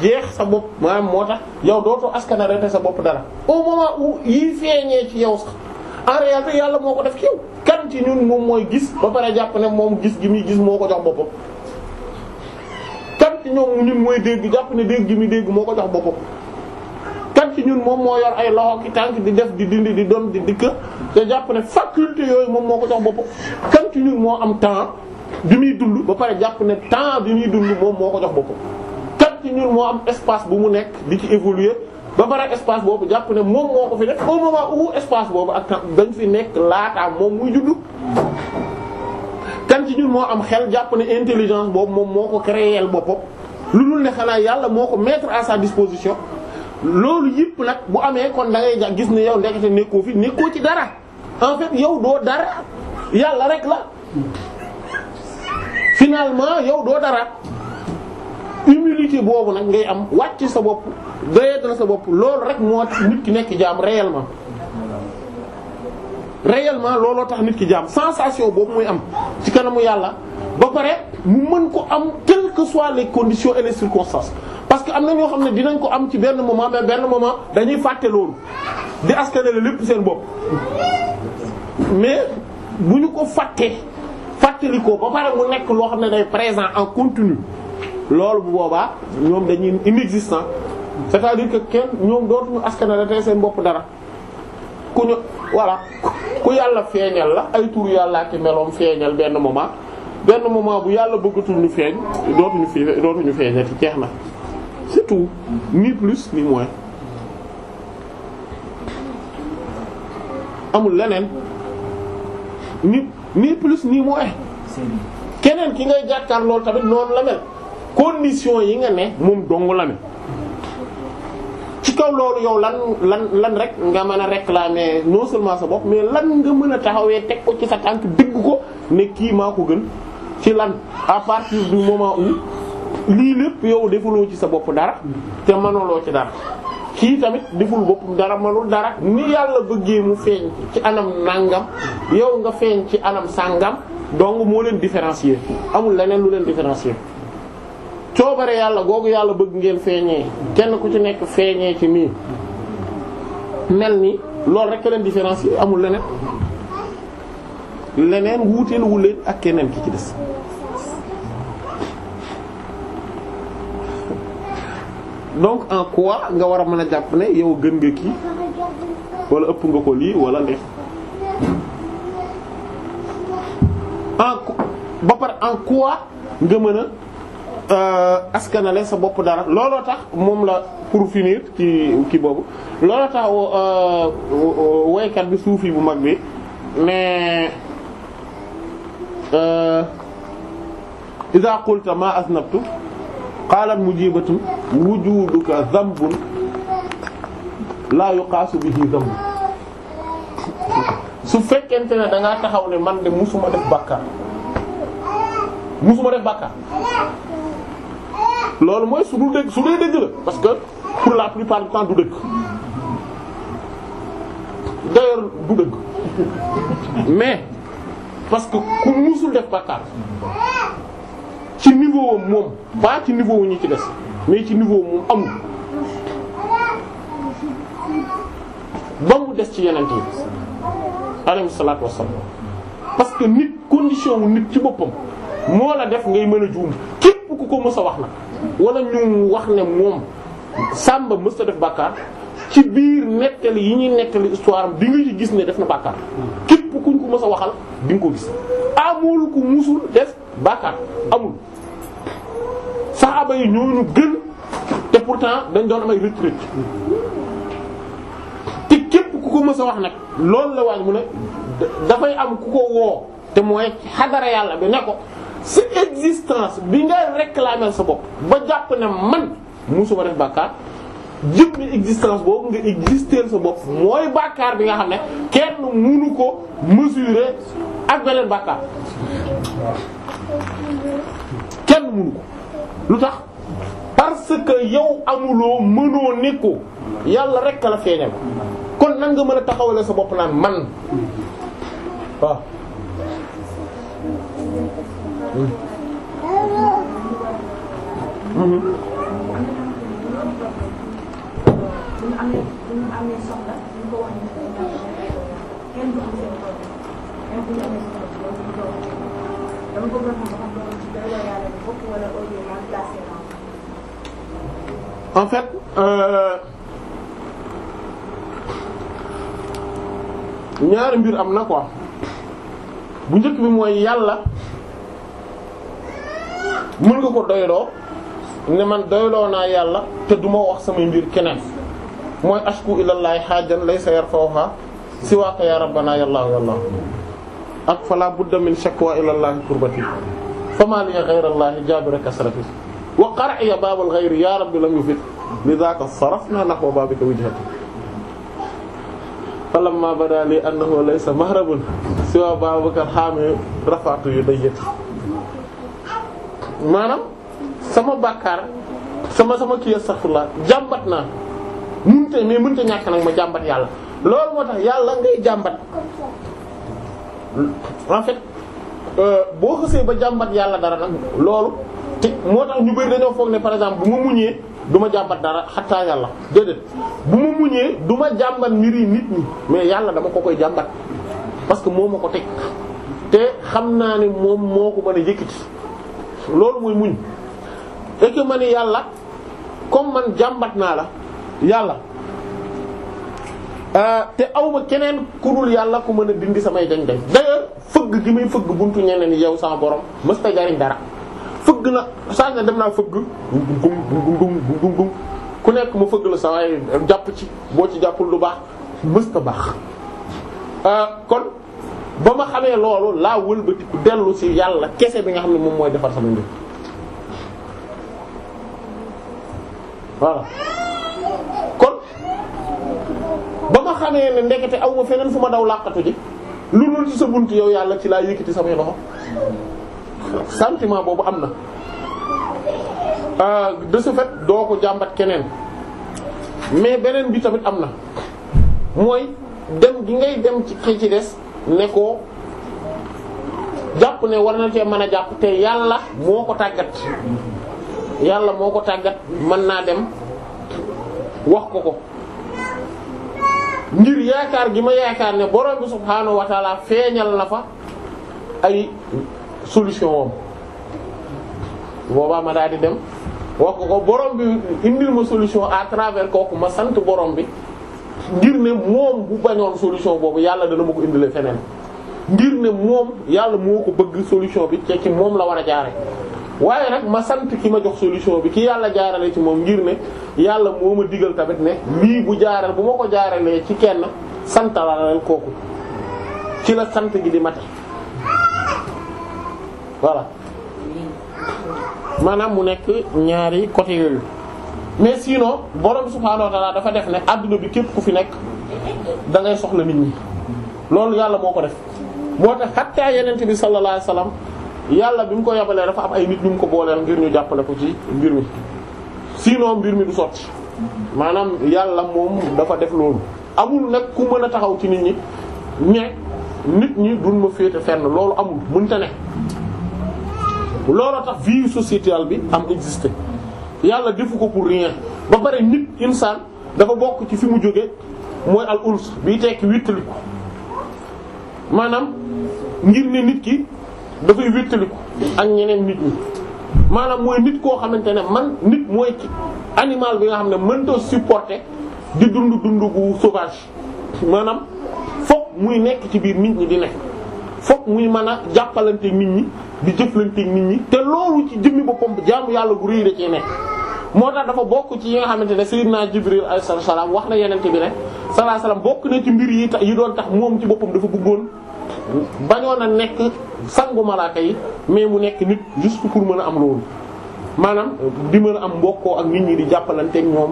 jeex sa bopp maanaam moo tax yow dootoo askanarete sa bopp dara au moment où yi feeñee ci yow sax en réalité yàlla moo ko def ci yow kan ci ñun moom mooy gis ba pare jàpp ne moom gis gi muy gis moo ko jox boppam kan ci ñoom ñun mooy dégg jàpp ne dégg gi muy dégg moo ko jox boppam kan ci ñun moom moo yor ay loxo ki tànk di def di dindi di doon di dikk te jàpp ne faculté yooyu moom moo ko jox bopp kan ci ñun moo am temps bi muy dund ba pare jàpp ne temps bi muy dund moom moo ko jox bopp kan ci ñun moo am espace bu mu nekk di ci évoluer ba pare espace boobu jàpp ne moom moo ko fi def au moment où espace boobu ak temps dañ fi nekk laataa moom muy judd kan ci ñun moo am xel jàpp ne intelligence boobu moom moo ko créel bopp lu dul ne xanaa yàlla moo ko mettre à sa disposition loolu yëpp nag bu amee kon da ngay gis ne yow ndekete nekkoo fi nekkoo ci dara en fait yow doo dara yàlla rek la finalement yow doo dara humilité boobu nag ngay am wàcc sa bopp doyee na sa bopp loolu rek moo nit ki nekk jaam réellement réellement looloo tax nit ki jaam sensation boobu muy am ci kanamu yàlla ba pare mu mën ko am quelles que soient les conditions et les circonstances parce que am na ñoo xam ne dinañ ko am ci benn moment mais benn moment dañuy fàtte loolu di askanale lépp seen bopp mais bu ñu ko fàttee fàttali ko ba pare mu nekk loo xam ne day présent en continu loolu bu boobaa ñoom dañuy inexistant c'est-à-dire que kenn ñoom dootuñu askanale tey seen bopp dara. ku ñu voilà ku yàlla feeñal la ay tur yàllaa ki meloom feeñal benn moment benn moment bu yàlla bëggatul ñu feeñ dootuñu fi dootuñu feeñati na c'est tout ni plus ni moins amul leneen ni ni plus ni moins keneen ki ngay jàkkaar loolu tamit noonu la mel condition yi nga ne moom dong la ne ci kaw loolu yow lan lan lan rek nga mën a réclamer non seulement sa bopp mais lan nga mën a taxawee teg ko ci sa tànk dégg ko ne kii maa ko gën ci lan à partir du moment où lii lépp yow defuloo ci sa bopp dara te manoloo ci dara kii tamit deful boppam dara manul dara ni yàlla bëggee mu feeñ ci anam nàngam yow nga feeñ ci anam sàngam donc moo leen différencier amul leneen lu leen différencier coobare yàlla googu yàlla bëgg ngeen feeñee kenn ku ci nekk feeñee ci nii mel ni loolu rek leen différence yi amul leneen leneen wuuteel leen ak keneen ki ci des. donc en quoi nga war a mën a jàpp ne yow gën nga kii wala ëpp nga ko lii wala ndex en ba pare en quoi nga mën Euh, askanale sa bopp dara looloo tax moom la pour finir ci kii boobu looloo tax euh, woykat bi suufi bu mag bi mais euh, iza qulta ma asnabtu qaalat mujibatu wujuduka dhanbun la yuqaasu bihi dhanbun su fekkente ne da ngaa taxaw ne man de musuma def bàkkaar musuma def bàkkaar loolu mooy su dul dëgg su dee dëgg la parce que pour la plupart du temps du dëgg d'ailleurs du dëgg mais parce que ku musul def bàkkaar ci niveau am moom pas ci niveau wu ñu ci des mais ci niveau moom amul ba mu des ci yeneen yi alayhi salaatu wasalaam parce que nit condition wu nit ci boppam moo la def ngay mën a juum képp ku ko mës a wax nag wala ñu wax ne moom Samba mës sa def bàkkaar ci biir nettali yi ñuy nettali histoire am di nga ci gis ne def na bàkkaar képp kuñ ko mës a waxal di nga ko gis amul ku musul def bàkkaar amul saxaaba yi ñu gën te pourtant dañ doon am ay rëcc rëcc te képp ku ko mës a wax nag loolu la waaj mu ne dafay am ku ko woo te mooy xadara yàlla bi ne ko sa existence bi ngay réclamer sa bopp ba jàpp ne man musuma def bàkkaar jëpp ni existence boobu nga exister sa bopp mooy bàkkaar bi nga xam ne kenn munu ko mesurer ak beneen bàkkaar kenn munu ko lu tax parce que yow amuloo mënoo nekku yàlla rek la feeñal kon nan nga mën a taxawale sa bopp naan man en fait euh, ñaari mbir am na ko bu njëkk bi mooy yàlla mën nga ko doyloo ne man doyloo naa yàlla te du ma wax samay mbir keneen mooy ashku ilallaahi xaajan laysa yarfa'uha siwaaka ya rabbana yàllaahu yàllaahu ak fala budda min shakwa ilallaahi kurbati fama li ghayrallaahi jaabira kasrati wa qar'iya baabal ghayri ya rabbi lam yufit lidhaaka sarafna nahwa baabika wijhati falamma bada li annahu laysa mahrabun siwa baabaka al-haami rafa'tu yadayya maanaam sama bàkkaar sama sama kii astaghfirullah jàmbat naa mënta mais mënta ñàkk nag ma jàmbat yàlla loolu moo tax yàlla ngay jàmbat en fait euh, boo xësee ba jàmbat yàlla dara nag loolu te moo tax ñu bëri dañoo foog ne par exemple bu ma muñee du ma jàmbat dara xattaa yàlla déedéet bu ma muñee du ma jàmbat mbiri nit mi mais yàlla dama ko koy jàmbat parce que moo ma ko teg te xam naa ne moom moo ko mën a yëkkati loolu mooy muñ et ma ne yàlla comme man jàmbat naa la yàlla euh, te awma keneen ku yàlla ku mën a dindi samay dañ-dañ d'ailleurs fëgg gi muy fëgg buntu ñeneen yow sama borom mës jariñ dara fëgg na saa na dem naa fëgg gum gum gum gum ku nekk mu fëgg la sa waaye jàpp ci boo ci jàppul lu baax mës baax euh, kon ba ma xamee loolu laa wëlbatiku dellu ci yàlla kese bi nga xam ne moom mooy defar sama mbir voilà kon ba ma xamee ne ndekete aw ma feneen fu ma daw làqatu ji lu dul ci sa bunt yow yàlla ci laa yëkkati samay loxo sentiment boobu am na euh, de ce fait doo ko jàmbat keneen mais beneen bi tamit am na mooy dem gi ngay dem ci ki ci des ne ko jàpp ne war na cee mën a jàpp te yàlla moo ko tàggat yàlla moo ko tàggat mën naa dem wax ko ko ngir yaakaar gi ma yaakaar ne borom bi subhaanahu wa feeñal na fa ay solution moom boobaa ma daal di dem wax ko ko borom bi indil ma solution à travers kooku ma sant boroom bi ngir ne moom bu bañoon solution boobu yàlla dana ma ko indilee feneen ngir ne moom yàlla moo ko bëgg solution bi ci ci moom la war a jaare waaye nag ma sant ki ma jox solution bi ki yàlla jaarale ci moom ngir ne yàlla moo ma digal tamit ne lii bu jaaral bu ma ko jaaralee ci kenn santalal kooku ci la sant gi di mate voilà maanaam mu nekk ñaari côté yooyu mais sinon borom subhaanahu wa ta'ala dafa def ne adduna bi képp ku fi nekk da ngay soxla nit ñi loolu yàlla moo ko def moo tax xattaa yenente bi sallallahu alayhi wasallam yàlla bi mu ko yabalee dafa am ay nit ñu mu ko booleel ngir ñu jàppale ko ci mbir mi sinon mbir mi du sotti maanaam yàlla moom dafa def loolu amul nag ku mën a taxaw ci nit ñi mais nit ñi duñ ma féete fenn loolu amul mënta ne loolu tax vie sociétale bi am existé yàlla defu ko pour rien ba pare nit insaan dafa bokk ci fi mu jóge mooy al uls biy tekki wittaliku maanaam ngir ne nit ki dafay wittaliku ak ñeneen nit ñi maanaam mooy nit koo xamante ne man nit mooy ci animal bi nga xam ne mënta supporter di dund dund gu sauvage maanaam fokk muy nekk ci biir nit ñi di nekk fokk muy mën a jàppalante nit ñi di jëflanteeg nit ñi te loolu ci jëmmi boppam jaamu yàlla bu rëy da cee nekk. moo tax dafa bokk ci yi nga xamante ne sayyidina Jibril alayhi salaam wax na yeneen bi ne salaa salaam bokk na ci mbir yi tax yi doon tax moom ci boppam dafa bëggoon bañoon a nekk sangu malaaka yi mais mu nekk nit juste pour mën a am loolu. maanaam di mën a am mbokkoo ak nit ñi di jàppalanteeg ñoom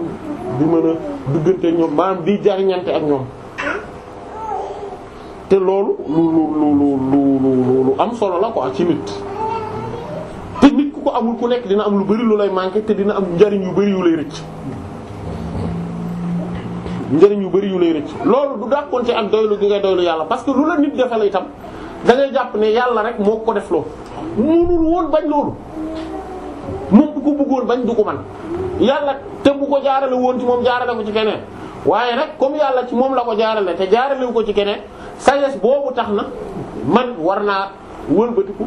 di mën a dugganteeg ñoom maanaam di jariñante ak ñoom. te loolu lu lu lu lu lu am solo la quoi ci nit ku ko amul ku nekk dina am lu bari lu lay manqué te dina am njariñ yu bari yu lay rëcc njariñ yu bari yu lay rëcc loolu du dàqoon ci ak doylu gi ngay doylu yàlla parce que lu la nit defal itam da ngay jàpp ne yàlla rek moo ko def loolu munul woon bañ moom ko bëggoon bañ du ko man yàlla te bu ko jaarale woon ci moom jaarale ko ci keneen waaye nag comme yàlla ci moom la ko jaarale te jaarale ko ci keneen sagesse boobu tax na man war naa wëlbatiku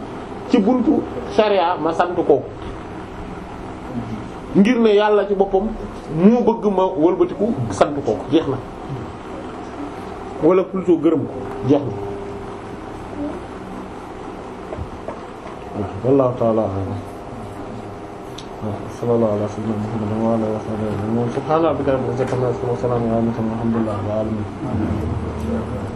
ci buntu sharia ma sant ko ngir ne yàlla ci boppam mu bëgg ma wëlbatiku sant ko jeex na wala plutôt gërëm ko jeex na wallahu ta'ala sallallahu ala sayyidina muhammadin wa ala alihi wa sahbihi subhana rabbika rabbil izzati amma yasifun wa salamun ala al mursalin walhamdulillahi rabbil alamin